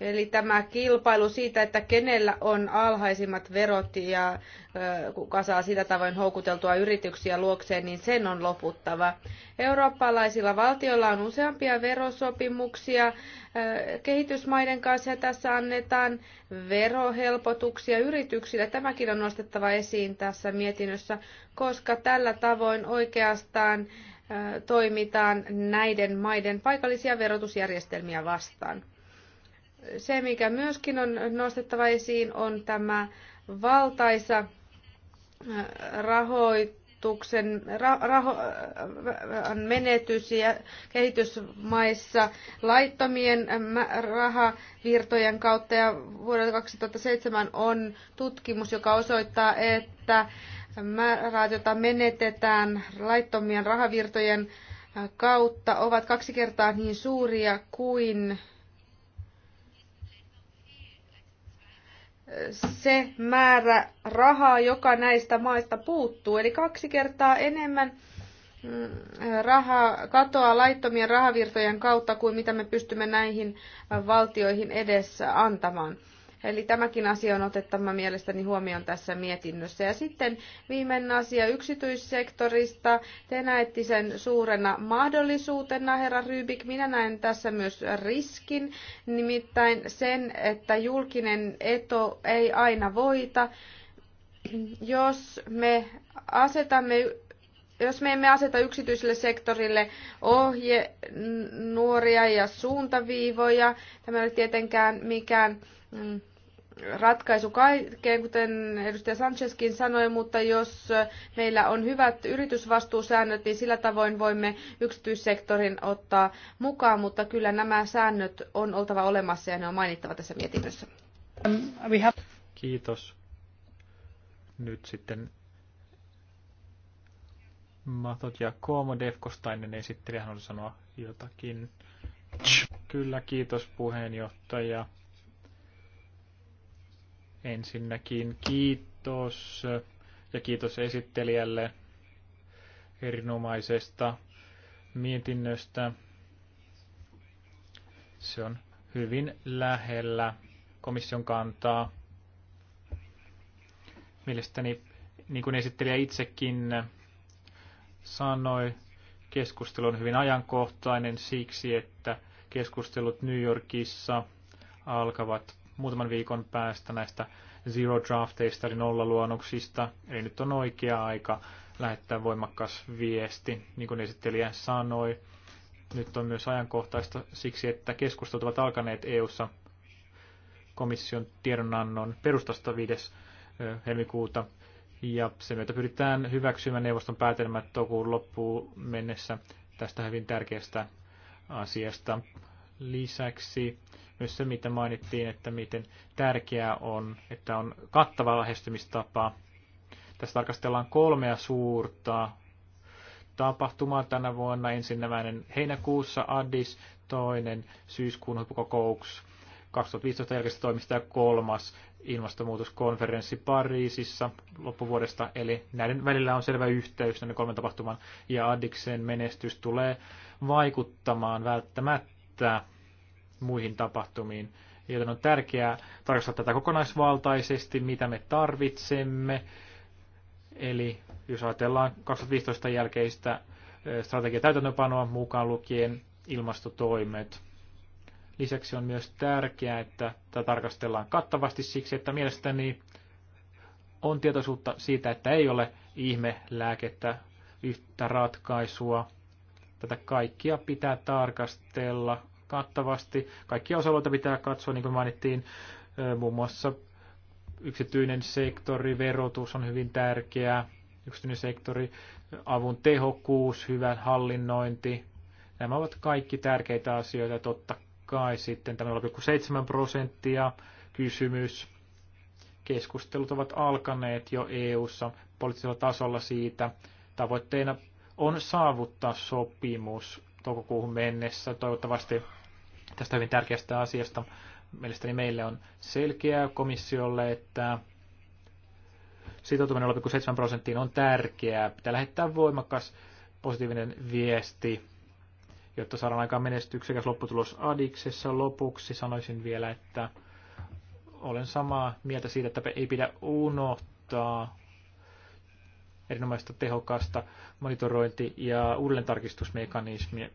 Eli tämä kilpailu siitä, että kenellä on alhaisimmat verot ja kuka saa sitä tavoin houkuteltua yrityksiä luokseen, niin sen on loputtava. Eurooppalaisilla valtioilla on useampia verosopimuksia kehitysmaiden kanssa ja tässä annetaan verohelpotuksia yrityksille. Tämäkin on nostettava esiin tässä mietinnössä, koska tällä tavoin oikeastaan toimitaan näiden maiden paikallisia verotusjärjestelmiä vastaan. Se, mikä myöskin on nostettava esiin, on tämä valtaisa äh, rahoituksen raho, äh, menetys ja kehitysmaissa laittomien äh, rahavirtojen kautta. Ja vuodelta 2007 on tutkimus, joka osoittaa, että määrät, joita menetetään laittomien rahavirtojen kautta, ovat kaksi kertaa niin suuria kuin se määrä rahaa, joka näistä maista puuttuu. Eli kaksi kertaa enemmän mm, rahaa katoaa laittomien rahavirtojen kautta kuin mitä me pystymme näihin valtioihin edessä antamaan. Eli tämäkin asia on otettava mielestäni huomioon tässä mietinnössä. Ja sitten viimeinen asia yksityissektorista. Te näette sen suurena mahdollisuutena, herra Rybik. Minä näen tässä myös riskin, nimittäin sen, että julkinen eto ei aina voita. Jos me asetamme jos me emme aseta yksityiselle sektorille ohje nuoria ja suuntaviivoja, tämä ei ole tietenkään mikään mm, ratkaisu kaikkeen, kuten edustaja Sanchezkin sanoi, mutta jos meillä on hyvät yritysvastuusäännöt, niin sillä tavoin voimme yksityissektorin ottaa mukaan, mutta kyllä nämä säännöt on oltava olemassa ja ne on mainittava tässä mietinnössä. Um, Kiitos. Nyt sitten Matot ja Koomo Defkostainen hän oli sanoa jotakin. Kyllä, kiitos puheenjohtaja. Ensinnäkin kiitos ja kiitos esittelijälle erinomaisesta mietinnöstä. Se on hyvin lähellä komission kantaa. Mielestäni, niin kuin esittelijä itsekin sanoi, keskustelu on hyvin ajankohtainen siksi, että keskustelut New Yorkissa alkavat muutaman viikon päästä näistä zero drafteista eli nollaluonnoksista. Eli nyt on oikea aika lähettää voimakas viesti, niin kuin esittelijä sanoi. Nyt on myös ajankohtaista siksi, että keskustelut ovat alkaneet EU:ssa komission tiedonannon perustasta 5. helmikuuta ja se meitä pyritään hyväksymään neuvoston päätelmät toukokuun loppuun mennessä tästä hyvin tärkeästä asiasta. Lisäksi myös se, mitä mainittiin, että miten tärkeää on, että on kattava lähestymistapa. Tässä tarkastellaan kolmea suurta tapahtumaa tänä vuonna. Ensimmäinen heinäkuussa Addis, toinen syyskuun huippukokous 2015 jälkeistä toimista ja kolmas ilmastonmuutoskonferenssi Pariisissa loppuvuodesta. Eli näiden välillä on selvä yhteys näiden kolmen tapahtuman ja Addiksen menestys tulee vaikuttamaan välttämättä muihin tapahtumiin. Joten on tärkeää tarkastella tätä kokonaisvaltaisesti, mitä me tarvitsemme. Eli jos ajatellaan 2015 jälkeistä strategia täytäntöpanoa mukaan lukien ilmastotoimet – Lisäksi on myös tärkeää, että tätä tarkastellaan kattavasti siksi, että mielestäni on tietoisuutta siitä, että ei ole ihme lääkettä, yhtä ratkaisua. Tätä kaikkia pitää tarkastella kattavasti. Kaikkia osa pitää katsoa, niin kuin mainittiin, muun muassa yksityinen sektori, verotus on hyvin tärkeää, yksityinen sektori, avun tehokkuus, hyvä hallinnointi. Nämä ovat kaikki tärkeitä asioita totta kai sitten tämä 0,7 prosenttia kysymys. Keskustelut ovat alkaneet jo EU-ssa poliittisella tasolla siitä. Tavoitteena on saavuttaa sopimus toukokuuhun mennessä. Toivottavasti tästä hyvin tärkeästä asiasta mielestäni meille on selkeää komissiolle, että sitoutuminen 0,7 prosenttiin on tärkeää. Pitää lähettää voimakas positiivinen viesti jotta saadaan aika menestyksekäs lopputulos Adiksessa. Lopuksi sanoisin vielä, että olen samaa mieltä siitä, että ei pidä unohtaa erinomaista tehokasta monitorointi- ja uudelleentarkistusmekanismia,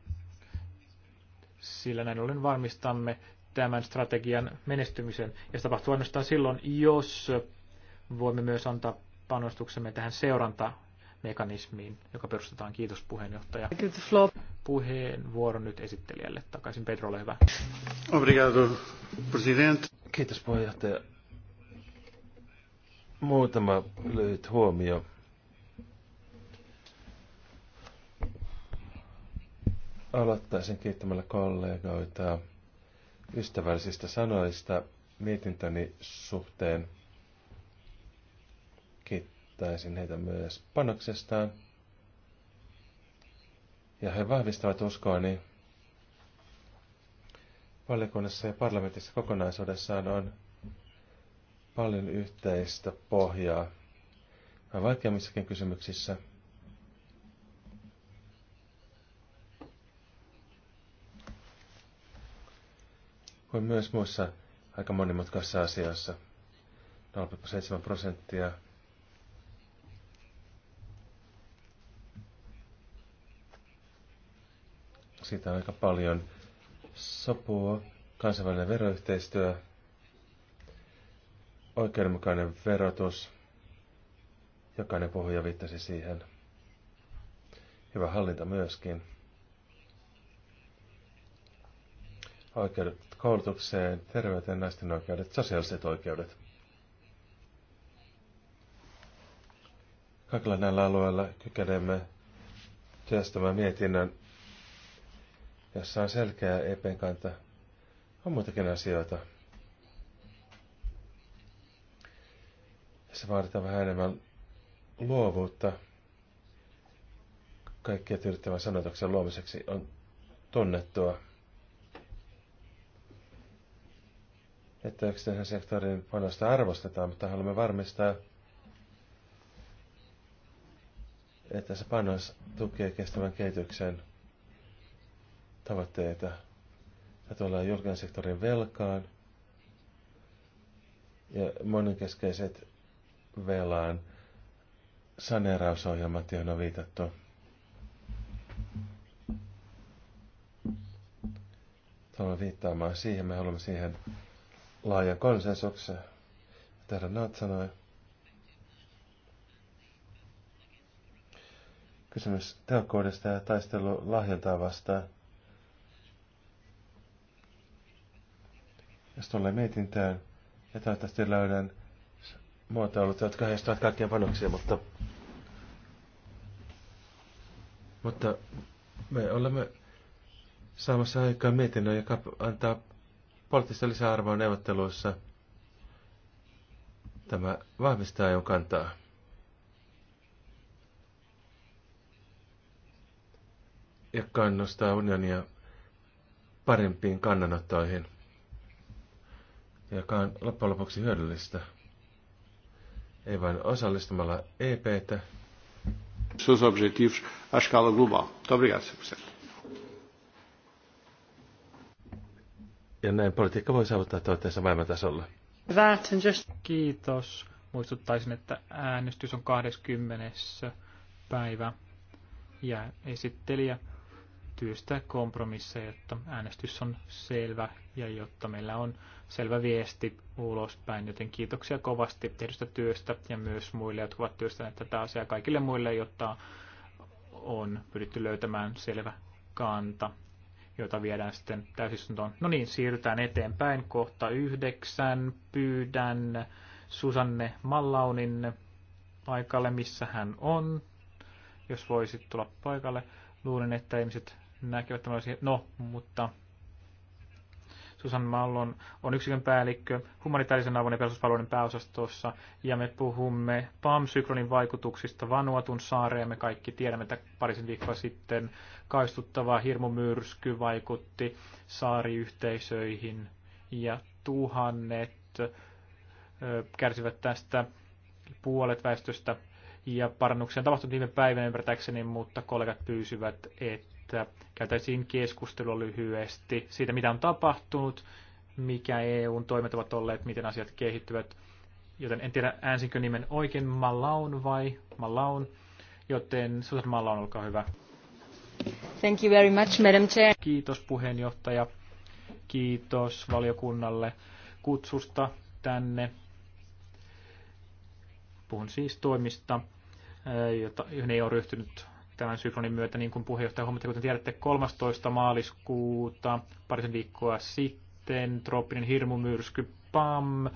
sillä näin ollen varmistamme tämän strategian menestymisen. Ja se tapahtuu ainoastaan silloin, jos voimme myös antaa panostuksemme tähän seurantaan mekanismiin, joka perustetaan. Kiitos puheenjohtaja. Puheenvuoro nyt esittelijälle. Takaisin Pedro, ole hyvä. Obrigado, president. Kiitos puheenjohtaja. Muutama lyhyt huomio. Aloittaisin kiittämällä kollegoita ystävällisistä sanoista mietintöni suhteen – kiittäisin heitä myös panoksestaan. Ja he vahvistavat uskoani valiokunnassa ja parlamentissa kokonaisuudessaan on paljon yhteistä pohjaa. Vähän vaikeammissakin kysymyksissä. Kuin myös muissa aika monimutkaisissa asioissa. 0,7 prosenttia siitä on aika paljon. Sopua, kansainvälinen veroyhteistyö, oikeudenmukainen verotus, jokainen puhuja viittasi siihen. Hyvä hallinta myöskin. Oikeudet koulutukseen, terveyteen, naisten oikeudet, sosiaaliset oikeudet. Kaikilla näillä alueilla kykenemme työstämään mietinnön jossa on selkeä epen kanta. On muitakin asioita. Se vaaditaan vähän enemmän luovuutta kaikkia tyydyttävän sanotuksen luomiseksi on tunnettua. Että yksityisen sektorin panosta arvostetaan, mutta haluamme varmistaa, että se panos tukee kestävän kehityksen tavoitteita. Täytyy olla julkisen sektorin velkaan ja monenkeskeiset velan saneerausohjelmat, joihin on viitattu. Haluan viittaamaan siihen, me haluamme siihen laajan konsensuksen. Täällä Naat sanoi. Kysymys tehokkuudesta ja taistelu lahjontaa vastaan. jos tulee mietintään. Ja toivottavasti löydän muotoilut, jotka heistävät kaikkien panoksia, mutta... Mutta me olemme saamassa aikaa mietinnön, joka antaa poliittista lisäarvoa neuvotteluissa. Tämä vahvistaa jo kantaa. Ja kannustaa unionia parempiin kannanottoihin joka on loppujen lopuksi hyödyllistä. Ei vain osallistumalla EPtä. tä. objetivos à escala global. Ja näin politiikka voi saavuttaa tavoitteensa maailmantasolla. Just... Kiitos. Muistuttaisin, että äänestys on 20. päivä ja esittelijä työstää kompromisseja, jotta äänestys on selvä ja jotta meillä on selvä viesti ulospäin. Joten kiitoksia kovasti tehdystä työstä ja myös muille, jotka ovat työstäneet tätä asiaa kaikille muille, jotta on pyritty löytämään selvä kanta, jota viedään sitten täysistuntoon. No niin, siirrytään eteenpäin. Kohta yhdeksän pyydän Susanne Mallaunin paikalle, missä hän on. Jos voisit tulla paikalle. Luulen, että ihmiset näkevät tämmöisiä, No, mutta Susan Mallon on yksikön päällikkö humanitaarisen avun ja pelastuspalveluiden pääosastossa, ja me puhumme PAM-syklonin vaikutuksista Vanuatun saareen, ja me kaikki tiedämme, että parisen viikkoa sitten kaistuttava hirmumyrsky vaikutti saariyhteisöihin, ja tuhannet kärsivät tästä puolet väestöstä, ja parannuksia on tapahtunut viime päivänä ymmärtääkseni, mutta kollegat pyysivät, että että käytäisiin keskustelua lyhyesti siitä, mitä on tapahtunut, mikä EUn toimet ovat olleet, miten asiat kehittyvät. Joten en tiedä, äänsinkö nimen oikein Malaun vai Malaun, joten Susan Malaun, olkaa hyvä. Thank you very much, Madam Chair. Kiitos puheenjohtaja. Kiitos valiokunnalle kutsusta tänne. Puhun siis toimista, joihin ei ole ryhtynyt tämän syklonin myötä, niin kuin puheenjohtaja huomatte, kuten tiedätte, 13. maaliskuuta parisen viikkoa sitten trooppinen hirmumyrsky PAM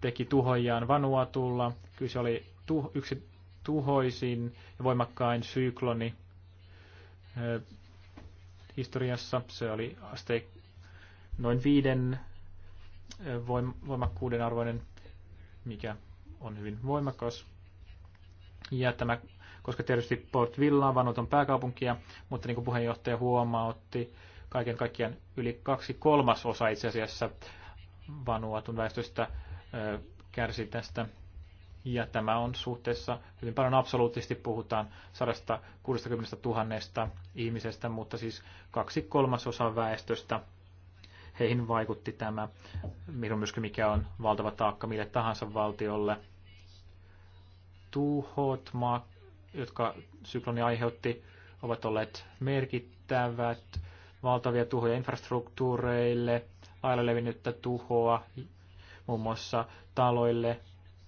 teki tuhojaan Vanuatulla. Kyse oli tu- yksi tuhoisin ja voimakkain sykloni ö, eh, historiassa. Se oli aste noin viiden eh, voim- voimakkuuden arvoinen, mikä on hyvin voimakas. Ja tämä koska tietysti Port Villa on vanhoton pääkaupunkia, mutta niin kuin puheenjohtaja huomautti, kaiken kaikkiaan yli kaksi kolmasosa itse asiassa Vanuatun väestöstä kärsi tästä. Ja tämä on suhteessa hyvin paljon absoluuttisesti puhutaan 160 000 ihmisestä, mutta siis kaksi kolmasosa väestöstä heihin vaikutti tämä myrsky, mikä on valtava taakka mille tahansa valtiolle. Tuhot, mak- jotka sykloni aiheutti, ovat olleet merkittävät. Valtavia tuhoja infrastruktuureille, lailla levinnyttä tuhoa muun muassa taloille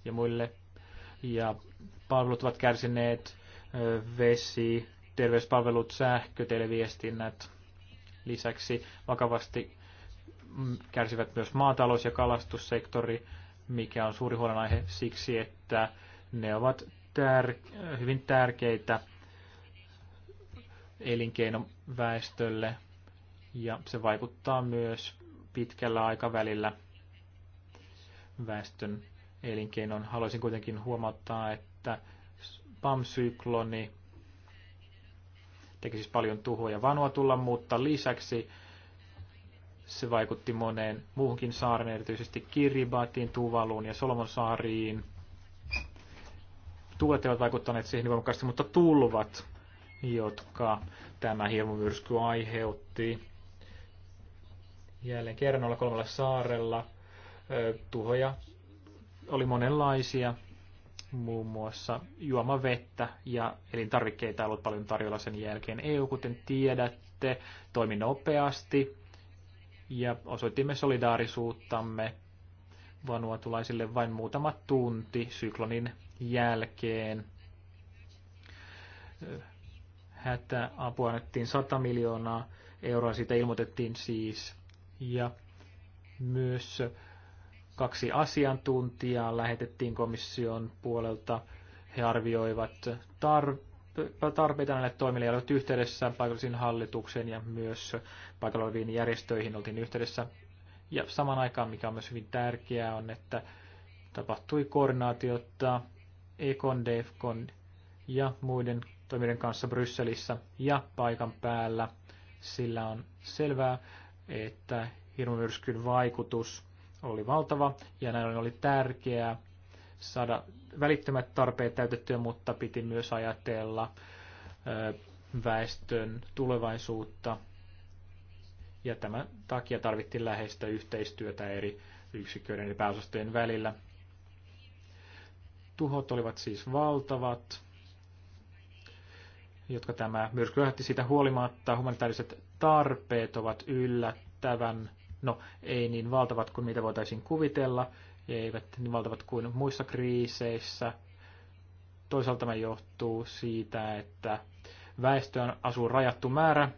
ja muille. Ja palvelut ovat kärsineet, vesi, terveyspalvelut, sähkö, televiestinnät. Lisäksi vakavasti kärsivät myös maatalous- ja kalastussektori, mikä on suuri huolenaihe siksi, että ne ovat tär- hyvin tärkeitä elinkeinoväestölle ja se vaikuttaa myös pitkällä aikavälillä väestön elinkeinon. Haluaisin kuitenkin huomauttaa, että PAM-sykloni teki siis paljon tuhoa ja vanua tulla mutta lisäksi se vaikutti moneen muuhunkin saaren, erityisesti Kiribatiin, Tuvaluun ja Solmonsaariin – tuulet eivät vaikuttaneet siihen niin voimakkaasti, mutta tulvat, jotka tämä hirmumyrsky aiheutti. Jälleen kerran olla kolmella saarella tuhoja oli monenlaisia, muun muassa juomavettä ja elintarvikkeita ei ollut paljon tarjolla sen jälkeen. EU, kuten tiedätte, toimi nopeasti ja osoitimme solidaarisuuttamme vanuatulaisille vain muutama tunti syklonin jälkeen. Hätäapua annettiin 100 miljoonaa euroa, siitä ilmoitettiin siis. Ja myös kaksi asiantuntijaa lähetettiin komission puolelta. He arvioivat tarpeita näille toimille ja olivat yhteydessä paikallisiin hallitukseen ja myös paikalla järjestöihin oltiin yhteydessä. Ja saman aikaan, mikä on myös hyvin tärkeää, on, että tapahtui koordinaatiota Ekon, Defcon ja muiden toimijoiden kanssa Brysselissä ja paikan päällä, sillä on selvää, että hirmumyrskyn vaikutus oli valtava ja näin oli tärkeää saada välittömät tarpeet täytettyä, mutta piti myös ajatella väestön tulevaisuutta. Ja tämän takia tarvittiin läheistä yhteistyötä eri yksiköiden ja pääosastojen välillä. Tuhot olivat siis valtavat, jotka tämä myrsky aiheutti siitä huolimatta. Humanitaariset tarpeet ovat yllättävän, no ei niin valtavat kuin mitä voitaisiin kuvitella, eivät niin valtavat kuin muissa kriiseissä. Toisaalta tämä johtuu siitä, että väestöön asuu rajattu määrä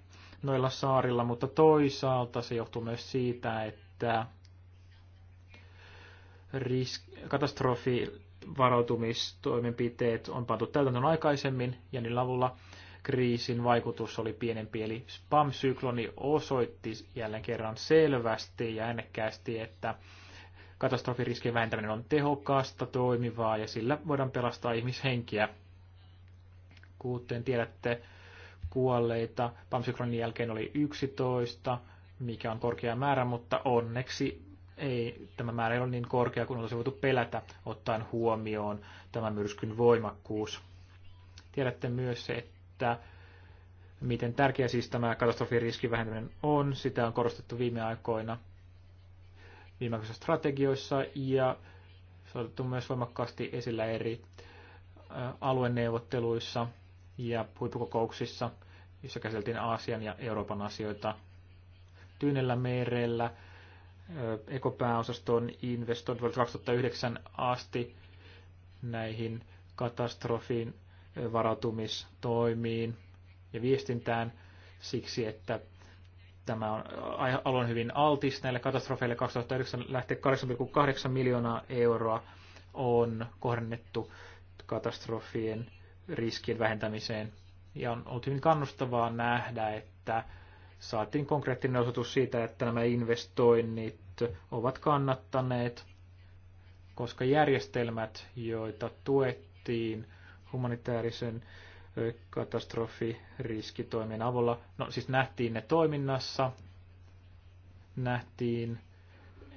noilla saarilla, mutta toisaalta se johtuu myös siitä, että risk- katastrofi varautumistoimenpiteet on pantu täytäntöön aikaisemmin ja niillä avulla kriisin vaikutus oli pienempi. Eli spam-sykloni osoitti jälleen kerran selvästi ja äänekkäästi, että katastrofiriskien vähentäminen on tehokasta, toimivaa ja sillä voidaan pelastaa ihmishenkiä. Kuten tiedätte, kuolleita pam jälkeen oli 11, mikä on korkea määrä, mutta onneksi ei, tämä määrä ei ole niin korkea kuin olisi voitu pelätä, ottaen huomioon tämä myrskyn voimakkuus. Tiedätte myös se, että miten tärkeä siis tämä katastrofin riskin vähentäminen on. Sitä on korostettu viime aikoina viime aikoina strategioissa ja se on otettu myös voimakkaasti esillä eri alueneuvotteluissa ja huippukokouksissa, jossa käsiteltiin Aasian ja Euroopan asioita Tyynellä merellä – ekopääosasto on investoinut vuodesta 2009 asti näihin katastrofin varautumistoimiin ja viestintään siksi, että tämä on, alun hyvin altis näille katastrofeille. 2009 lähtee 8,8 miljoonaa euroa on kohdennettu katastrofien riskien vähentämiseen. Ja on ollut hyvin kannustavaa nähdä, että saatiin konkreettinen osoitus siitä, että nämä investoinnit ovat kannattaneet, koska järjestelmät, joita tuettiin humanitaarisen katastrofiriskitoimien avulla, no siis nähtiin ne toiminnassa, nähtiin,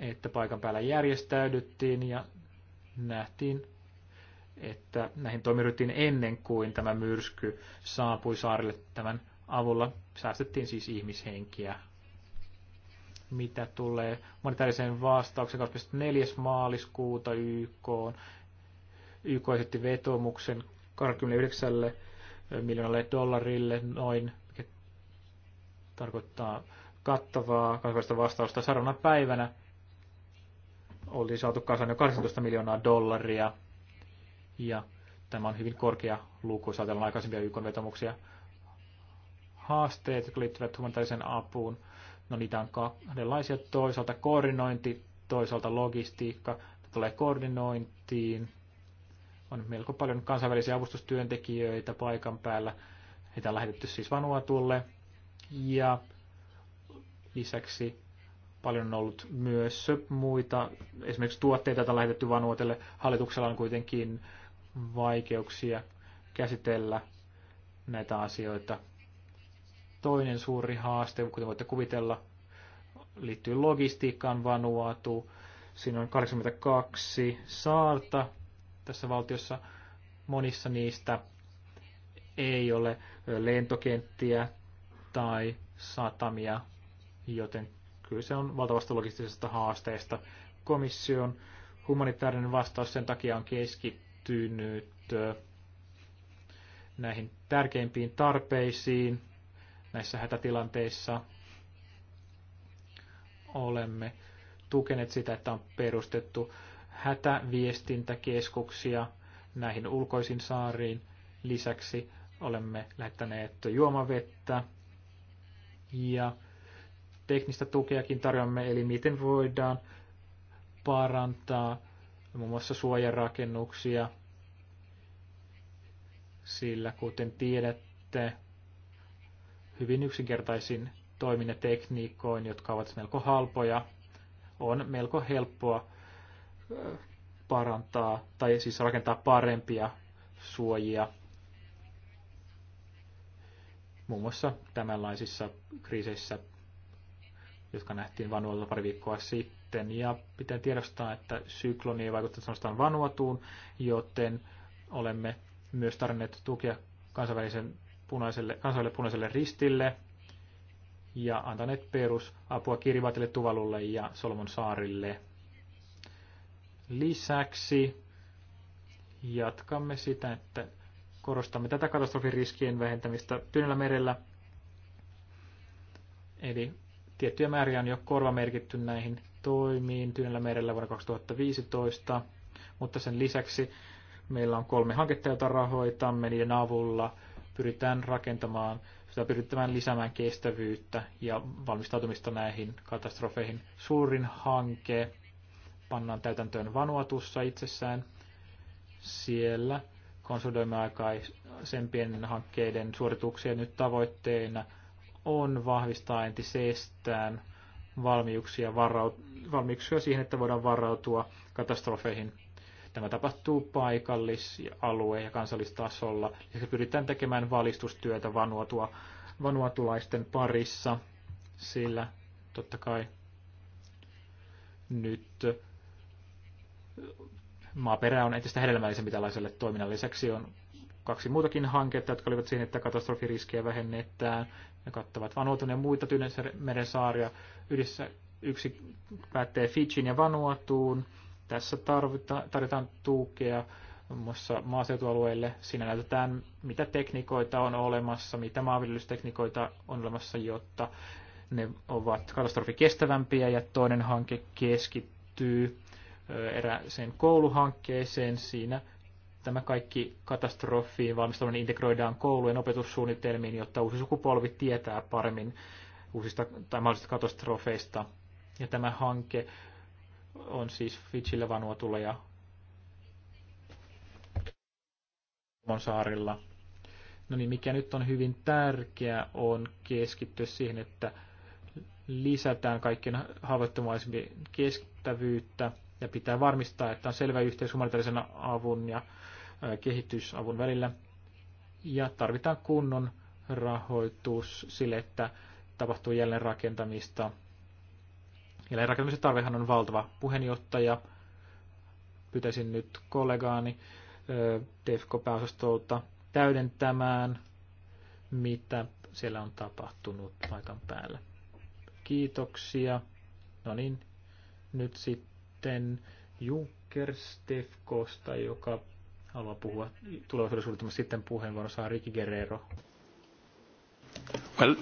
että paikan päällä järjestäydyttiin ja nähtiin, että näihin toimiin ennen kuin tämä myrsky saapui saarille tämän avulla säästettiin siis ihmishenkiä. Mitä tulee monetaariseen vastaukseen 24. maaliskuuta YK, YK esitti vetomuksen 29 miljoonalle dollarille noin, mikä tarkoittaa kattavaa kansainvälistä vastausta Sarana päivänä oli saatu kasaan jo 18 miljoonaa dollaria. Ja tämä on hyvin korkea luku, jos ajatellaan aikaisempia YK vetomuksia haasteet, jotka liittyvät humanitaariseen apuun. No niitä on kahdenlaisia. Toisaalta koordinointi, toisaalta logistiikka. Tämä tulee koordinointiin. On melko paljon kansainvälisiä avustustyöntekijöitä paikan päällä. Heitä on lähetetty siis Vanuatulle. Ja lisäksi paljon on ollut myös muita, esimerkiksi tuotteita, joita on lähetetty Vanuatelle. Hallituksella on kuitenkin vaikeuksia käsitellä näitä asioita Toinen suuri haaste, kuten voitte kuvitella, liittyy logistiikkaan Vanuatu. Siinä on 82 saarta tässä valtiossa. Monissa niistä ei ole lentokenttiä tai satamia, joten kyllä se on valtavasta logistisesta haasteesta. Komission humanitaarinen vastaus sen takia on keskittynyt äh, näihin tärkeimpiin tarpeisiin, näissä hätätilanteissa. Olemme tukeneet sitä, että on perustettu hätäviestintäkeskuksia näihin ulkoisiin saariin. Lisäksi olemme lähettäneet juomavettä ja teknistä tukeakin tarjoamme, eli miten voidaan parantaa muun muassa suojarakennuksia, sillä kuten tiedätte, hyvin yksinkertaisin tekniikkoin, jotka ovat melko halpoja, on melko helppoa parantaa tai siis rakentaa parempia suojia muun muassa tämänlaisissa kriiseissä, jotka nähtiin Vanualta pari viikkoa sitten. Ja pitää tiedostaa, että sykloni ei vaikuttanut sanotaan Vanuatuun, joten olemme myös tarvinneet tukea kansainvälisen punaiselle, kansalle punaiselle ristille ja antaneet perusapua kirivatille Tuvalulle ja Solomon saarille. Lisäksi jatkamme sitä, että korostamme tätä katastrofiriskien vähentämistä Tyynellä merellä. Eli tiettyjä määriä on jo korvamerkitty näihin toimiin Tyynellä merellä vuonna 2015, mutta sen lisäksi meillä on kolme hanketta, joita rahoitamme niiden avulla – pyritään rakentamaan, sitä pyritään lisäämään kestävyyttä ja valmistautumista näihin katastrofeihin. Suurin hanke pannaan täytäntöön Vanuatussa itsessään. Siellä konsolidoimme aikaisempien hankkeiden suorituksia nyt tavoitteena on vahvistaa entisestään valmiuksia, varau- valmiuksia siihen, että voidaan varautua katastrofeihin. Tämä tapahtuu paikallis-, alue- ja kansallistasolla. se pyritään tekemään valistustyötä vanuotua, vanuotulaisten parissa, sillä totta kai nyt maaperä on entistä hedelmällisempi tällaiselle toiminnan lisäksi on kaksi muutakin hanketta, jotka olivat siihen, että katastrofiriskejä vähennetään. Ne kattavat Vanuatun ja muita Tyynenmeren saaria. Yhdessä yksi päättää Fidjin ja Vanuatuun. Tässä tarvita, tarvitaan tukea muun muassa maaseutualueille. Siinä näytetään, mitä tekniikoita on olemassa, mitä maanviljelystekniikoita on olemassa, jotta ne ovat katastrofikestävämpiä. Ja toinen hanke keskittyy erääseen kouluhankkeeseen. Siinä tämä kaikki katastrofiin valmistaminen integroidaan koulujen opetussuunnitelmiin, jotta uusi sukupolvi tietää paremmin uusista tai mahdollisista katastrofeista. Ja tämä hanke on siis Fitchillä, Vanuatulla ja saarilla. No niin, mikä nyt on hyvin tärkeää, on keskittyä siihen, että lisätään kaikkien haavoittuvaisimpien kestävyyttä ja pitää varmistaa, että on selvä yhteys humanitaarisen avun ja kehitysavun välillä. Ja tarvitaan kunnon rahoitus sille, että tapahtuu jälleen rakentamista rakentamisen tarvehan on valtava puheenjohtaja. Pyytäisin nyt kollegaani DEFCO-pääosastolta täydentämään, mitä siellä on tapahtunut paikan päällä. Kiitoksia. No niin, nyt sitten Junkers Defcosta, joka haluaa puhua tulevaisuudessa sitten puheenvuoron saa Ricky Guerrero. Well,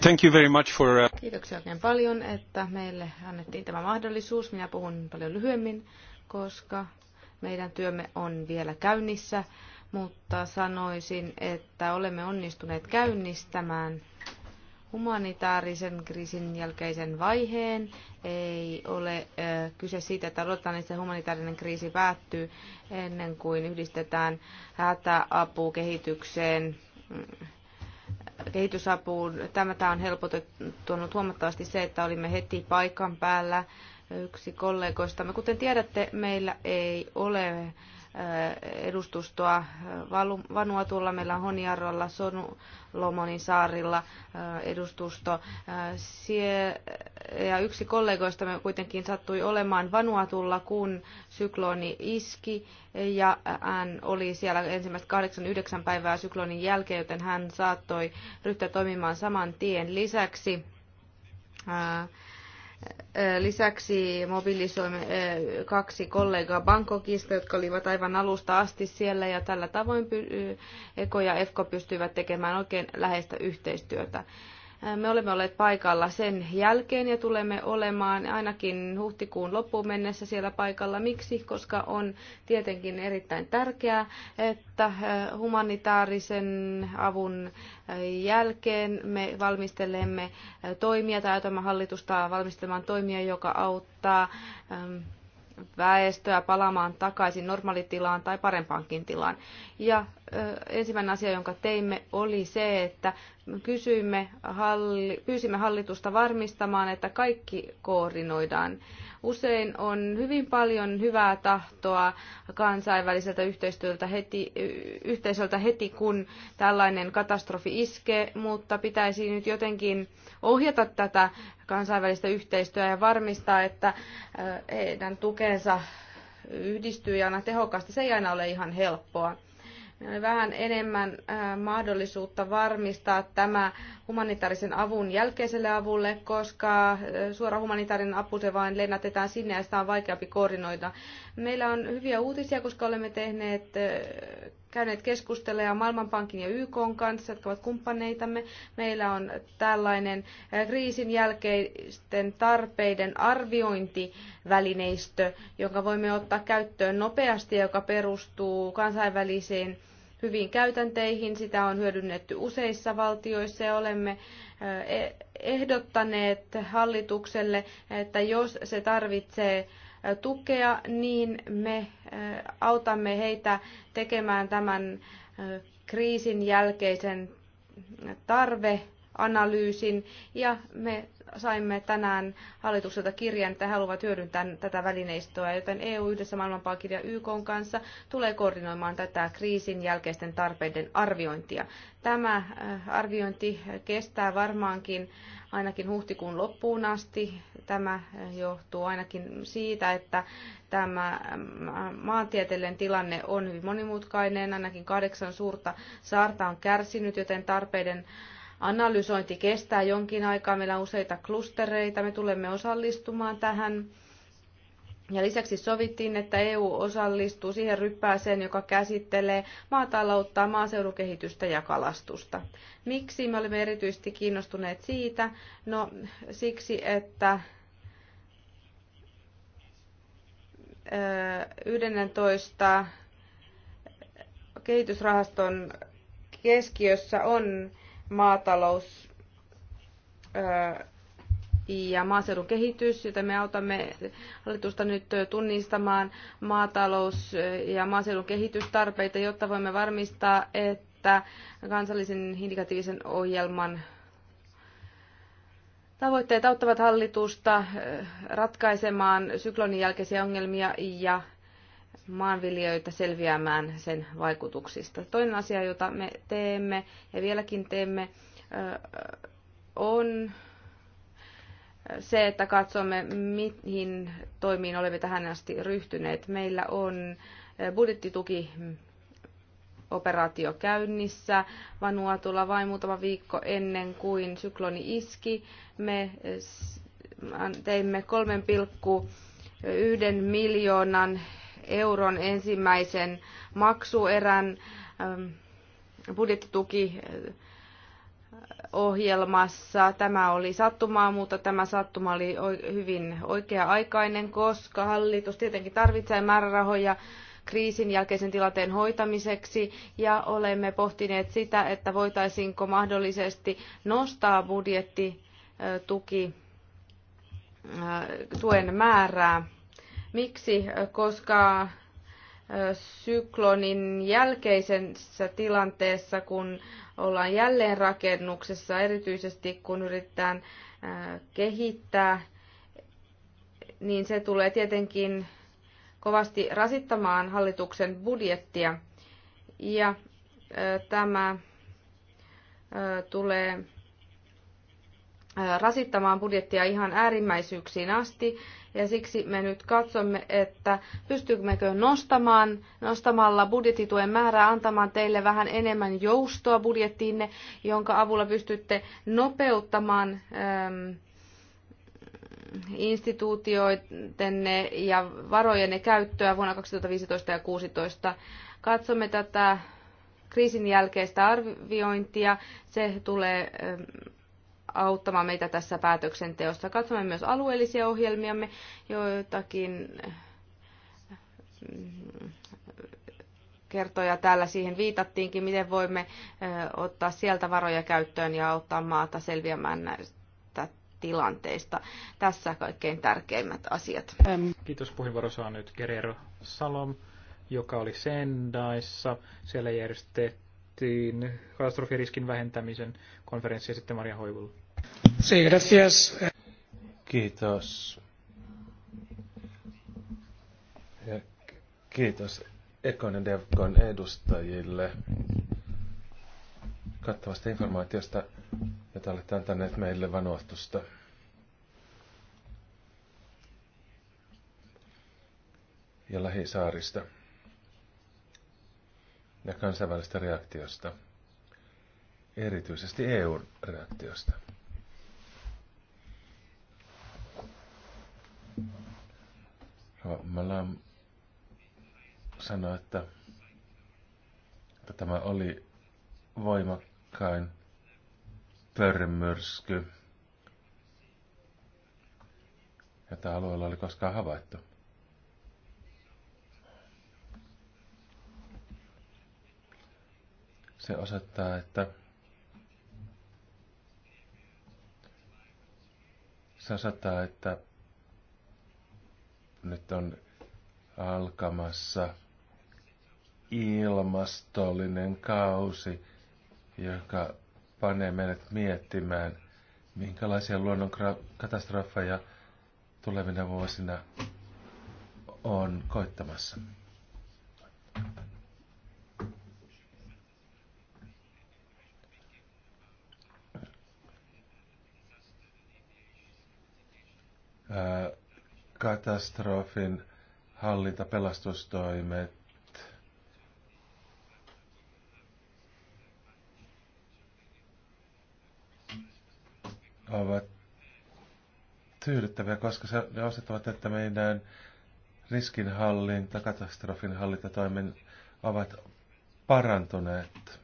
thank you very much for, uh... Kiitoksia oikein paljon, että meille annettiin tämä mahdollisuus. Minä puhun paljon lyhyemmin, koska meidän työmme on vielä käynnissä, mutta sanoisin, että olemme onnistuneet käynnistämään humanitaarisen kriisin jälkeisen vaiheen. Ei ole kyse siitä, että odotetaan, että humanitaarinen kriisi päättyy ennen kuin yhdistetään hätäapu kehitykseen kehitysapuun. Tämä on helpotettunut huomattavasti se, että olimme heti paikan päällä yksi kollegoistamme. Kuten tiedätte, meillä ei ole edustustoa Vanuatulla, meillä on Honiarolla, Lomonin saarilla edustusto. Sie, ja yksi kollegoista me kuitenkin sattui olemaan Vanuatulla, kun sykloni iski ja hän oli siellä ensimmäistä kahdeksan yhdeksän päivää syklonin jälkeen, joten hän saattoi ryhtyä toimimaan saman tien lisäksi. Ää, Lisäksi mobilisoimme kaksi kollegaa Bangkokista, jotka olivat aivan alusta asti siellä ja tällä tavoin Eko ja EFKO pystyivät tekemään oikein läheistä yhteistyötä. Me olemme olleet paikalla sen jälkeen ja tulemme olemaan ainakin huhtikuun loppuun mennessä siellä paikalla. Miksi? Koska on tietenkin erittäin tärkeää, että humanitaarisen avun jälkeen me valmistelemme toimia tai hallitusta valmistelemaan toimia, joka auttaa väestöä palaamaan takaisin normaalitilaan tai parempaankin tilaan. Ja ensimmäinen asia, jonka teimme, oli se, että kysyimme, pyysimme hallitusta varmistamaan, että kaikki koordinoidaan. Usein on hyvin paljon hyvää tahtoa kansainväliseltä yhteistyöltä heti, yhteisöltä heti, kun tällainen katastrofi iskee, mutta pitäisi nyt jotenkin ohjata tätä kansainvälistä yhteistyötä ja varmistaa, että heidän tukensa yhdistyy ja aina tehokasta. Se ei aina ole ihan helppoa. Meillä oli vähän enemmän äh, mahdollisuutta varmistaa tämä humanitaarisen avun jälkeiselle avulle, koska äh, suora humanitaarinen apu se vain lennätetään sinne ja sitä on vaikeampi koordinoida. Meillä on hyviä uutisia, koska olemme tehneet äh, käyneet keskusteluja Maailmanpankin ja YK kanssa, jotka ovat kumppaneitamme. Meillä on tällainen kriisin jälkeisten tarpeiden arviointivälineistö, jonka voimme ottaa käyttöön nopeasti ja joka perustuu kansainvälisiin hyviin käytänteihin. Sitä on hyödynnetty useissa valtioissa ja olemme e, ehdottaneet hallitukselle, että jos se tarvitsee tukea, niin me autamme heitä tekemään tämän kriisin jälkeisen tarveanalyysin ja me saimme tänään hallitukselta kirjeen, että he haluavat hyödyntää tätä välineistöä, joten EU yhdessä Maailmanpankin ja YK kanssa tulee koordinoimaan tätä kriisin jälkeisten tarpeiden arviointia. Tämä äh, arviointi kestää varmaankin ainakin huhtikuun loppuun asti. Tämä äh, johtuu ainakin siitä, että tämä ähm, maantieteellinen tilanne on hyvin monimutkainen. Ainakin kahdeksan suurta saarta on kärsinyt, joten tarpeiden Analysointi kestää jonkin aikaa, meillä on useita klustereita, me tulemme osallistumaan tähän. Ja lisäksi sovittiin, että EU osallistuu siihen ryppääseen, joka käsittelee maataloutta, maaseudukehitystä ja kalastusta. Miksi me olemme erityisesti kiinnostuneet siitä? No siksi, että 11 kehitysrahaston keskiössä on maatalous ja maaseudun kehitys, jota me autamme hallitusta nyt tunnistamaan maatalous- ja maaseudun kehitystarpeita, jotta voimme varmistaa, että kansallisen indikatiivisen ohjelman tavoitteet auttavat hallitusta ratkaisemaan syklonin jälkeisiä ongelmia ja maanviljelijöitä selviämään sen vaikutuksista. Toinen asia, jota me teemme ja vieläkin teemme, on se, että katsomme, mihin toimiin olemme tähän asti ryhtyneet. Meillä on budjettituki operaatio käynnissä Vanuatulla vain muutama viikko ennen kuin sykloni iski. Me teimme 3,1 miljoonan euron ensimmäisen maksuerän ähm, budjettituki ohjelmassa. Tämä oli sattumaa, mutta tämä sattuma oli hyvin oikea-aikainen, koska hallitus tietenkin tarvitsee määrärahoja kriisin jälkeisen tilanteen hoitamiseksi ja olemme pohtineet sitä, että voitaisiinko mahdollisesti nostaa budjettituki äh, tuen määrää Miksi? Koska syklonin jälkeisessä tilanteessa, kun ollaan jälleen rakennuksessa, erityisesti kun yritetään kehittää, niin se tulee tietenkin kovasti rasittamaan hallituksen budjettia. Ja tämä tulee rasittamaan budjettia ihan äärimmäisyyksiin asti, ja siksi me nyt katsomme, että pystymmekö nostamaan, nostamalla budjettituen määrää antamaan teille vähän enemmän joustoa budjettiinne, jonka avulla pystytte nopeuttamaan äm, instituutioitenne ja varojenne käyttöä vuonna 2015 ja 2016. Katsomme tätä kriisin jälkeistä arviointia. Se tulee äm, auttamaan meitä tässä päätöksenteossa. Katsomme myös alueellisia ohjelmiamme, joitakin mm, kertoja täällä siihen viitattiinkin, miten voimme ottaa sieltä varoja käyttöön ja auttaa maata selviämään näistä tilanteista. Tässä kaikkein tärkeimmät asiat. Kiitos puheenvuoro saa nyt Gerero Salom, joka oli Sendaissa. Siellä järjestettiin katastrofiriskin vähentämisen konferenssi ja sitten Maria Hoivulla. Sí, gracias. Kiitos. Ja kiitos Ekon Devcon edustajille kattavasta informaatiosta, jota olette antaneet meille vanohtusta. ja lähisaarista ja kansainvälistä reaktiosta, erityisesti eu reaktiosta. No, Malam sanoa, että, että tämä oli voimakkain pörrymyrsky, jota alueella oli koskaan havaittu. Se osoittaa, että se osoittaa, että nyt on alkamassa ilmastollinen kausi, joka panee meidät miettimään, minkälaisia luonnon katastrofeja tulevina vuosina on koittamassa. Ää, katastrofin hallinta, pelastustoimet, ovat tyydyttäviä, koska se, ne osoittavat, että meidän riskinhallinta, katastrofin hallintatoimen ovat parantuneet.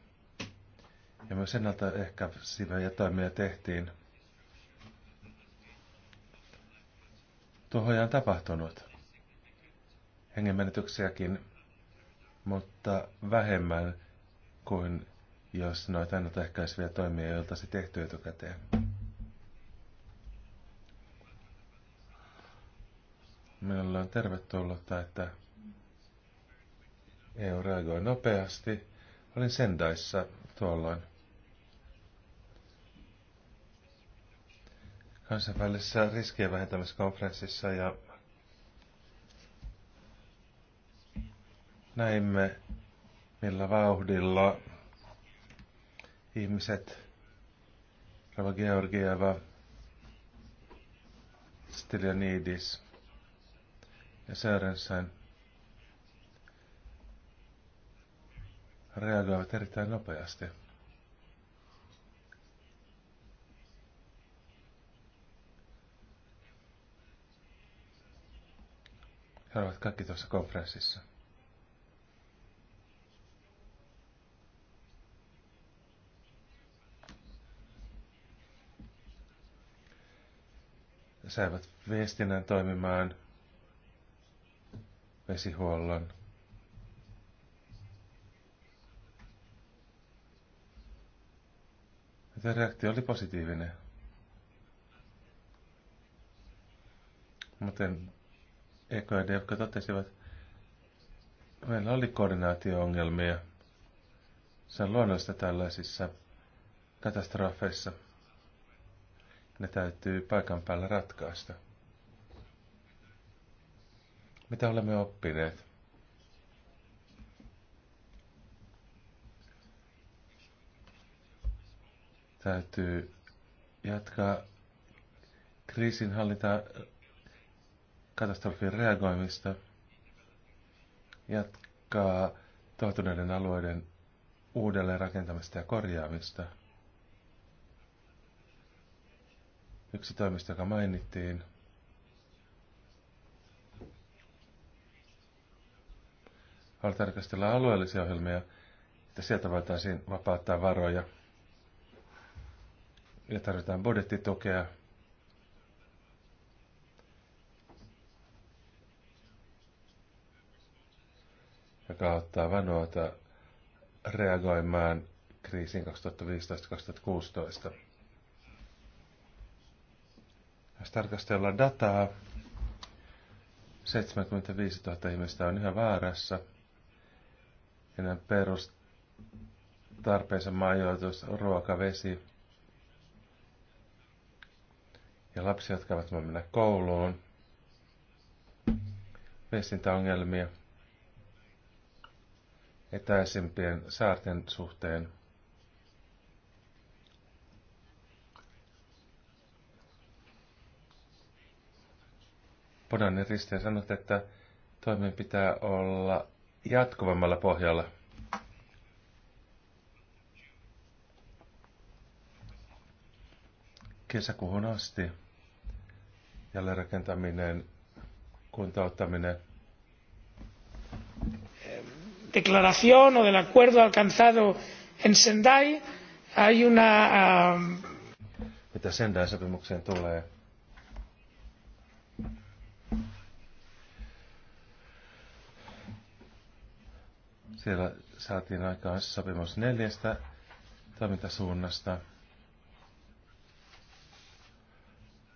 Ja myös ennaltaehkäiseviä toimia tehtiin. tuhoja on tapahtunut. Hengenmenetyksiäkin, mutta vähemmän kuin jos noita ennaltaehkäiseviä toimia ei oltaisi tehty etukäteen. Minulle on tervetullutta, että EU reagoi nopeasti. Olin Sendaissa tuolloin. kansainvälisessä riskien vähentämiskonferenssissa ja näimme, millä vauhdilla ihmiset, Rava Georgieva, Stylianidis ja Sörensen reagoivat erittäin nopeasti. He kaikki tuossa konferenssissa. saivat viestinnän toimimaan, vesihuollon. Tämä reaktio oli positiivinen. en EKD, jotka totesivat, että meillä oli koordinaatio-ongelmia. Se on luonnollista tällaisissa katastrofeissa. Ne täytyy paikan päällä ratkaista. Mitä olemme oppineet? Täytyy jatkaa kriisinhallintaa katastrofiin reagoimista jatkaa tuhoutuneiden alueiden uudelleen rakentamista ja korjaamista. Yksi toimisto, joka mainittiin, on tarkastella alueellisia ohjelmia, että sieltä voitaisiin vapauttaa varoja. Ja tarvitaan budjettitukea joka auttaa Vanuota reagoimaan kriisiin 2015-2016. Jos tarkastellaan dataa, 75 000 ihmistä on yhä väärässä. Heidän perustarpeensa majoitus, ruoka, vesi ja lapsi, jotka ovat mennä kouluun. Viestintäongelmia, etäisempien saarten suhteen. Podanen risteen sanot, että toimen pitää olla jatkuvammalla pohjalla. Kesäkuuhun asti jälleenrakentaminen, kuntouttaminen, declaración o del acuerdo alcanzado en Sendai hay una. Mitä Sendain sopimukseen tulee? Siellä saatiin aikaan sopimus neljästä toimintasuunnasta.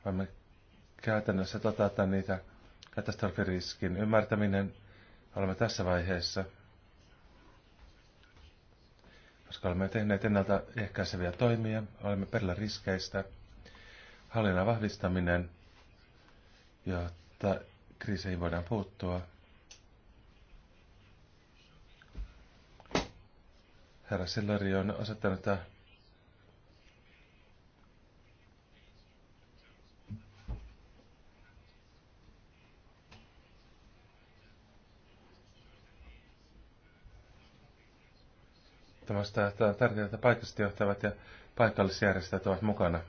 Voimme käytännössä totata niitä katastrofiriskin ymmärtäminen. Olemme tässä vaiheessa koska olemme tehneet ehkäiseviä toimia, olemme perillä riskeistä, hallinnan vahvistaminen, jotta kriiseihin voidaan puuttua. Herra Sillari on osoittanut, että Tämästä, että on tärkeää, että paikalliset johtavat ja paikallisjärjestöt ovat mukana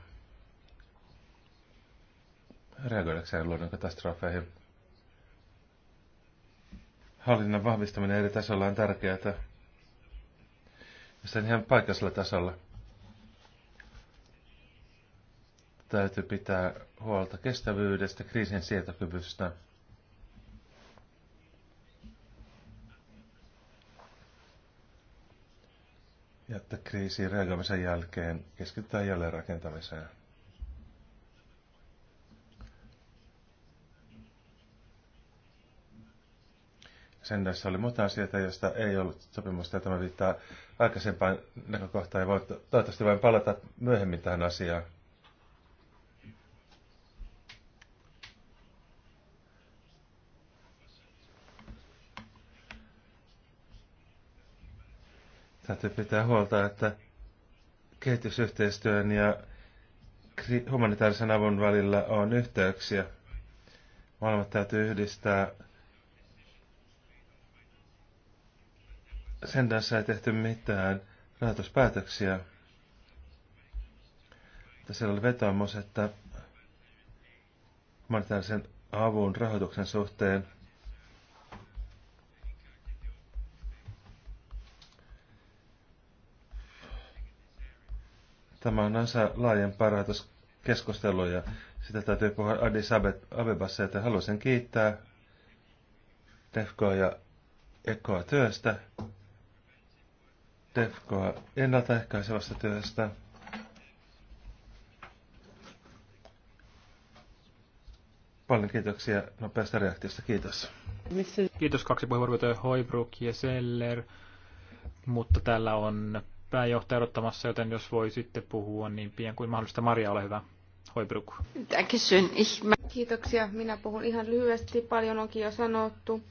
reagoidakseen luonnon katastrofeihin. Hallinnan vahvistaminen eri tasolla on tärkeää. Ja sen ihan paikallisella tasolla täytyy pitää huolta kestävyydestä, kriisin sietokyvystä – jotta kriisiin reagoimisen jälkeen keskitytään jälleen rakentamiseen. Sen tässä oli muuta asioita, joista ei ollut sopimusta, ja tämä viittaa aikaisempaan näkökohtaan, ja voi toivottavasti vain palata myöhemmin tähän asiaan. Täytyy pitää huolta, että kehitysyhteistyön ja humanitaarisen avun välillä on yhteyksiä. Molemmat täytyy yhdistää. Sen tässä ei tehty mitään rahoituspäätöksiä. Mutta oli vetoomus, että humanitaarisen avun rahoituksen suhteen Tämä on näin laajempaa paratus keskustelu ja sitä täytyy puhua Addis Abebassa, että haluaisin kiittää Defkoa ja Ekoa työstä, Defkoa ennaltaehkäisevästä työstä, Paljon kiitoksia nopeasta reaktiosta. Kiitos. Kiitos kaksi puheenvuoroa, Hoibruk ja Seller. Mutta täällä on pääjohtaja odottamassa, joten jos voi sitten puhua niin pian kuin mahdollista. Maria, ole hyvä. Hoibruk. Kiitoksia. Minä puhun ihan lyhyesti. Paljon onkin jo sanottu.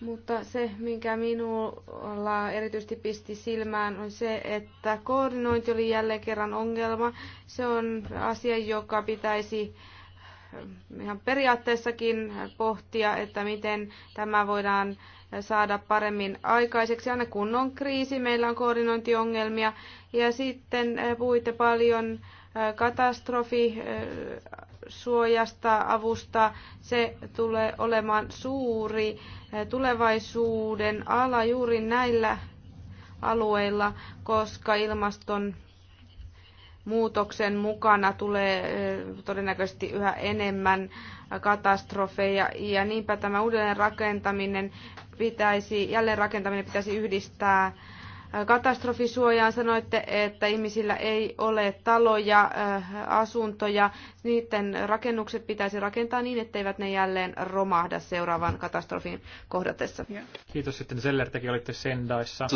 Mutta se, minkä minulla erityisesti pisti silmään, on se, että koordinointi oli jälleen kerran ongelma. Se on asia, joka pitäisi ihan periaatteessakin pohtia, että miten tämä voidaan saada paremmin aikaiseksi. Aina kun on kriisi, meillä on koordinointiongelmia. Ja sitten eh, puhuitte paljon eh, katastrofisuojasta, eh, avusta. Se tulee olemaan suuri tulevaisuuden ala juuri näillä alueilla, koska ilmaston muutoksen mukana tulee todennäköisesti yhä enemmän katastrofeja ja niinpä tämä uudelleen rakentaminen pitäisi, jälleen rakentaminen pitäisi yhdistää katastrofisuojaan. Sanoitte, että ihmisillä ei ole taloja, asuntoja. Niiden rakennukset pitäisi rakentaa niin, etteivät ne jälleen romahda seuraavan katastrofin kohdatessa. Kiitos sitten Zeller, tekin olitte Sendaissa.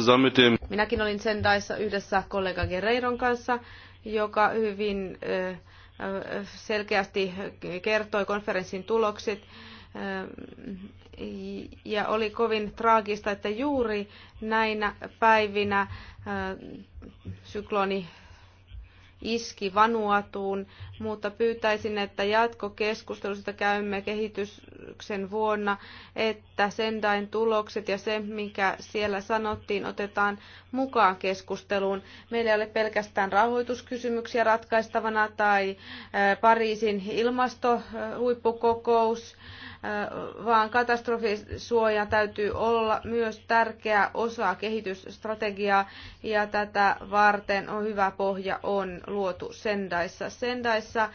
Minäkin olin Sendaissa yhdessä kollega Guerreiron kanssa joka hyvin selkeästi kertoi konferenssin tulokset. Ja oli kovin traagista, että juuri näinä päivinä sykloni iski Vanuatuun, mutta pyytäisin, että jatkokeskustelusta käymme kehityksen vuonna, että Sendain tulokset ja se, mikä siellä sanottiin, otetaan mukaan keskusteluun. Meillä ei ole pelkästään rahoituskysymyksiä ratkaistavana tai Pariisin ilmastohuippukokous, vaan katastrofisuoja täytyy olla myös tärkeä osa kehitysstrategiaa ja tätä varten on hyvä pohja on luotu Sendaissa. Sendaissa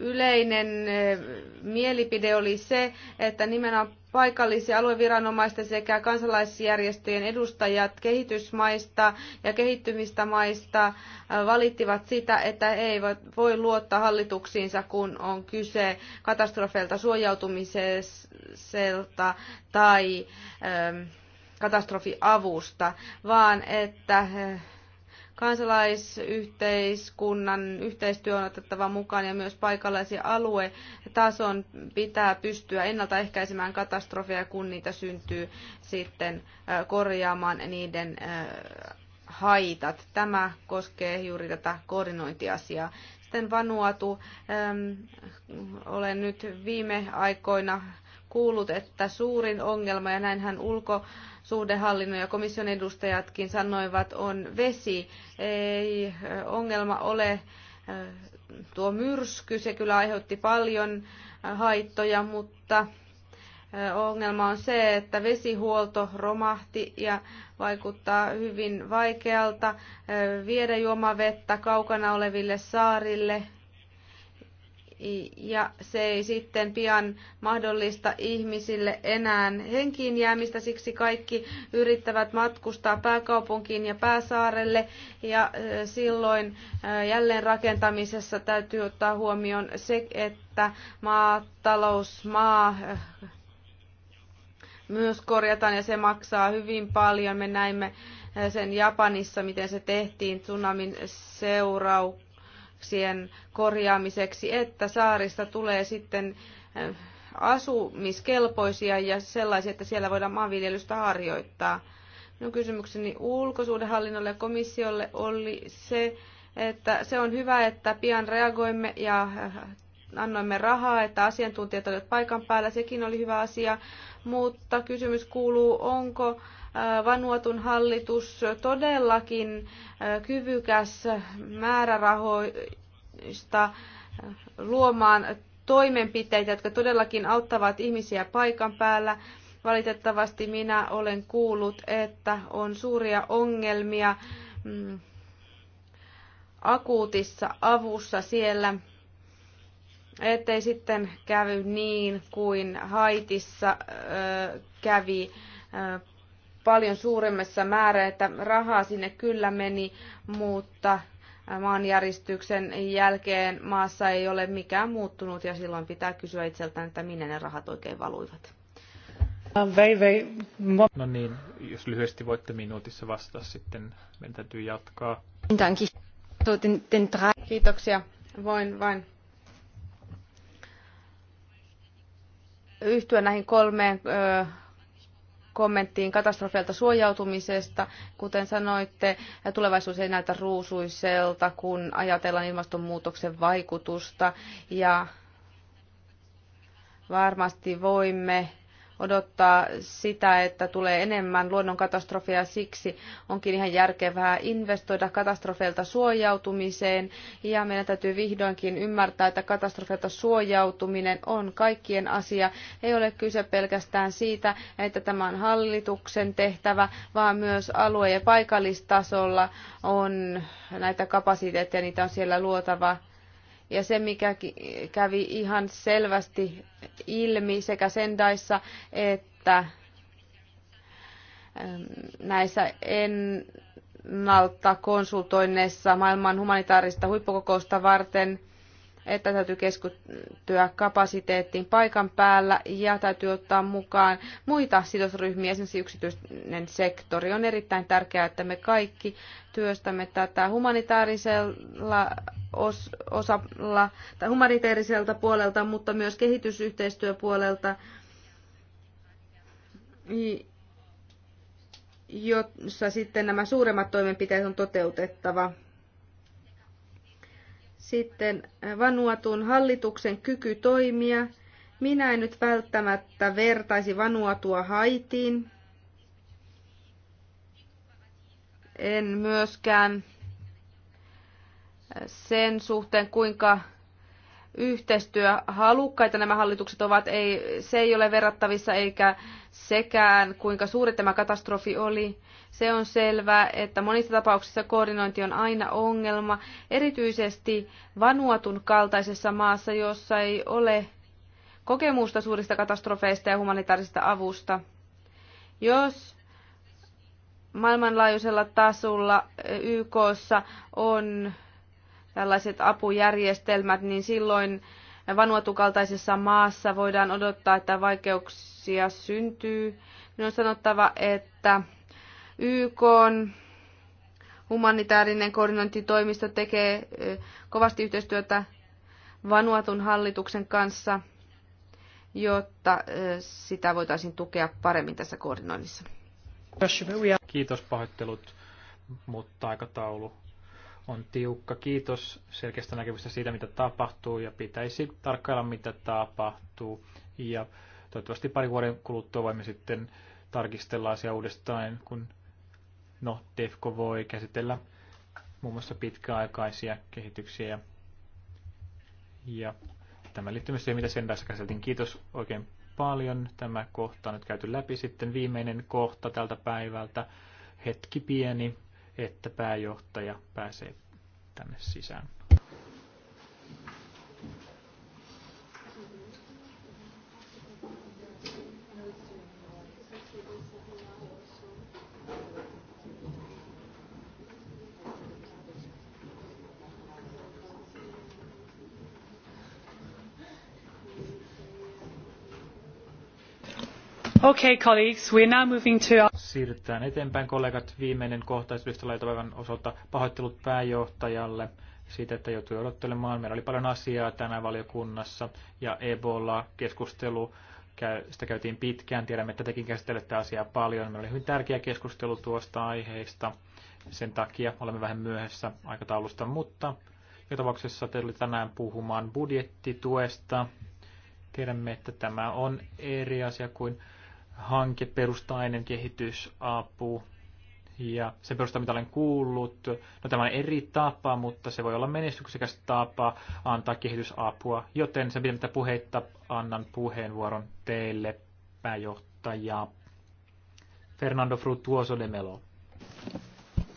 yleinen mielipide oli se, että nimenomaan paikallisia alueviranomaisten sekä kansalaisjärjestöjen edustajat kehitysmaista ja kehittymistä maista valittivat sitä, että he eivät voi luottaa hallituksiinsa, kun on kyse katastrofeilta suojautumiselta tai katastrofiavusta, vaan että Kansalaisyhteiskunnan yhteistyö on otettava mukaan ja myös paikallisen aluetason pitää pystyä ennaltaehkäisemään katastrofeja, kun niitä syntyy sitten korjaamaan niiden haitat. Tämä koskee juuri tätä koordinointiasiaa. Sitten Vanuatu, olen nyt viime aikoina kuullut, että suurin ongelma, ja näinhän ulko suhdehallinnon ja komission edustajatkin sanoivat, on vesi. Ei ongelma ole tuo myrsky, se kyllä aiheutti paljon haittoja, mutta ongelma on se, että vesihuolto romahti ja vaikuttaa hyvin vaikealta viedä juomavettä kaukana oleville saarille – ja se ei sitten pian mahdollista ihmisille enää henkiin jäämistä, siksi kaikki yrittävät matkustaa pääkaupunkiin ja pääsaarelle ja silloin jälleen rakentamisessa täytyy ottaa huomioon se, että maatalous, maa myös korjataan ja se maksaa hyvin paljon. Me näimme sen Japanissa, miten se tehtiin tsunamin seurauksena vääryksien korjaamiseksi, että saarista tulee sitten äh, asumiskelpoisia ja sellaisia, että siellä voidaan maanviljelystä harjoittaa. Minun kysymykseni ulkosuudenhallinnolle ja komissiolle oli se, että se on hyvä, että pian reagoimme ja äh, annoimme rahaa, että asiantuntijat olivat paikan päällä, sekin oli hyvä asia, mutta kysymys kuuluu, onko Äh, Vanuatun hallitus todellakin äh, kyvykäs määrärahoista äh, luomaan toimenpiteitä, jotka todellakin auttavat ihmisiä paikan päällä. Valitettavasti minä olen kuullut, että on suuria ongelmia mm, akuutissa avussa siellä, ettei sitten käy niin kuin Haitissa kävi paljon suuremmassa määrä, että rahaa sinne kyllä meni, mutta maanjäristyksen jälkeen maassa ei ole mikään muuttunut ja silloin pitää kysyä itseltään, että minne ne rahat oikein valuivat. No niin, jos lyhyesti voitte minuutissa vastata sitten, meidän täytyy jatkaa. Kiitoksia. Voin vain yhtyä näihin kolmeen kommenttiin katastrofeilta suojautumisesta. Kuten sanoitte, tulevaisuus ei näytä ruusuiselta, kun ajatellaan ilmastonmuutoksen vaikutusta. Ja varmasti voimme odottaa sitä, että tulee enemmän luonnonkatastrofeja. Siksi onkin ihan järkevää investoida katastrofeilta suojautumiseen. Ja meidän täytyy vihdoinkin ymmärtää, että katastrofeilta suojautuminen on kaikkien asia. Ei ole kyse pelkästään siitä, että tämä on hallituksen tehtävä, vaan myös alue- ja paikallistasolla on näitä kapasiteetteja, niitä on siellä luotava ja se, mikä kävi ihan selvästi ilmi sekä Sendaissa että näissä ennalta konsultoinneissa maailman humanitaarista huippukokousta varten – että täytyy keskittyä kapasiteettiin paikan päällä ja täytyy ottaa mukaan muita sidosryhmiä, esimerkiksi yksityinen sektori. On erittäin tärkeää, että me kaikki työstämme tätä humanitaarisella os- osalla, tai humanitaariselta puolelta, mutta myös kehitysyhteistyöpuolelta, jossa sitten nämä suuremmat toimenpiteet on toteutettava sitten äh, Vanuatun hallituksen kyky toimia. Minä en nyt välttämättä vertaisi Vanuatua Haitiin. En myöskään sen suhteen, kuinka yhteistyöhalukkaita nämä hallitukset ovat. Ei, se ei ole verrattavissa eikä sekään, kuinka suuri tämä katastrofi oli. Se on selvää, että monissa tapauksissa koordinointi on aina ongelma, erityisesti Vanuatun kaltaisessa maassa, jossa ei ole kokemusta suurista katastrofeista ja humanitaarisesta avusta. Jos maailmanlaajuisella tasolla eh, YKssa on tällaiset apujärjestelmät, niin silloin Vanuatukaltaisessa maassa voidaan odottaa, että vaikeuksia syntyy. Minun on sanottava, että YK on humanitaarinen koordinointitoimisto tekee kovasti yhteistyötä Vanuatun hallituksen kanssa, jotta sitä voitaisiin tukea paremmin tässä koordinoinnissa. Kiitos pahoittelut, mutta aikataulu on tiukka. Kiitos selkeästä näkemystä siitä, mitä tapahtuu ja pitäisi tarkkailla, mitä tapahtuu. Ja toivottavasti pari vuoden kuluttua voimme sitten tarkistella asiaa uudestaan, kun no, DEFCO voi käsitellä muun muassa pitkäaikaisia kehityksiä ja, ja tämä liittyy myös siihen, mitä tässä käsiteltiin. Kiitos oikein paljon. Tämä kohta on nyt käyty läpi. Sitten viimeinen kohta tältä päivältä. Hetki pieni että pääjohtaja pääsee tänne sisään. Okay, colleagues, we are now moving to our siirrytään eteenpäin. Kollegat, viimeinen kohtaisuudesta laitopäivän osalta pahoittelut pääjohtajalle siitä, että joutui odottelemaan. Meillä oli paljon asiaa tänään valiokunnassa ja Ebola-keskustelu, sitä käytiin pitkään. Tiedämme, että tekin käsittelette asiaa paljon. Meillä oli hyvin tärkeä keskustelu tuosta aiheesta. Sen takia olemme vähän myöhässä aikataulusta, mutta joka tapauksessa te oli tänään puhumaan budjettituesta. Tiedämme, että tämä on eri asia kuin hanke, perustainen kehitysapu ja se perustaa mitä olen kuullut. No tämä on eri tapa, mutta se voi olla menestyksekäs tapa antaa kehitysapua, joten sen pitämättä puheitta annan puheenvuoron teille, pääjohtaja Fernando Frutuoso de Melo.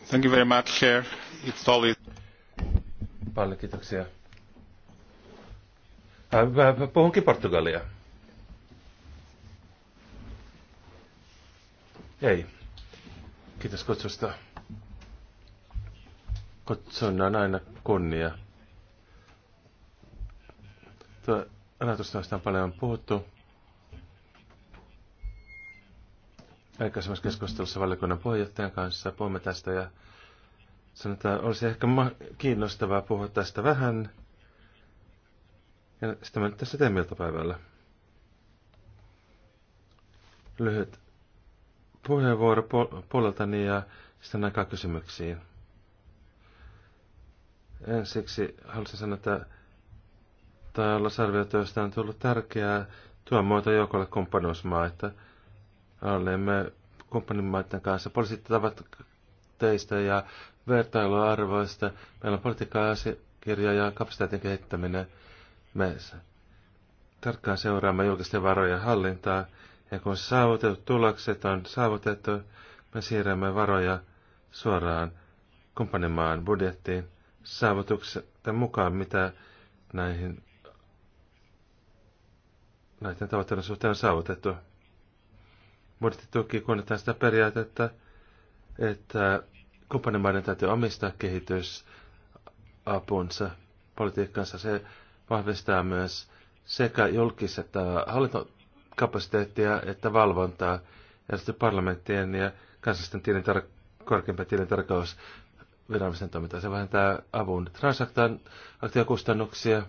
Thank you very much, Chair. It's always... Paljon kiitoksia. Äh, puhunkin Portugalia. Ei. Kiitos kutsusta. Kutsunna on aina kunnia. Tuo ajatusta on paljon puhuttu. Aikaisemmassa keskustelussa valiokunnan puheenjohtajan kanssa puhumme tästä ja sanotaan, olisi ehkä kiinnostavaa puhua tästä vähän. Ja sitä mä nyt tässä teemme iltapäivällä. Lyhyt puheenvuoro puoleltani ja sitten aikaa kysymyksiin. Ensiksi haluaisin sanoa, että selviötyöstä on tullut tärkeää tuen muoto joukolle kumppanuusmaa, että olemme kumppanimaiden kanssa poliisit teistä ja vertailuarvoista. Meillä on politiikka-asiakirja ja kapasiteetin kehittäminen. Me tarkkaan seuraamme julkisten varojen hallintaa ja kun saavutetut tulokset on saavutettu, me siirrämme varoja suoraan kumppanimaan budjettiin saavutuksen mukaan, mitä näihin näiden tavoitteiden suhteen on saavutettu. Budjettituki kunnioittaa sitä periaatetta, että kumppanimaiden täytyy omistaa kehitysapunsa, politiikkansa. Se vahvistaa myös sekä julkiset että hallinto- kapasiteettia että valvontaa. Ja parlamenttien ja kansallisten tilintar- korkeimpien tilintarkaus viranomaisen toimintaa. Se vähentää avun transaktiokustannuksia.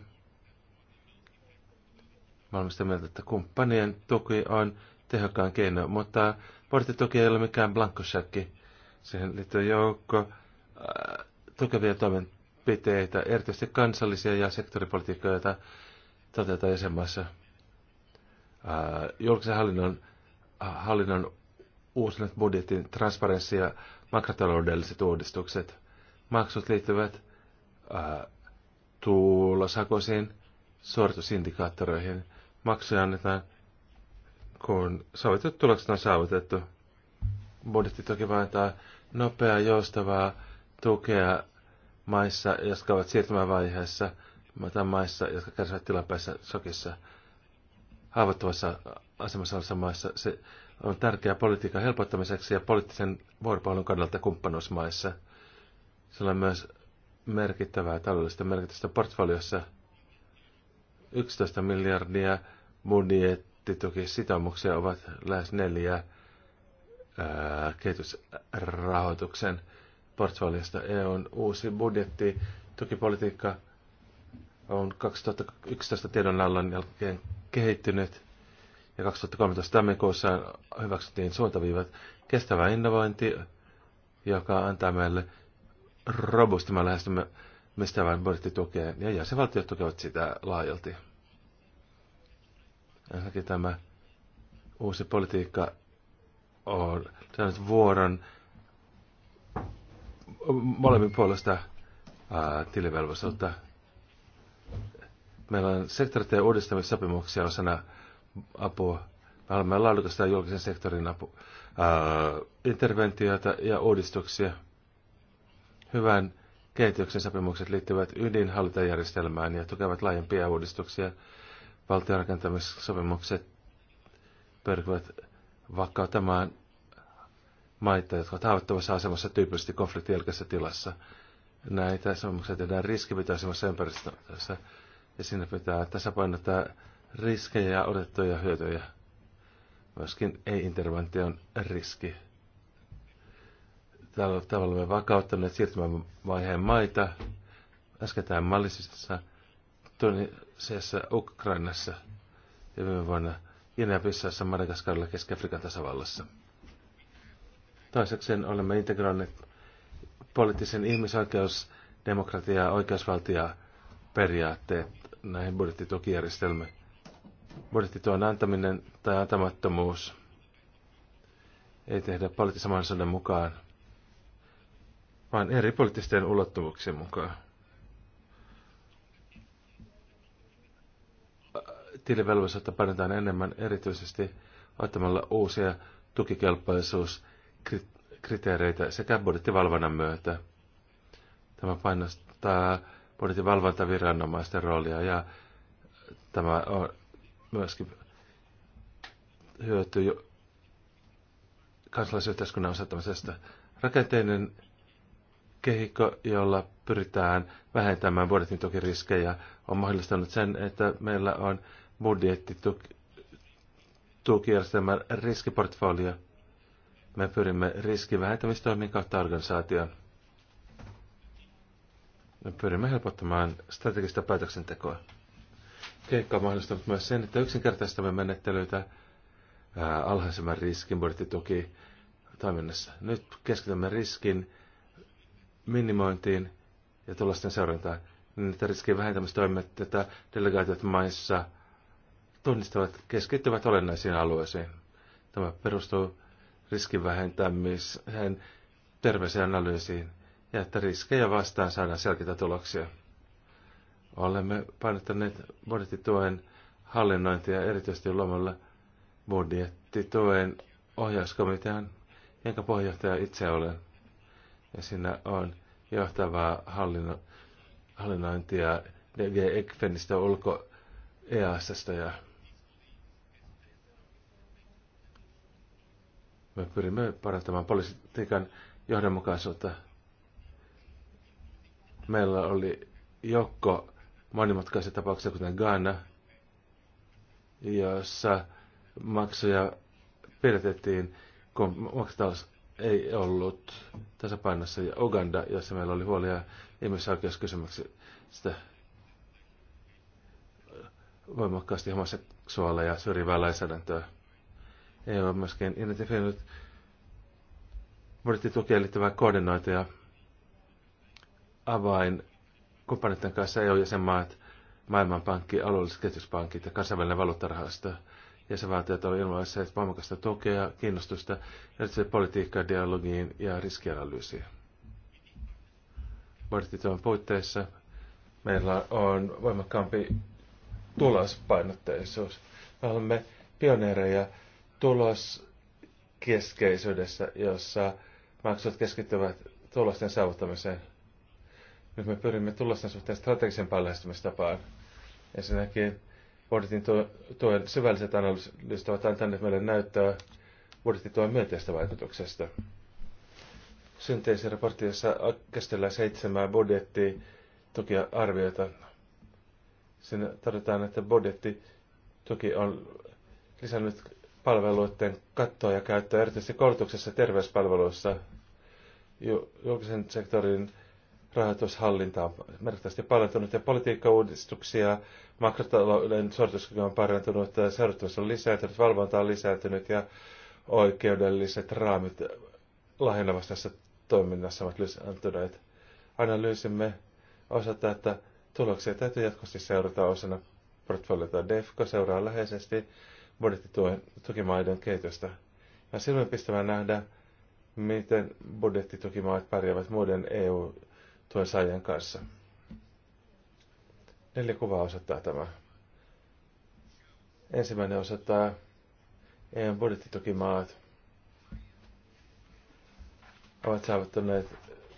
Valmista mieltä, että kumppanien tuki on tehokkaan keino, mutta porttituki ei ole mikään blankkosäkki. Siihen liittyy joukko äh, tukevia toimenpiteitä, erityisesti kansallisia ja sektoripolitiikkoja, joita toteutetaan jäsenmaissa. Äh, julkisen hallinnon, äh, hallinnon uusinut budjetin transparenssi ja makrotaloudelliset uudistukset. Maksut liittyvät äh, tulosakoisiin suoritusindikaattoreihin. Maksuja annetaan, kun sovitut tulokset on saavutettu. Budjetti toki vaatii nopeaa, joustavaa tukea maissa, jotka ovat siirtymävaiheessa, tai maissa, jotka kärsivät tilapäisessä sokissa – haavoittuvassa asemassa olevissa maissa. Se on tärkeää politiikan helpottamiseksi ja poliittisen vuoropuhelun kannalta kumppanuusmaissa. Se on myös merkittävää taloudellista merkitystä portfoliossa. 11 miljardia budjettitukisitoumuksia ovat lähes neljä ää, kehitysrahoituksen portfoliosta. EUn uusi budjetti tukipolitiikka on 2011 tiedonallon jälkeen kehittynyt ja 2013 tammikuussa hyväksyttiin suuntaviivat kestävä innovointi, joka antaa meille robustimman lähestymistävän budjettitukeen ja jäsenvaltiot tukevat sitä laajalti. Ensinnäkin tämä uusi politiikka on saanut vuoron molemmin puolesta tilivelvollisuutta. Mm Meillä on sektoriteen uudistamissopimuksia osana apua. Me olemme laadukasta julkisen sektorin apu, ää, äh, interventioita ja uudistuksia. Hyvän kehityksen sopimukset liittyvät ydinhallintajärjestelmään ja tukevat laajempia uudistuksia. Valtiorakentamissopimukset pyrkivät vakauttamaan maita, jotka ovat haavoittuvassa asemassa tyypillisesti konfliktielkässä tilassa. Näitä sopimuksia tehdään riskipitoisemmassa ympäristössä ja siinä pitää tasapainottaa riskejä ja odotettuja hyötyjä. Myöskin ei-intervention riski. Tällä tavalla me vakauttaneet siirtymävaiheen maita äskettäin mallisissa Tunisiassa, Ukrainassa ja viime vuonna Inäpissassa Madagaskarilla, Keski-Afrikan tasavallassa. Toisekseen olemme integroineet poliittisen ihmisoikeus, demokratia ja oikeusvaltia periaatteet näihin budjettitukijärjestelmiin. Budjettituen antaminen tai antamattomuus ei tehdä poliittisen sanan mukaan, vaan eri poliittisten ulottuvuuksien mukaan. Tilivelvollisuutta parantaa enemmän erityisesti ottamalla uusia tukikelpoisuuskriteereitä sekä budjettivalvonnan myötä. Tämä painostaa budjetin valvontaviranomaisten roolia ja tämä on myöskin hyöty kansalaisyhteiskunnan osattamisesta Rakenteinen kehikko, jolla pyritään vähentämään budjetin tukiriskejä, on mahdollistanut sen, että meillä on budjettitukijärjestelmän riskiportfolio. Me pyrimme riskivähentämistoimin kautta organisaation. Me pyrimme helpottamaan strategista päätöksentekoa. Keikka on mahdollistanut myös sen, että yksinkertaistamme menettelyitä alhaisemman riskin budjettituki toiminnassa. Nyt keskitymme riskin minimointiin ja tulosten seurantaan, niin että riskin vähentämistoimet, joita delegaatiot maissa tunnistavat, keskittyvät olennaisiin alueisiin. Tämä perustuu riskin vähentämiseen terveeseen analyysiin ja että riskejä vastaan saadaan selkeitä tuloksia. Olemme painottaneet budjettituen hallinnointia erityisesti lomalla budjettituen ohjauskomitean, jonka puheenjohtaja itse olen. Ja siinä on johtavaa hallinno, hallinnointia DG Ekfenistä ulko EASsta ja me pyrimme parantamaan politiikan johdonmukaisuutta meillä oli joukko monimutkaisia tapauksia, kuten Ghana, jossa maksuja pidetettiin, kun maksatalous ei ollut tasapainossa, ja Uganda, jossa meillä oli huolia ihmisoikeuskysymyksistä voimakkaasti homoseksuaaleja ja syrjivää lainsäädäntöä. Ei ole myöskään identifioinut budjettitukeen liittyvää koordinoitajaa avain kumppaneiden kanssa EU-jäsenmaat, Maailmanpankki, alueelliset kehityspankit ja kansainvälinen valuuttarahasto. Jäsenvaltiot ovat ilmaisseet voimakasta tukea, kiinnostusta, erityisesti politiikkaa, dialogiin ja riskianalyysiin. Budjettitoimen puitteissa meillä on voimakkaampi tulospainotteisuus. Me olemme pioneereja tuloskeskeisyydessä, jossa maksut keskittyvät tulosten saavuttamiseen – nyt me pyrimme tulosten suhteen strategisempaan lähestymistapaan. Ensinnäkin budjetin tuen syvälliset analyysit ovat antaneet meille näyttää tuen myönteistä vaikutuksesta. Synteesiraportti, raportissa käsitellään seitsemää budjettia tukia arvioita. Siinä todetaan, että budjetti tuki on lisännyt palveluiden kattoa ja käyttöä erityisesti koulutuksessa ja terveyspalveluissa. Julkisen sektorin rahoitushallinta on merkittävästi parantunut ja politiikkauudistuksia, makrotalouden suorituskyky on parantunut, seurattavuus on lisääntynyt, valvonta on lisääntynyt ja oikeudelliset raamit lahjonnavastaisessa toiminnassa ovat lisääntyneet. Analyysimme osata, että tuloksia täytyy jatkuvasti seurata osana portfoliota DEFCO seuraa läheisesti budjettituen tukimaiden kehitystä. Ja silloin pistävän nähdä, miten budjettitukimaat pärjäävät muiden EU- tuen saajan kanssa. Neljä kuvaa osoittaa tämä. Ensimmäinen osoittaa EUn budjettitukimaat ovat saavuttaneet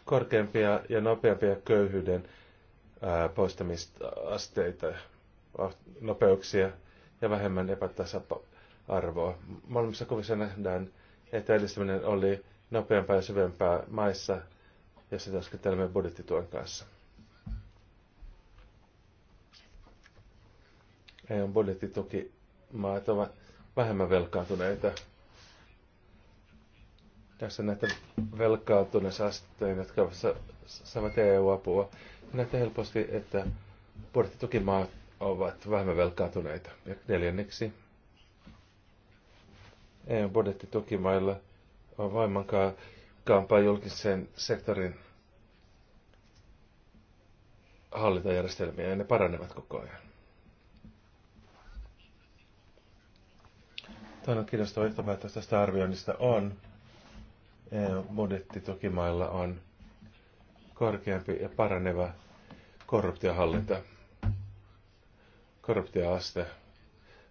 korkeampia ja nopeampia köyhyyden poistamisasteita, nopeuksia ja vähemmän epätasa-arvoa. Molemmissa kuvissa nähdään, että edistäminen oli nopeampaa ja syvempää maissa, ja se työskentelemme budjettituen kanssa. EUn maat ovat vähemmän velkaantuneita. Tässä näitä velkaantuneita asteita, jotka saavat EU-apua. Näette helposti, että budjettitukimaat ovat vähemmän velkaantuneita. Ja neljänneksi EUn budjettitukimailla on vaimankaan tehokkaampaa julkisen sektorin hallintajärjestelmiä ja ne paranevat koko ajan. Toinen kiinnostava johtopäätös tästä arvioinnista on, eh, tukimailla on korkeampi ja paraneva korruptiohallinta, korruptioaste.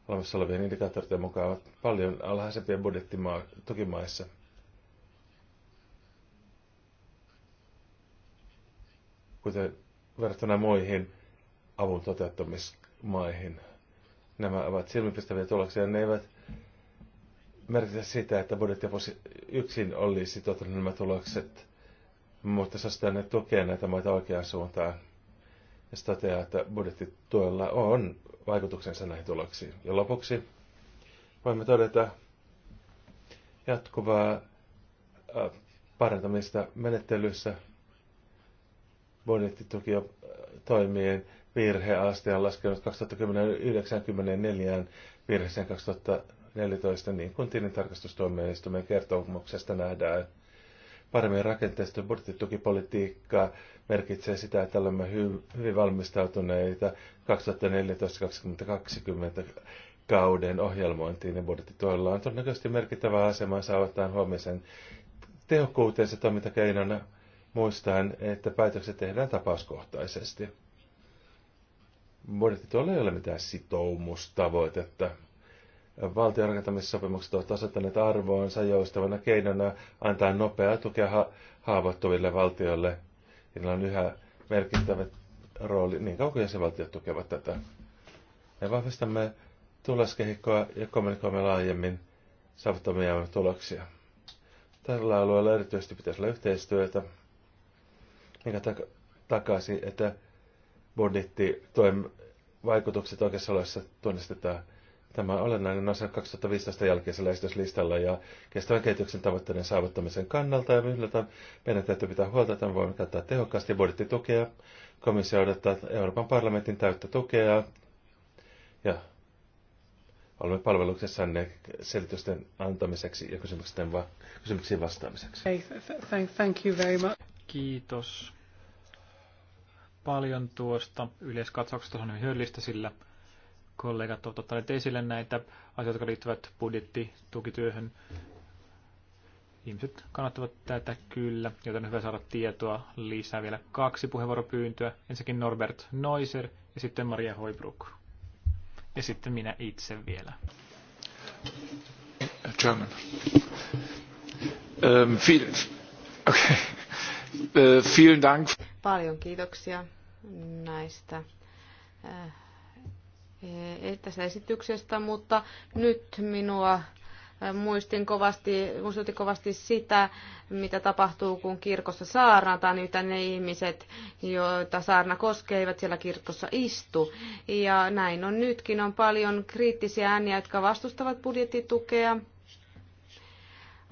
Olemassa olevien indikaattorien mukaan ovat paljon alhaisempia budjettimaa tukimaissa – kuten verrattuna muihin avun toteuttamismaihin. Nämä ovat silmipistäviä tuloksia, ja ne eivät merkitä sitä, että budjettiapusi yksin olisi toteuttanut nämä tulokset, mutta se sitä ne tukee näitä maita oikeaan suuntaan. Ja se toteaa, että budjettituella on vaikutuksensa näihin tuloksiin. Ja lopuksi voimme todeta jatkuvaa äh, parantamista menettelyssä budjettituki-toimien virheaste on laskenut 2094 virheeseen 2014, niin kuin tilintarkastustuomioistuimen kertomuksesta nähdään. Paremmin rakenteista budjettitukipolitiikka merkitsee sitä, että olemme hyvin valmistautuneita 2014-2020 kauden ohjelmointiin ja budjettituolla on todennäköisesti merkittävä asema saavuttaen huomisen se toimintakeinona muistaen, että päätökset tehdään tapauskohtaisesti. Budjettituolla ei ole mitään sitoumustavoitetta. Valtion rakentamissopimukset ovat asettaneet arvoonsa joustavana keinona antaa nopeaa tukea ha- haavoittuville valtioille. Niillä on yhä merkittävä rooli, niin kauan kuin jäsenvaltiot tukevat tätä. Me vahvistamme tuloskehikkoa ja kommunikoimme laajemmin saavuttamia tuloksia. Tällä alueella erityisesti pitäisi olla yhteistyötä mikä tak- takaisin, että toim vaikutukset oikeassa oloissa tunnistetaan. Tämä on olennainen osa 2015 jälkeisellä esityslistalla ja kestävän kehityksen tavoitteiden saavuttamisen kannalta ja yhdeltä meidän täytyy pitää huolta, että voimme käyttää tehokkaasti budjettitukea. Komissio odottaa Euroopan parlamentin täyttä tukea ja olemme palveluksessanne selitysten antamiseksi ja kysymyksiin, vastaamiseksi. thank you very much. Kiitos paljon tuosta yleiskatsauksesta. on hyödyllistä, sillä kollegat ovat ottaneet esille näitä asioita, jotka liittyvät budjettitukityöhön. Ihmiset kannattavat tätä kyllä, joten on hyvä saada tietoa lisää. Vielä kaksi puheenvuoropyyntöä. Ensinnäkin Norbert Noiser ja sitten Maria Hoibruk. Ja sitten minä itse vielä. German. Um, ähm, viel, okay. uh, vielen Dank. Paljon kiitoksia näistä eh, tästä esityksestä, mutta nyt minua eh, muistin kovasti, muistutti kovasti sitä, mitä tapahtuu, kun kirkossa saarnataan, niitä ne ihmiset, joita saarna koskee, eivät siellä kirkossa istu. Ja näin on nytkin, on paljon kriittisiä ääniä, jotka vastustavat budjettitukea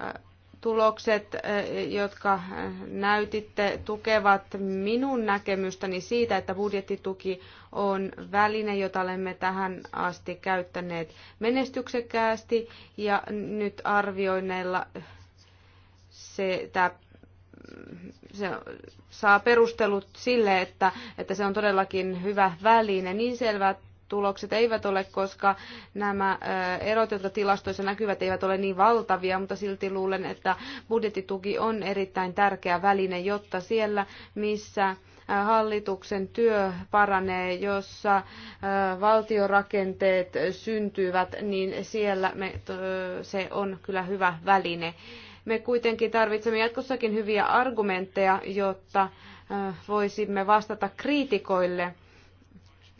eh, tulokset, eh, jotka eh, näytitte, tukevat minun näkemystäni siitä, että budjettituki on väline, jota olemme tähän asti käyttäneet menestyksekkäästi ja nyt arvioinneilla se, tämä se saa perustelut sille, että, että se on todellakin hyvä väline. Niin selvä tulokset eivät ole, koska nämä erot, jotka tilastoissa näkyvät, eivät ole niin valtavia, mutta silti luulen, että budjettituki on erittäin tärkeä väline, jotta siellä, missä hallituksen työ paranee, jossa valtiorakenteet syntyvät, niin siellä me, se on kyllä hyvä väline. Me kuitenkin tarvitsemme jatkossakin hyviä argumentteja, jotta voisimme vastata kriitikoille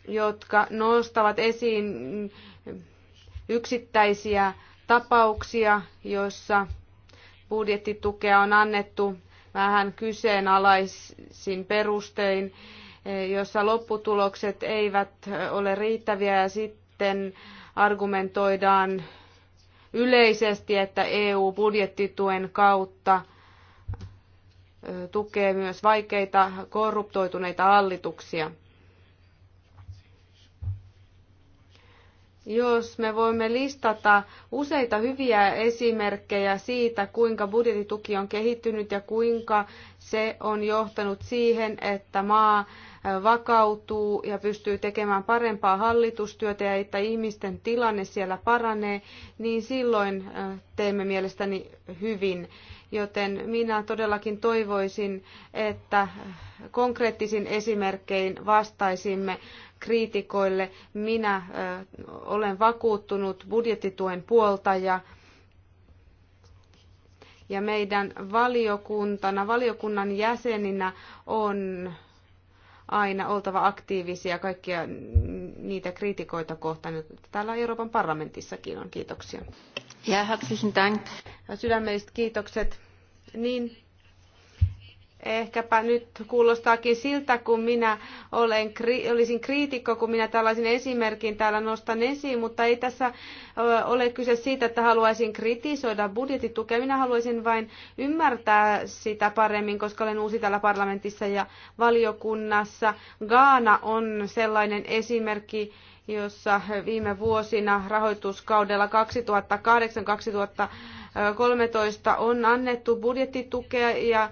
jotka nostavat esiin yksittäisiä tapauksia, joissa budjettitukea on annettu vähän kyseenalaisin perustein, jossa lopputulokset eivät ole riittäviä ja sitten argumentoidaan yleisesti, että EU-budjettituen kautta tukee myös vaikeita korruptoituneita hallituksia. jos me voimme listata useita hyviä esimerkkejä siitä, kuinka budjetituki on kehittynyt ja kuinka se on johtanut siihen, että maa vakautuu ja pystyy tekemään parempaa hallitustyötä ja että ihmisten tilanne siellä paranee, niin silloin teemme mielestäni hyvin. Joten minä todellakin toivoisin, että konkreettisin esimerkkein vastaisimme kriitikoille. Minä olen vakuuttunut budjettituen puoltaja ja meidän valiokuntana, valiokunnan jäseninä on aina oltava aktiivisia kaikkia niitä kriitikoita kohtaan, joita täällä Euroopan parlamentissakin on. Kiitoksia. Ja herzlichen Dank. Sydämelliset kiitokset. Niin, Ehkäpä nyt kuulostaakin siltä, kun minä olen, olisin kriitikko, kun minä tällaisen esimerkin täällä nostan esiin, mutta ei tässä ole kyse siitä, että haluaisin kritisoida budjettitukea. Minä haluaisin vain ymmärtää sitä paremmin, koska olen uusi täällä parlamentissa ja valiokunnassa. Gaana on sellainen esimerkki, jossa viime vuosina rahoituskaudella 2008 13 on annettu budjettitukea ja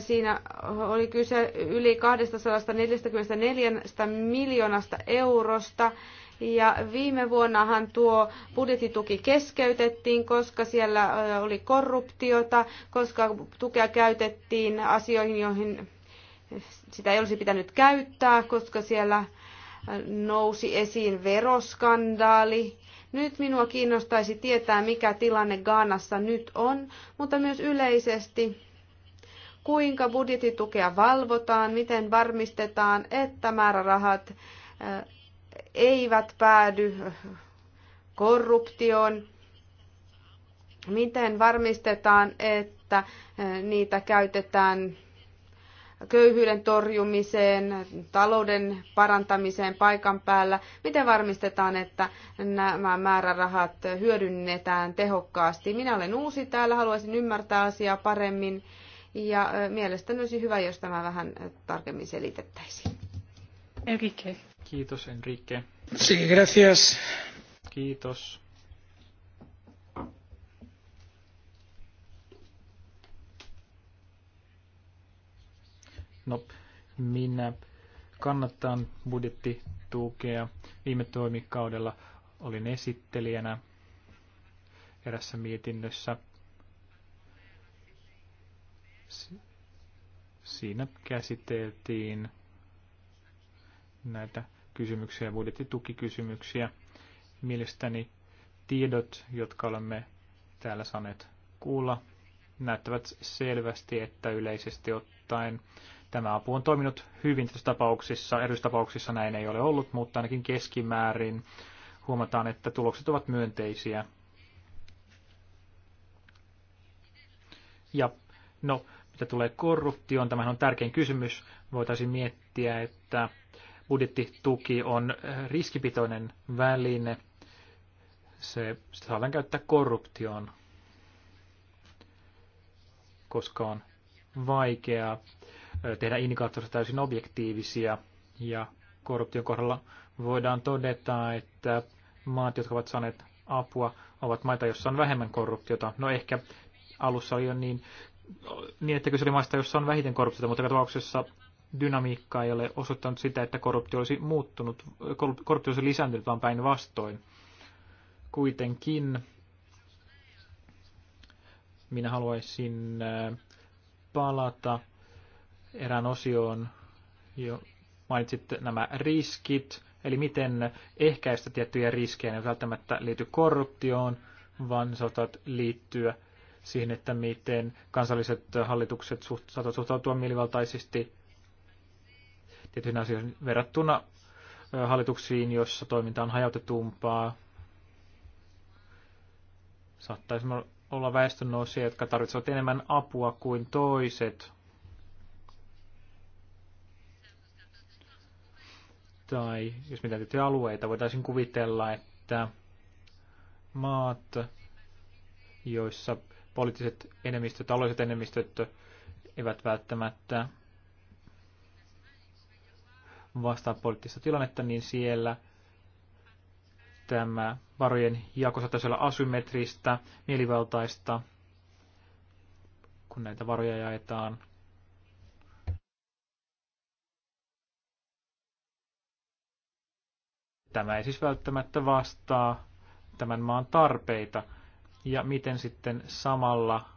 Siinä oli kyse yli 244 miljoonasta eurosta. Ja viime vuonnahan tuo budjettituki keskeytettiin, koska siellä oli korruptiota, koska tukea käytettiin asioihin, joihin sitä ei olisi pitänyt käyttää, koska siellä nousi esiin veroskandaali. Nyt minua kiinnostaisi tietää, mikä tilanne Gaanassa nyt on, mutta myös yleisesti kuinka budjetitukea valvotaan, miten varmistetaan, että määrärahat eivät päädy korruptioon, miten varmistetaan, että niitä käytetään köyhyyden torjumiseen, talouden parantamiseen paikan päällä? Miten varmistetaan, että nämä määrärahat hyödynnetään tehokkaasti? Minä olen uusi täällä, haluaisin ymmärtää asiaa paremmin ja mielestäni olisi hyvä, jos tämä vähän tarkemmin selitettäisiin. Enrique. Kiitos Enrique. Sí, gracias. Kiitos. No, minä kannattaan budjettitukea. Viime toimikaudella olin esittelijänä erässä mietinnössä – Siinä käsiteltiin näitä kysymyksiä, budjettitukikysymyksiä. Mielestäni tiedot, jotka olemme täällä saaneet kuulla, näyttävät selvästi, että yleisesti ottaen tämä apu on toiminut hyvin tässä tapauksissa. tapauksissa näin ei ole ollut, mutta ainakin keskimäärin huomataan, että tulokset ovat myönteisiä. Ja no, mitä tulee korruptioon, tämähän on tärkein kysymys, voitaisiin miettiä, että budjettituki on äh, riskipitoinen väline, se sitä saadaan käyttää korruptioon, koska on vaikeaa äh, tehdä indikaattorit täysin objektiivisia ja korruption kohdalla voidaan todeta, että maat, jotka ovat saaneet apua, ovat maita, joissa on vähemmän korruptiota. No ehkä alussa oli jo niin niin, että kyse oli maista, jossa on vähiten korruptiota, mutta tapauksessa dynamiikka ei ole osoittanut sitä, että korruptio olisi muuttunut, korruptio olisi lisääntynyt, vaan päinvastoin. Kuitenkin minä haluaisin äh, palata erään osioon, jo mainitsit nämä riskit, eli miten ehkäistä tiettyjä riskejä, ne välttämättä liity korruptioon, vaan ne liittyä siihen, että miten kansalliset hallitukset suht, saattavat suhtautua mielivaltaisesti tiettyihin asioihin verrattuna hallituksiin, joissa toiminta on hajautetumpaa. Saattaisi olla väestönnousia, jotka tarvitsevat enemmän apua kuin toiset. Tai jos mitä tiettyjä alueita, voitaisiin kuvitella, että maat, joissa poliittiset enemmistöt, taloudelliset enemmistöt eivät välttämättä vastaa poliittista tilannetta, niin siellä tämä varojen jako saattaisi olla asymmetristä, mielivaltaista, kun näitä varoja jaetaan. Tämä ei siis välttämättä vastaa tämän maan tarpeita. Ja miten sitten samalla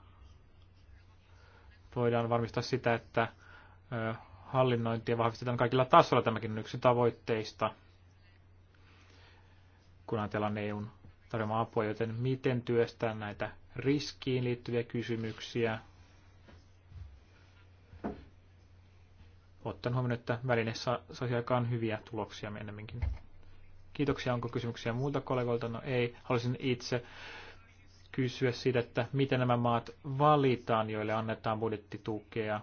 voidaan varmistaa sitä, että hallinnointia vahvistetaan kaikilla tasoilla. Tämäkin on yksi tavoitteista, kun ajatellaan EUn tarjoamaa apua, joten miten työstää näitä riskiin liittyviä kysymyksiä. Ottan huomioon, että väline saisi aikaan hyviä tuloksia ennemminkin. Kiitoksia. Onko kysymyksiä muilta kollegoilta? No ei. Haluaisin itse kysyä siitä, että miten nämä maat valitaan, joille annetaan budjettitukea,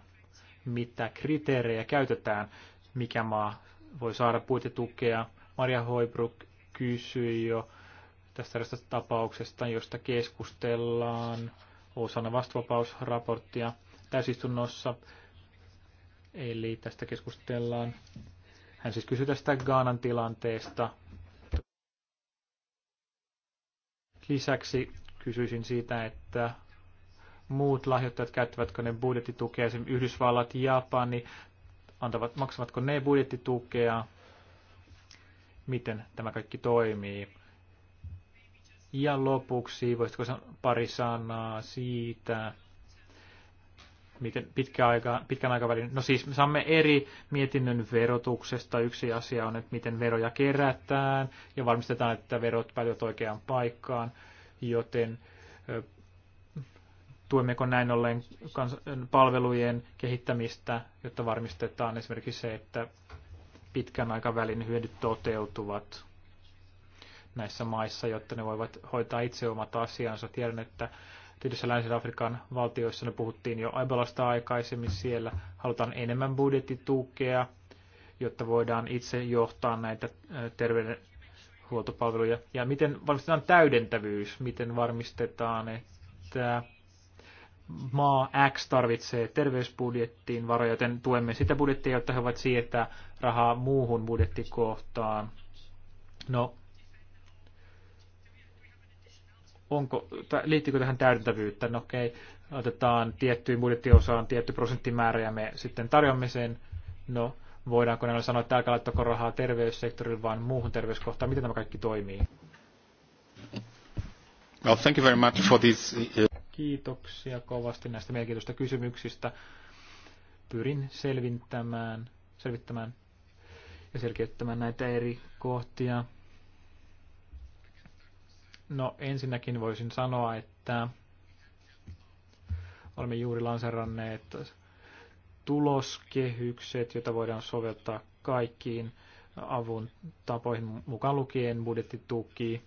mitä kriteerejä käytetään, mikä maa voi saada budjettitukea. Maria Hoibruk kysyi jo tästä tapauksesta, josta keskustellaan osana vastuvapausraporttia täysistunnossa. Eli tästä keskustellaan. Hän siis kysyi tästä Gaanan tilanteesta. Lisäksi Kysyisin siitä, että muut lahjoittajat käyttävätkö ne budjettitukea, esimerkiksi Yhdysvallat, Japani, niin antavat, maksavatko ne budjettitukea, miten tämä kaikki toimii. Ja lopuksi, voisitko sanoa pari sanaa siitä, miten pitkä aika, pitkän aikavälin, no siis me saamme eri mietinnön verotuksesta. Yksi asia on, että miten veroja kerätään ja varmistetaan, että verot päätyvät oikeaan paikkaan joten tuemmeko näin ollen palvelujen kehittämistä, jotta varmistetaan esimerkiksi se, että pitkän aikavälin hyödyt toteutuvat näissä maissa, jotta ne voivat hoitaa itse omat asiansa. Tiedän, että tietysti Länsi-Afrikan valtioissa, ne puhuttiin jo Aibalasta aikaisemmin siellä, halutaan enemmän budjettitukea, jotta voidaan itse johtaa näitä terveyden, huoltopalveluja. Ja miten varmistetaan täydentävyys, miten varmistetaan, että maa X tarvitsee terveysbudjettiin varoja, joten tuemme sitä budjettia, jotta he voivat siirtää rahaa muuhun budjettikohtaan. No, onko, liittyykö tähän täydentävyyttä? No okei, okay. otetaan tiettyyn budjettiosaan tietty prosenttimäärä ja me sitten tarjoamme sen. No, voidaanko näillä sanoa, että älkää laittako rahaa terveyssektorille, vaan muuhun terveyskohtaan. Miten tämä kaikki toimii? Well, thank you very much for this. Uh, Kiitoksia kovasti näistä mielenkiintoista kysymyksistä. Pyrin selvittämään, selvittämään ja selkeyttämään näitä eri kohtia. No ensinnäkin voisin sanoa, että olemme juuri lanseranneet tuloskehykset, joita voidaan soveltaa kaikkiin avun tapoihin, mukaan lukien budjettituki.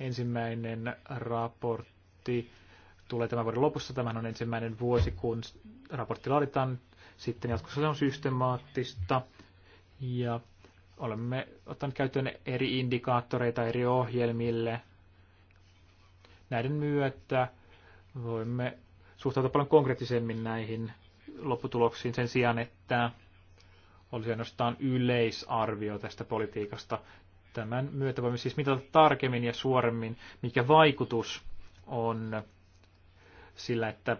Ensimmäinen raportti tulee tämän vuoden lopussa. tämä on ensimmäinen vuosi, kun raportti laaditaan. Sitten jatkossa se on systemaattista. Ja olemme ottaneet käyttöön eri indikaattoreita eri ohjelmille. Näiden myötä voimme suhtautua paljon konkreettisemmin näihin lopputuloksiin sen sijaan, että olisi ainoastaan yleisarvio tästä politiikasta. Tämän myötä voimme siis mitata tarkemmin ja suoremmin, mikä vaikutus on sillä, että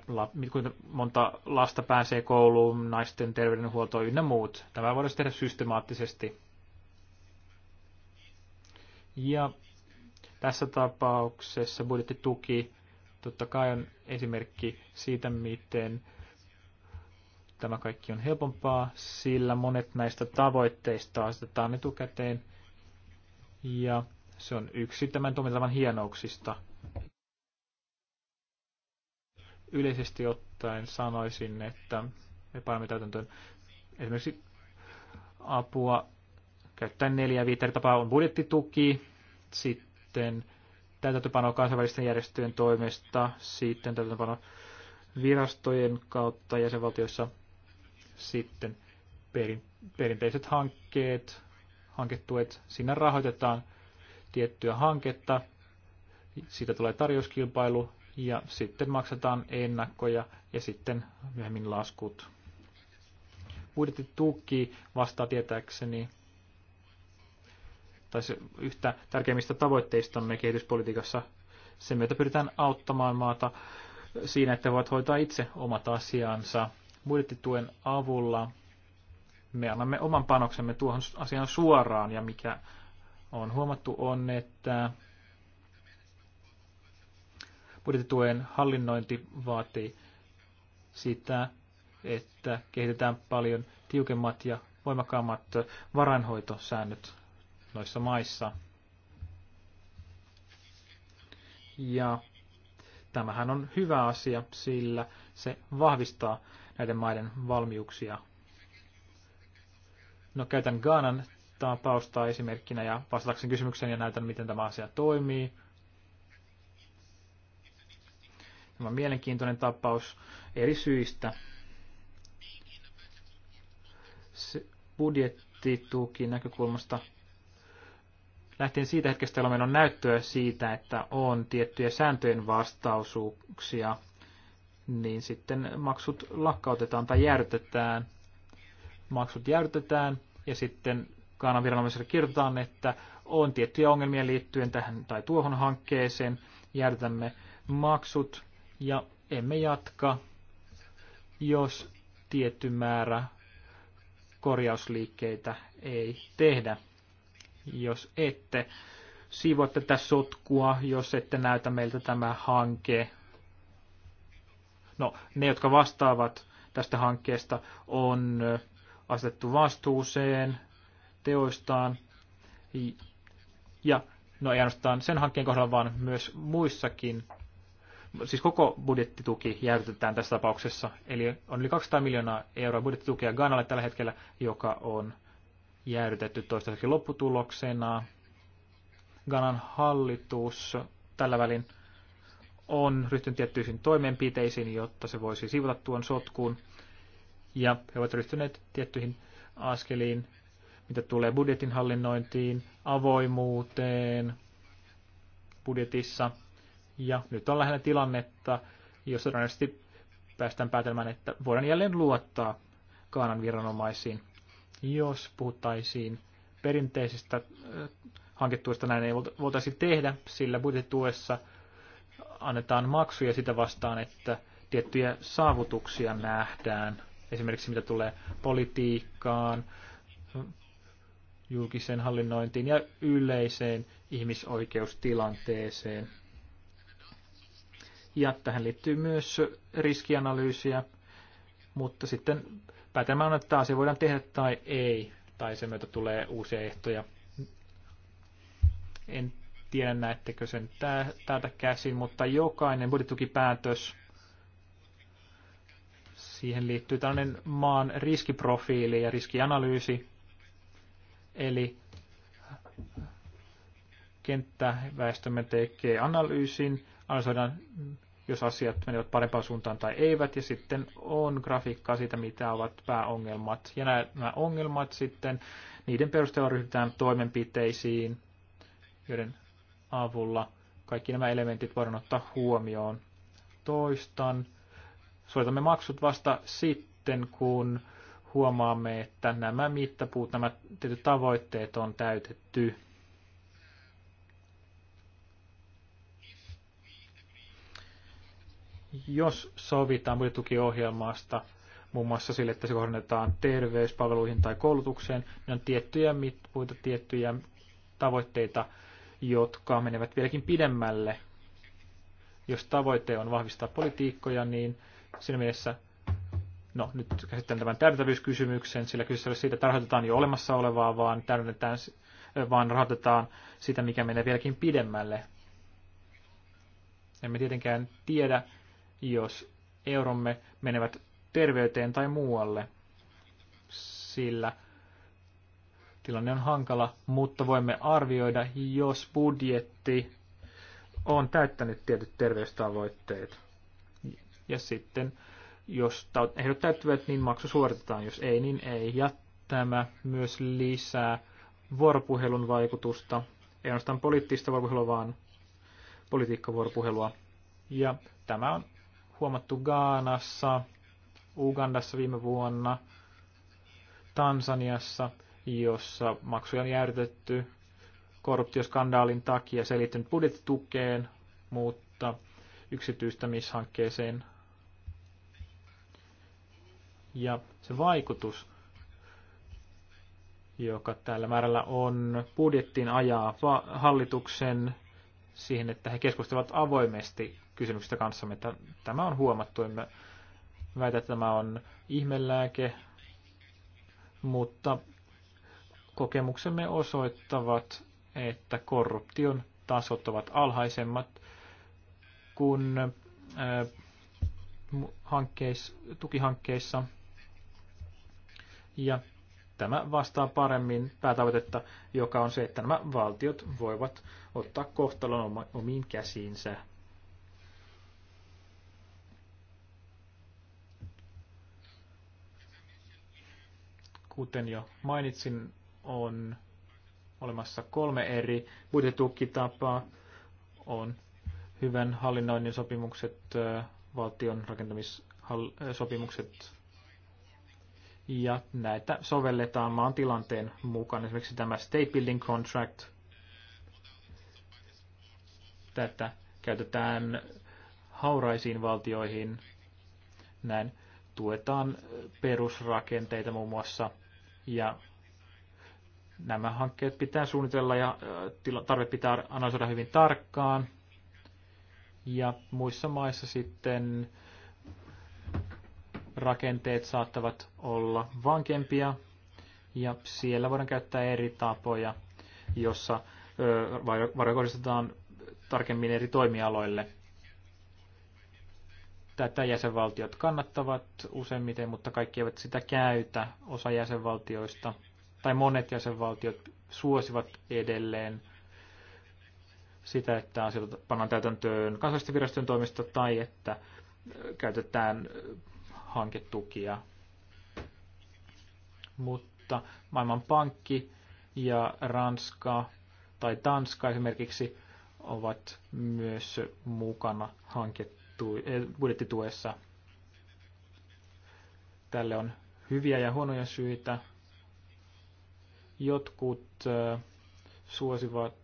kuinka monta lasta pääsee kouluun, naisten terveydenhuoltoon ynnä muut. Tämä voidaan siis tehdä systemaattisesti. Ja tässä tapauksessa budjettituki totta kai on esimerkki siitä, miten tämä kaikki on helpompaa, sillä monet näistä tavoitteista asetetaan etukäteen. Ja se on yksi tämän toimintavan hienouksista. Yleisesti ottaen sanoisin, että me panemme täytäntöön esimerkiksi apua käyttäen neljä viittä eri tapaa on budjettituki, sitten täytäntöpano kansainvälisten järjestöjen toimesta, sitten täytäntöpano virastojen kautta jäsenvaltioissa sitten perin, perinteiset hankkeet, hanketuet, siinä rahoitetaan tiettyä hanketta, siitä tulee tarjouskilpailu ja sitten maksetaan ennakkoja ja sitten myöhemmin laskut. Budjettituki vastaa tietääkseni tai se yhtä tärkeimmistä tavoitteistamme kehityspolitiikassa. Sen myötä pyritään auttamaan maata siinä, että voit hoitaa itse omat asiansa budjettituen avulla me annamme oman panoksemme tuohon asiaan suoraan ja mikä on huomattu on, että budjettituen hallinnointi vaatii sitä, että kehitetään paljon tiukemmat ja voimakkaammat varainhoitosäännöt noissa maissa. Ja tämähän on hyvä asia, sillä se vahvistaa näiden maiden valmiuksia. No käytän Gaanan tapausta esimerkkinä ja vastatakseni kysymykseen ja näytän, miten tämä asia toimii. Tämä on mielenkiintoinen tapaus eri syistä. Se budjettituki näkökulmasta lähtien siitä hetkestä, jolloin on näyttöä siitä, että on tiettyjä sääntöjen vastausuuksia – niin sitten maksut lakkautetaan tai jäädytetään. Maksut jäädytetään ja sitten Kaanan viranomaisille kirjoitetaan, että on tiettyjä ongelmia liittyen tähän tai tuohon hankkeeseen, jäädytämme maksut ja emme jatka, jos tietty määrä korjausliikkeitä ei tehdä. Jos ette siivoa tätä sotkua, jos ette näytä meiltä tämä hanke No, ne, jotka vastaavat tästä hankkeesta, on asetettu vastuuseen teoistaan. Ja no ei ainoastaan sen hankkeen kohdalla, vaan myös muissakin. Siis koko budjettituki jäädytetään tässä tapauksessa. Eli on yli 200 miljoonaa euroa budjettitukea Ghanalle tällä hetkellä, joka on jäädytetty toistaiseksi lopputuloksena. Ganan hallitus tällä välin on ryhtynyt tiettyihin toimenpiteisiin, jotta se voisi sivuta tuon sotkuun. Ja he ovat ryhtyneet tiettyihin askeliin, mitä tulee budjetin hallinnointiin, avoimuuteen budjetissa. Ja nyt on lähinnä tilannetta, jos todennäköisesti päästään päätelmään, että voidaan jälleen luottaa Kaanan viranomaisiin. Jos puhuttaisiin perinteisistä eh, hanketuista näin ei voitaisiin tehdä, sillä budjettituessa – annetaan maksuja sitä vastaan, että tiettyjä saavutuksia nähdään. Esimerkiksi mitä tulee politiikkaan, julkiseen hallinnointiin ja yleiseen ihmisoikeustilanteeseen. Ja tähän liittyy myös riskianalyysiä, mutta sitten päätelmä on, että asia voidaan tehdä tai ei, tai sen myötä tulee uusia ehtoja. En tiedä näettekö sen täältä käsin, mutta jokainen budjettukipäätös, siihen liittyy tällainen maan riskiprofiili ja riskianalyysi, eli kenttäväestömme tekee analyysin, analysoidaan, jos asiat menevät parempaan suuntaan tai eivät, ja sitten on grafiikkaa siitä, mitä ovat pääongelmat. Ja nämä ongelmat sitten, niiden perusteella ryhdytään toimenpiteisiin, joiden avulla kaikki nämä elementit voidaan ottaa huomioon. Toistan. soitamme maksut vasta sitten, kun huomaamme, että nämä mittapuut, nämä tietyt tavoitteet on täytetty. Jos sovitaan budjetukiohjelmasta, muun muassa sille, että se kohdennetaan terveyspalveluihin tai koulutukseen, niin on tiettyjä mittapuita, tiettyjä tavoitteita, jotka menevät vieläkin pidemmälle. Jos tavoite on vahvistaa politiikkoja, niin siinä mielessä, no nyt käsittelen tämän täydentävyyskysymyksen, sillä kyseessä siitä, että rahoitetaan jo olemassa olevaa, vaan, täydennetään, vaan rahoitetaan sitä, mikä menee vieläkin pidemmälle. Emme tietenkään tiedä, jos euromme menevät terveyteen tai muualle, sillä – tilanne on hankala, mutta voimme arvioida, jos budjetti on täyttänyt tietyt terveystavoitteet. Ja sitten, jos ehdot täyttyvät, niin maksu suoritetaan, jos ei, niin ei. Ja tämä myös lisää vuoropuhelun vaikutusta, ei ainoastaan poliittista vuoropuhelua, vaan politiikkavuoropuhelua. Ja tämä on huomattu Gaanassa, Ugandassa viime vuonna, Tansaniassa – jossa maksuja on jäädytetty korruptioskandaalin takia. Se liittynyt budjettitukeen, mutta yksityistämishankkeeseen. Ja se vaikutus, joka tällä määrällä on, budjettiin ajaa hallituksen siihen, että he keskustelevat avoimesti kysymyksistä kanssamme. Tämä on huomattu. Emme väitä, että tämä on ihmelääke, mutta Kokemuksemme osoittavat, että korruption tasot ovat alhaisemmat kuin äh, hankkeissa, tukihankkeissa. Ja tämä vastaa paremmin päätavoitetta, joka on se, että nämä valtiot voivat ottaa kohtalon omiin käsiinsä. Kuten jo mainitsin, on olemassa kolme eri budjetukitapaa. On hyvän hallinnoinnin sopimukset, valtion rakentamissopimukset ja näitä sovelletaan maan tilanteen mukaan. Esimerkiksi tämä State Building Contract, tätä käytetään hauraisiin valtioihin. Näin tuetaan perusrakenteita muun muassa ja Nämä hankkeet pitää suunnitella ja tarve pitää analysoida hyvin tarkkaan. Ja muissa maissa sitten rakenteet saattavat olla vankempia ja siellä voidaan käyttää eri tapoja, jossa varoja kohdistetaan tarkemmin eri toimialoille. Tätä jäsenvaltiot kannattavat useimmiten, mutta kaikki eivät sitä käytä. Osa jäsenvaltioista tai monet jäsenvaltiot suosivat edelleen sitä, että asioita pannaan täytäntöön kansallisten virastojen toimesta tai että käytetään hanketukia. Mutta Maailmanpankki ja Ranska tai Tanska esimerkiksi ovat myös mukana hankettu, budjettituessa. Tälle on hyviä ja huonoja syitä. Jotkut suosivat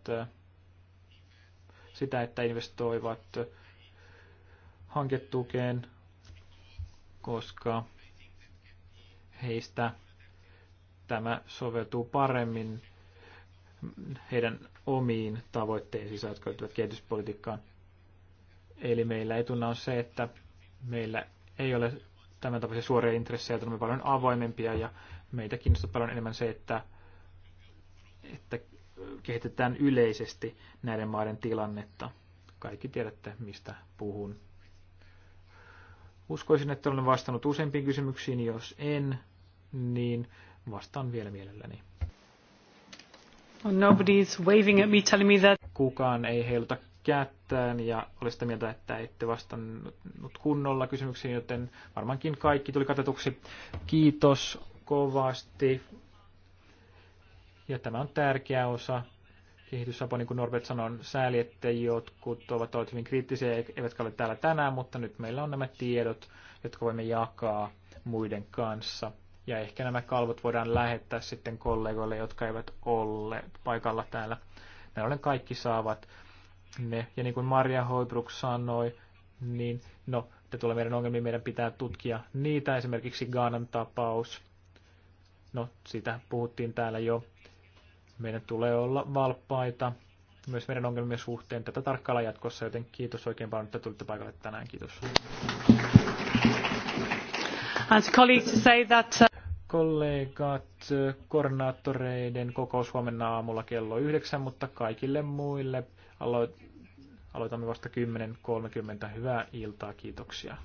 sitä, että investoivat hanketukeen, koska heistä tämä soveltuu paremmin heidän omiin tavoitteisiinsa, jotka liittyvät kehityspolitiikkaan. Eli meillä etuna on se, että meillä ei ole tämän tapaisia suoria intressejä, että me paljon avoimempia ja meitä kiinnostaa paljon enemmän se, että että kehitetään yleisesti näiden maiden tilannetta. Kaikki tiedätte, mistä puhun. Uskoisin, että olen vastannut useimpiin kysymyksiin. Jos en, niin vastaan vielä mielelläni. is waving at me, telling me that. Kukaan ei heiluta kättään ja oli sitä mieltä, että ette vastannut kunnolla kysymyksiin, joten varmaankin kaikki tuli katetuksi. Kiitos kovasti ja tämä on tärkeä osa kehitysapua, niin kuin Norbert sanoi, sääli, että jotkut ovat olleet hyvin kriittisiä, eivätkä ole täällä tänään, mutta nyt meillä on nämä tiedot, jotka voimme jakaa muiden kanssa. Ja ehkä nämä kalvot voidaan lähettää sitten kollegoille, jotka eivät ole paikalla täällä. Näin ollen kaikki saavat ne. Ja niin kuin Maria Hoibruk sanoi, niin no, te tulee meidän ongelmiin, meidän pitää tutkia niitä, esimerkiksi Gaanan tapaus. No, siitä puhuttiin täällä jo meidän tulee olla valppaita myös meidän ongelmien suhteen tätä tarkkailla jatkossa, joten kiitos oikein paljon, että tulitte paikalle tänään. Kiitos. And colleagues to say that, uh... Kollegat, koordinaattoreiden kokous huomenna aamulla kello yhdeksän, mutta kaikille muille aloitamme vasta 10.30. Hyvää iltaa, kiitoksia.